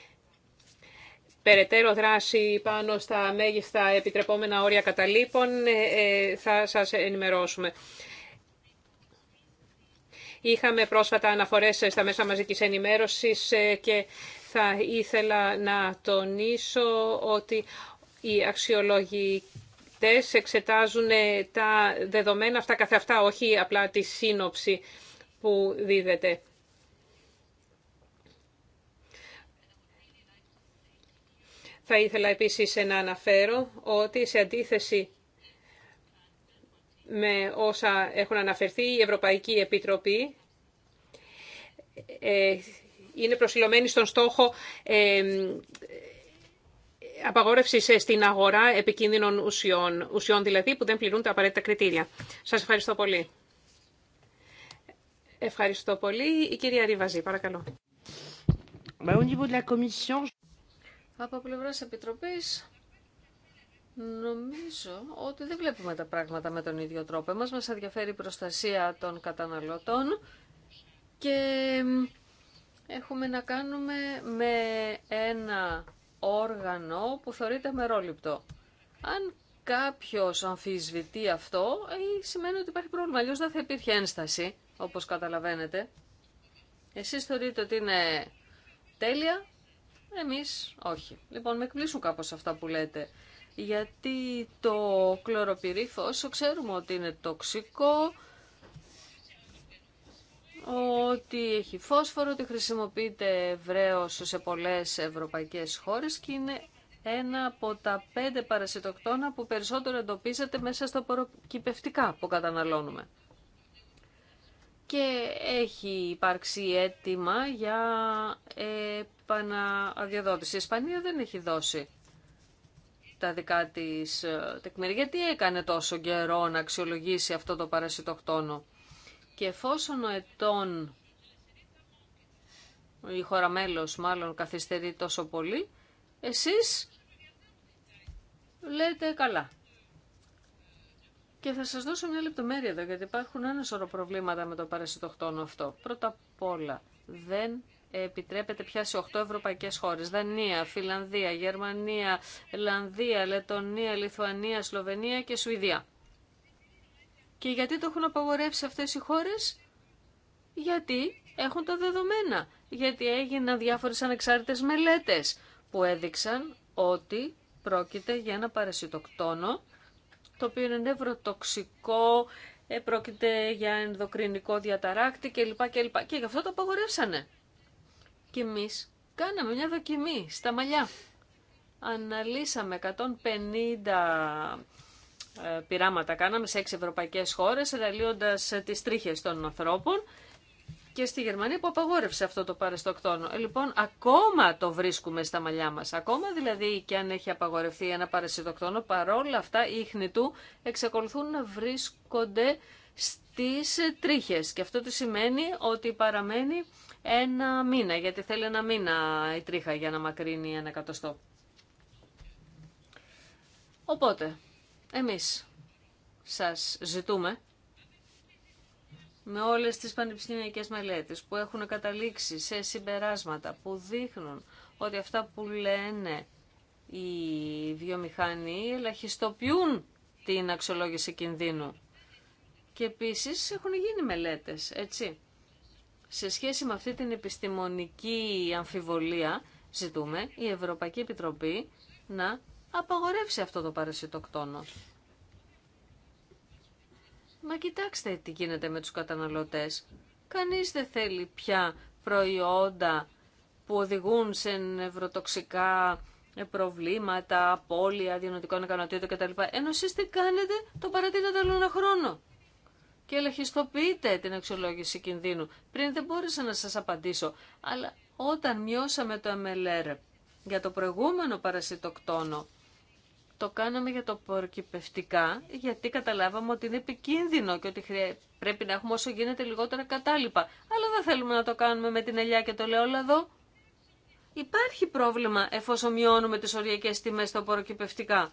περαιτέρω δράση πάνω στα μέγιστα επιτρεπόμενα όρια καταλήπων, ε, ε, θα σας ενημερώσουμε. Είχαμε πρόσφατα αναφορές στα μέσα μαζικής ενημέρωσης και θα ήθελα να τονίσω ότι οι αξιολογητές εξετάζουν τα δεδομένα αυτά καθεαυτά, όχι απλά τη σύνοψη που δίδεται. Θα ήθελα επίσης να αναφέρω ότι σε αντίθεση με όσα έχουν αναφερθεί η Ευρωπαϊκή Επιτροπή ε, είναι προσιλωμένη στον στόχο ε, απαγόρευσης στην αγορά επικίνδυνων ουσιών. Ουσιών δηλαδή που δεν πληρούν τα απαραίτητα κριτήρια. Σας ευχαριστώ πολύ. Ευχαριστώ πολύ. Η κυρία Ρίβαζη, παρακαλώ. Από πλευράς Επιτροπής νομίζω ότι δεν βλέπουμε τα πράγματα με τον ίδιο τρόπο. Εμάς μας ενδιαφέρει η προστασία των καταναλωτών και έχουμε να κάνουμε με ένα όργανο που θεωρείται μερόληπτο. Αν κάποιος αμφισβητεί αυτό, ε, σημαίνει ότι υπάρχει πρόβλημα. Αλλιώς δεν θα υπήρχε ένσταση, όπως καταλαβαίνετε. Εσείς θεωρείτε ότι είναι τέλεια εμείς όχι. Λοιπόν, με εκπλήσουν κάπως αυτά που λέτε. Γιατί το όσο ξέρουμε ότι είναι τοξικό, ότι έχει φόσφορο, ότι χρησιμοποιείται ευρέως σε πολλές ευρωπαϊκές χώρες και είναι ένα από τα πέντε παρασιτοκτόνα που περισσότερο εντοπίζεται μέσα στα ποροκυπευτικά που καταναλώνουμε και έχει υπάρξει έτοιμα για επαναδιαδότηση. Η Ισπανία δεν έχει δώσει τα δικά της ε, τεκμήρια. Γιατί έκανε τόσο καιρό να αξιολογήσει αυτό το παρασιτοκτόνο. Και εφόσον ο ετών η χώρα μέλος μάλλον καθυστερεί τόσο πολύ, εσείς λέτε καλά. Και θα σας δώσω μια λεπτομέρεια εδώ, γιατί υπάρχουν ένα σωρό προβλήματα με το παρασιτοκτόνο αυτό. Πρώτα απ' όλα, δεν επιτρέπεται πια σε 8 ευρωπαϊκές χώρες. Δανία, Φιλανδία, Γερμανία, Ελλανδία, Λετωνία, Λιθουανία, Σλοβενία και Σουηδία. Και γιατί το έχουν απαγορεύσει αυτές οι χώρες? Γιατί έχουν τα δεδομένα. Γιατί έγιναν διάφορες ανεξάρτητες μελέτες που έδειξαν ότι πρόκειται για ένα παρασιτοκτόνο το οποίο είναι νευροτοξικό, ε, πρόκειται για ενδοκρινικό διαταράκτη κλπ. Και, Και γι' αυτό το απαγορεύσανε. Και εμεί κάναμε μια δοκιμή στα μαλλιά. Αναλύσαμε 150 ε, πειράματα κάναμε σε έξι ευρωπαϊκές χώρες, αναλύοντας ε, τις τρίχες των ανθρώπων και στη Γερμανία που απαγόρευσε αυτό το παρεστοκτόνο. Ε, λοιπόν, ακόμα το βρίσκουμε στα μαλλιά μας. Ακόμα δηλαδή και αν έχει απαγορευτεί ένα παρεστοκτόνο, παρόλα αυτά οι ίχνοι του εξακολουθούν να βρίσκονται στις τρίχες. Και αυτό τι σημαίνει ότι παραμένει ένα μήνα, γιατί θέλει ένα μήνα η τρίχα για να μακρύνει ένα εκατοστό. Οπότε, εμείς σας ζητούμε με όλες τις πανεπιστημιακές μελέτες που έχουν καταλήξει σε συμπεράσματα που δείχνουν ότι αυτά που λένε οι βιομηχανοί ελαχιστοποιούν την αξιολόγηση κινδύνου. Και επίσης έχουν γίνει μελέτες, έτσι. Σε σχέση με αυτή την επιστημονική αμφιβολία ζητούμε η Ευρωπαϊκή Επιτροπή να απαγορεύσει αυτό το παρασιτοκτόνο. Μα κοιτάξτε τι γίνεται με τους καταναλωτές. Κανείς δεν θέλει πια προϊόντα που οδηγούν σε νευροτοξικά προβλήματα, απώλεια διανοητικών ικανοτήτων κτλ. Ενώ εσείς τι κάνετε, το παρατείνετε άλλο ένα χρόνο. Και ελαχιστοποιείτε την αξιολόγηση κινδύνου. Πριν δεν μπόρεσα να σας απαντήσω, αλλά όταν μειώσαμε το MLR για το προηγούμενο παρασιτοκτόνο, το κάναμε για το προκυπευτικά, γιατί καταλάβαμε ότι είναι επικίνδυνο και ότι πρέπει να έχουμε όσο γίνεται λιγότερα κατάλοιπα. Αλλά δεν θέλουμε να το κάνουμε με την ελιά και το λεόλαδο. Υπάρχει πρόβλημα εφόσον μειώνουμε τις οριακές τιμές στο προκυπευτικά.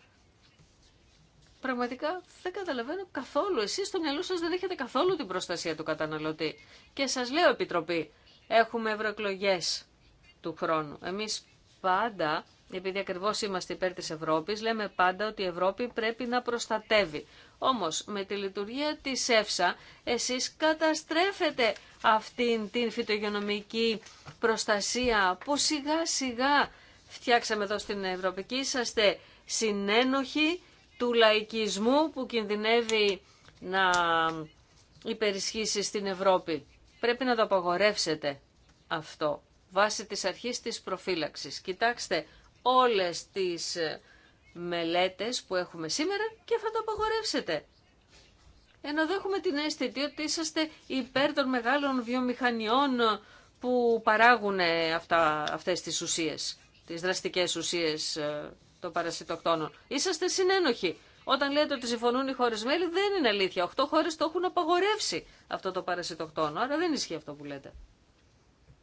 Πραγματικά δεν καταλαβαίνω καθόλου. Εσείς στο μυαλό σας δεν έχετε καθόλου την προστασία του καταναλωτή. Και σας λέω, Επιτροπή, έχουμε ευρωεκλογέ του χρόνου. Εμείς πάντα επειδή ακριβώς είμαστε υπέρ της Ευρώπης, λέμε πάντα ότι η Ευρώπη πρέπει να προστατεύει. Όμως με τη λειτουργία της ΕΦΣΑ εσείς καταστρέφετε αυτήν την φυτογενομική προστασία που σιγά σιγά φτιάξαμε εδώ στην Ευρώπη και είσαστε συνένοχοι του λαϊκισμού που κινδυνεύει να υπερισχύσει στην Ευρώπη. Πρέπει να το απαγορεύσετε αυτό βάσει της αρχής της προφύλαξης. Κοιτάξτε όλες τις ε, μελέτες που έχουμε σήμερα και θα το απαγορεύσετε. Ενώ εδώ έχουμε την αίσθητη ότι είσαστε υπέρ των μεγάλων βιομηχανιών ε, που παράγουν ε, αυτά, αυτές τις ουσίες, τις δραστικές ουσίες των παρασιτοκτόνων. Είσαστε συνένοχοι. Όταν λέτε ότι συμφωνούν οι χώρε μέλη, δεν είναι αλήθεια. Οχτώ χώρε το έχουν απαγορεύσει αυτό το παρασιτοκτόνο. Άρα δεν ισχύει αυτό που λέτε.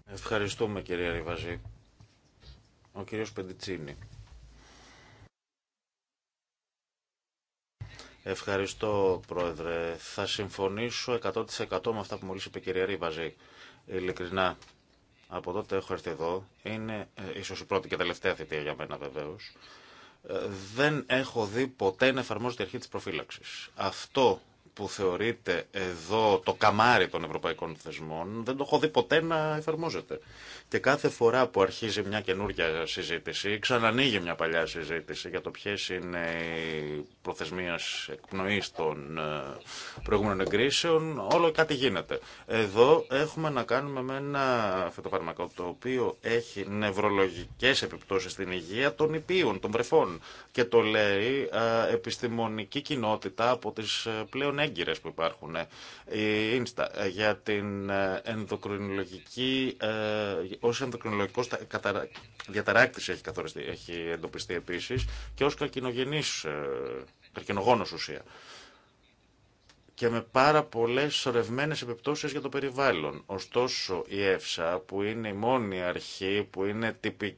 Ευχαριστούμε κυρία Ριβαζή. Ο κύριος Πεντιτσίνη. Ευχαριστώ, Πρόεδρε. Θα συμφωνήσω 100% με αυτά που μόλις είπε η κυρία Ρίβαζη. Ειλικρινά, από τότε έχω έρθει εδώ. Είναι ε, ίσως η πρώτη και τελευταία θητεία για μένα, βεβαίως. Ε, δεν έχω δει ποτέ να εφαρμόζεται η αρχή της προφύλαξης. Αυτό που θεωρείται εδώ το καμάρι των ευρωπαϊκών θεσμών δεν το έχω δει ποτέ να εφαρμόζεται. Και κάθε φορά που αρχίζει μια καινούργια συζήτηση, ξανανοίγει μια παλιά συζήτηση για το ποιε είναι οι προθεσμίε εκπνοή των ε, προηγούμενων εγκρίσεων, όλο κάτι γίνεται. Εδώ έχουμε να κάνουμε με ένα φετοφαρμακό το οποίο έχει νευρολογικέ επιπτώσει στην υγεία των υπείων, των βρεφών. Και το λέει ε, επιστημονική κοινότητα από τι ε, πλέον έγκυρε που υπάρχουν, ε, η Insta, ε, για την ε, ενδοκρινολογική, ως ενδοκρινολογικός καταρα... έχει, έχει εντοπιστεί επίση και ως ε, καρκινογόνο ουσία και με πάρα πολλέ σορευμένε επιπτώσει για το περιβάλλον. Ωστόσο, η ΕΦΣΑ, που είναι η μόνη αρχή που είναι τυπική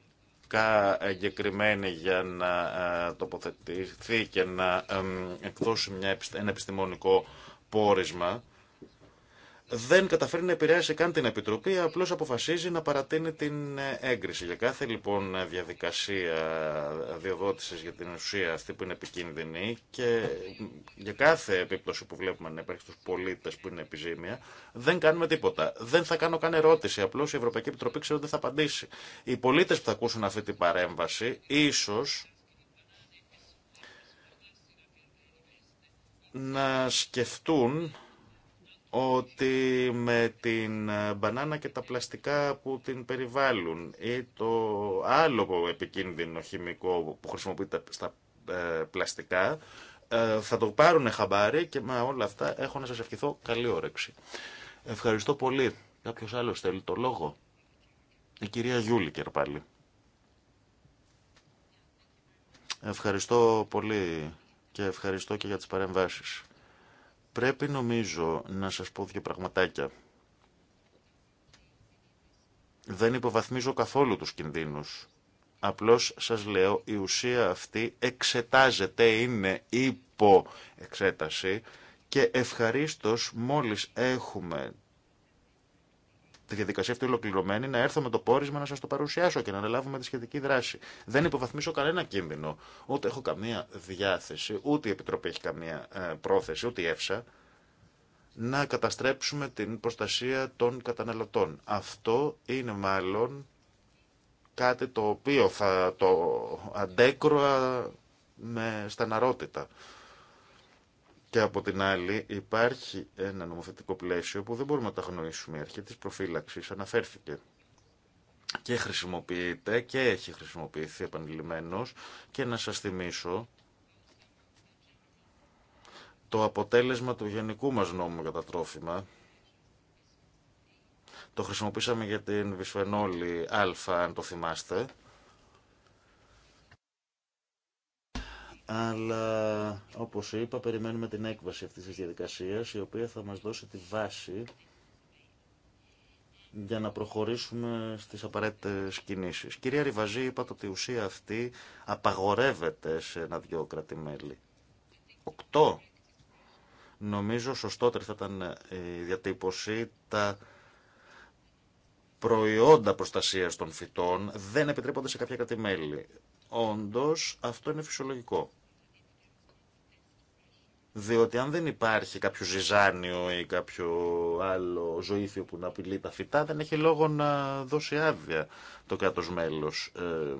κα εγκεκριμένη για να ε, τοποθετηθεί και να εκδώσει μια, ένα επιστημονικό πόρισμα δεν καταφέρει να επηρεάσει καν την Επιτροπή, απλώς αποφασίζει να παρατείνει την έγκριση. Για κάθε λοιπόν διαδικασία διοδότηση για την ουσία αυτή που είναι επικίνδυνη και για κάθε επίπτωση που βλέπουμε να υπάρχει στου πολίτες που είναι επιζήμια, δεν κάνουμε τίποτα. Δεν θα κάνω καν ερώτηση, απλώς η Ευρωπαϊκή Επιτροπή ξέρω ότι θα απαντήσει. Οι πολίτε που θα ακούσουν αυτή την παρέμβαση, ίσω να σκεφτούν ότι με την μπανάνα και τα πλαστικά που την περιβάλλουν ή το άλλο επικίνδυνο χημικό που χρησιμοποιείται στα ε, πλαστικά ε, θα το πάρουν χαμπάρι και με όλα αυτά έχω να σας ευχηθώ καλή όρεξη. Ευχαριστώ πολύ. Κάποιος άλλος θέλει το λόγο. Η κυρία Γιούλικερ πάλι. Ευχαριστώ πολύ και ευχαριστώ και για τις παρεμβάσεις. Πρέπει νομίζω να σας πω δύο πραγματάκια. Δεν υποβαθμίζω καθόλου τους κινδύνους. Απλώς σας λέω η ουσία αυτή εξετάζεται, είναι υπό εξέταση και ευχαρίστως μόλις έχουμε τη διαδικασία αυτή ολοκληρωμένη, να έρθω με το πόρισμα να σα το παρουσιάσω και να αναλάβουμε τη σχετική δράση. Δεν υποβαθμίσω κανένα κίνδυνο. Ούτε έχω καμία διάθεση, ούτε η Επιτροπή έχει καμία ε, πρόθεση, ούτε η ΕΦΣΑ, να καταστρέψουμε την προστασία των καταναλωτών. Αυτό είναι μάλλον κάτι το οποίο θα το αντέκροα με στεναρότητα. Και από την άλλη υπάρχει ένα νομοθετικό πλαίσιο που δεν μπορούμε να τα γνωρίσουμε. Η αρχή της προφύλαξης αναφέρθηκε και χρησιμοποιείται και έχει χρησιμοποιηθεί επανειλημμένος και να σας θυμίσω το αποτέλεσμα του γενικού μας νόμου για τα τρόφιμα το χρησιμοποίησαμε για την βισφενόλη α αν το θυμάστε Αλλά, όπως είπα, περιμένουμε την έκβαση αυτής της διαδικασίας, η οποία θα μας δώσει τη βάση για να προχωρήσουμε στις απαραίτητες κινήσεις. Κυρία Ριβαζή, είπατε ότι η ουσία αυτή απαγορεύεται σε ένα-δυο μελη Οκτώ. Νομίζω σωστότερη θα ήταν ε, η διατύπωση τα προϊόντα προστασίας των φυτών δεν επιτρέπονται σε κάποια κράτη-μέλη. Όντως, αυτό είναι φυσιολογικό. Διότι αν δεν υπάρχει κάποιο ζυζάνιο ή κάποιο άλλο ζωήθιο που να απειλεί τα φυτά, δεν έχει λόγο να δώσει άδεια το κράτος μέλος ε,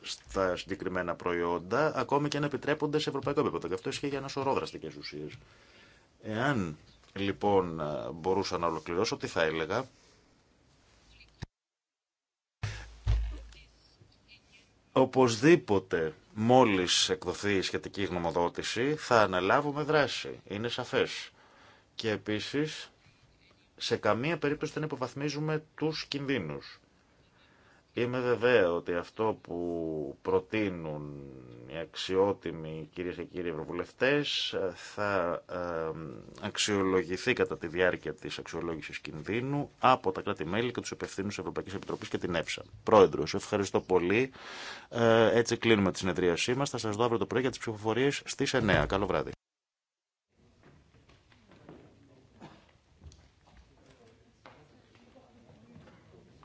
στα συγκεκριμένα προϊόντα, ακόμη και αν επιτρέπονται σε ευρωπαϊκό επίπεδο. Και αυτό ισχύει για ένα σωρό δραστικέ ουσίε. Εάν λοιπόν μπορούσα να ολοκληρώσω, τι θα έλεγα. Οπωσδήποτε, μόλις εκδοθεί η σχετική γνωμοδότηση, θα αναλάβουμε δράση. Είναι σαφές. Και επίσης, σε καμία περίπτωση δεν υποβαθμίζουμε τους κινδύνους. Είμαι βεβαίω ότι αυτό που προτείνουν οι αξιότιμοι κυρίες και κύριοι ευρωβουλευτές ε, θα ε, αξιολογηθεί κατά τη διάρκεια της αξιολόγησης κινδύνου από τα κράτη-μέλη και τους επευθύνους της Ευρωπαϊκής Επιτροπής και την ΕΨΑ. Πρόεδρος, ευχαριστώ πολύ. Ε, έτσι κλείνουμε τη συνεδρίασή μας. Θα σας δω αύριο το πρωί για τις ψηφοφορίες στις 9. Καλό βράδυ.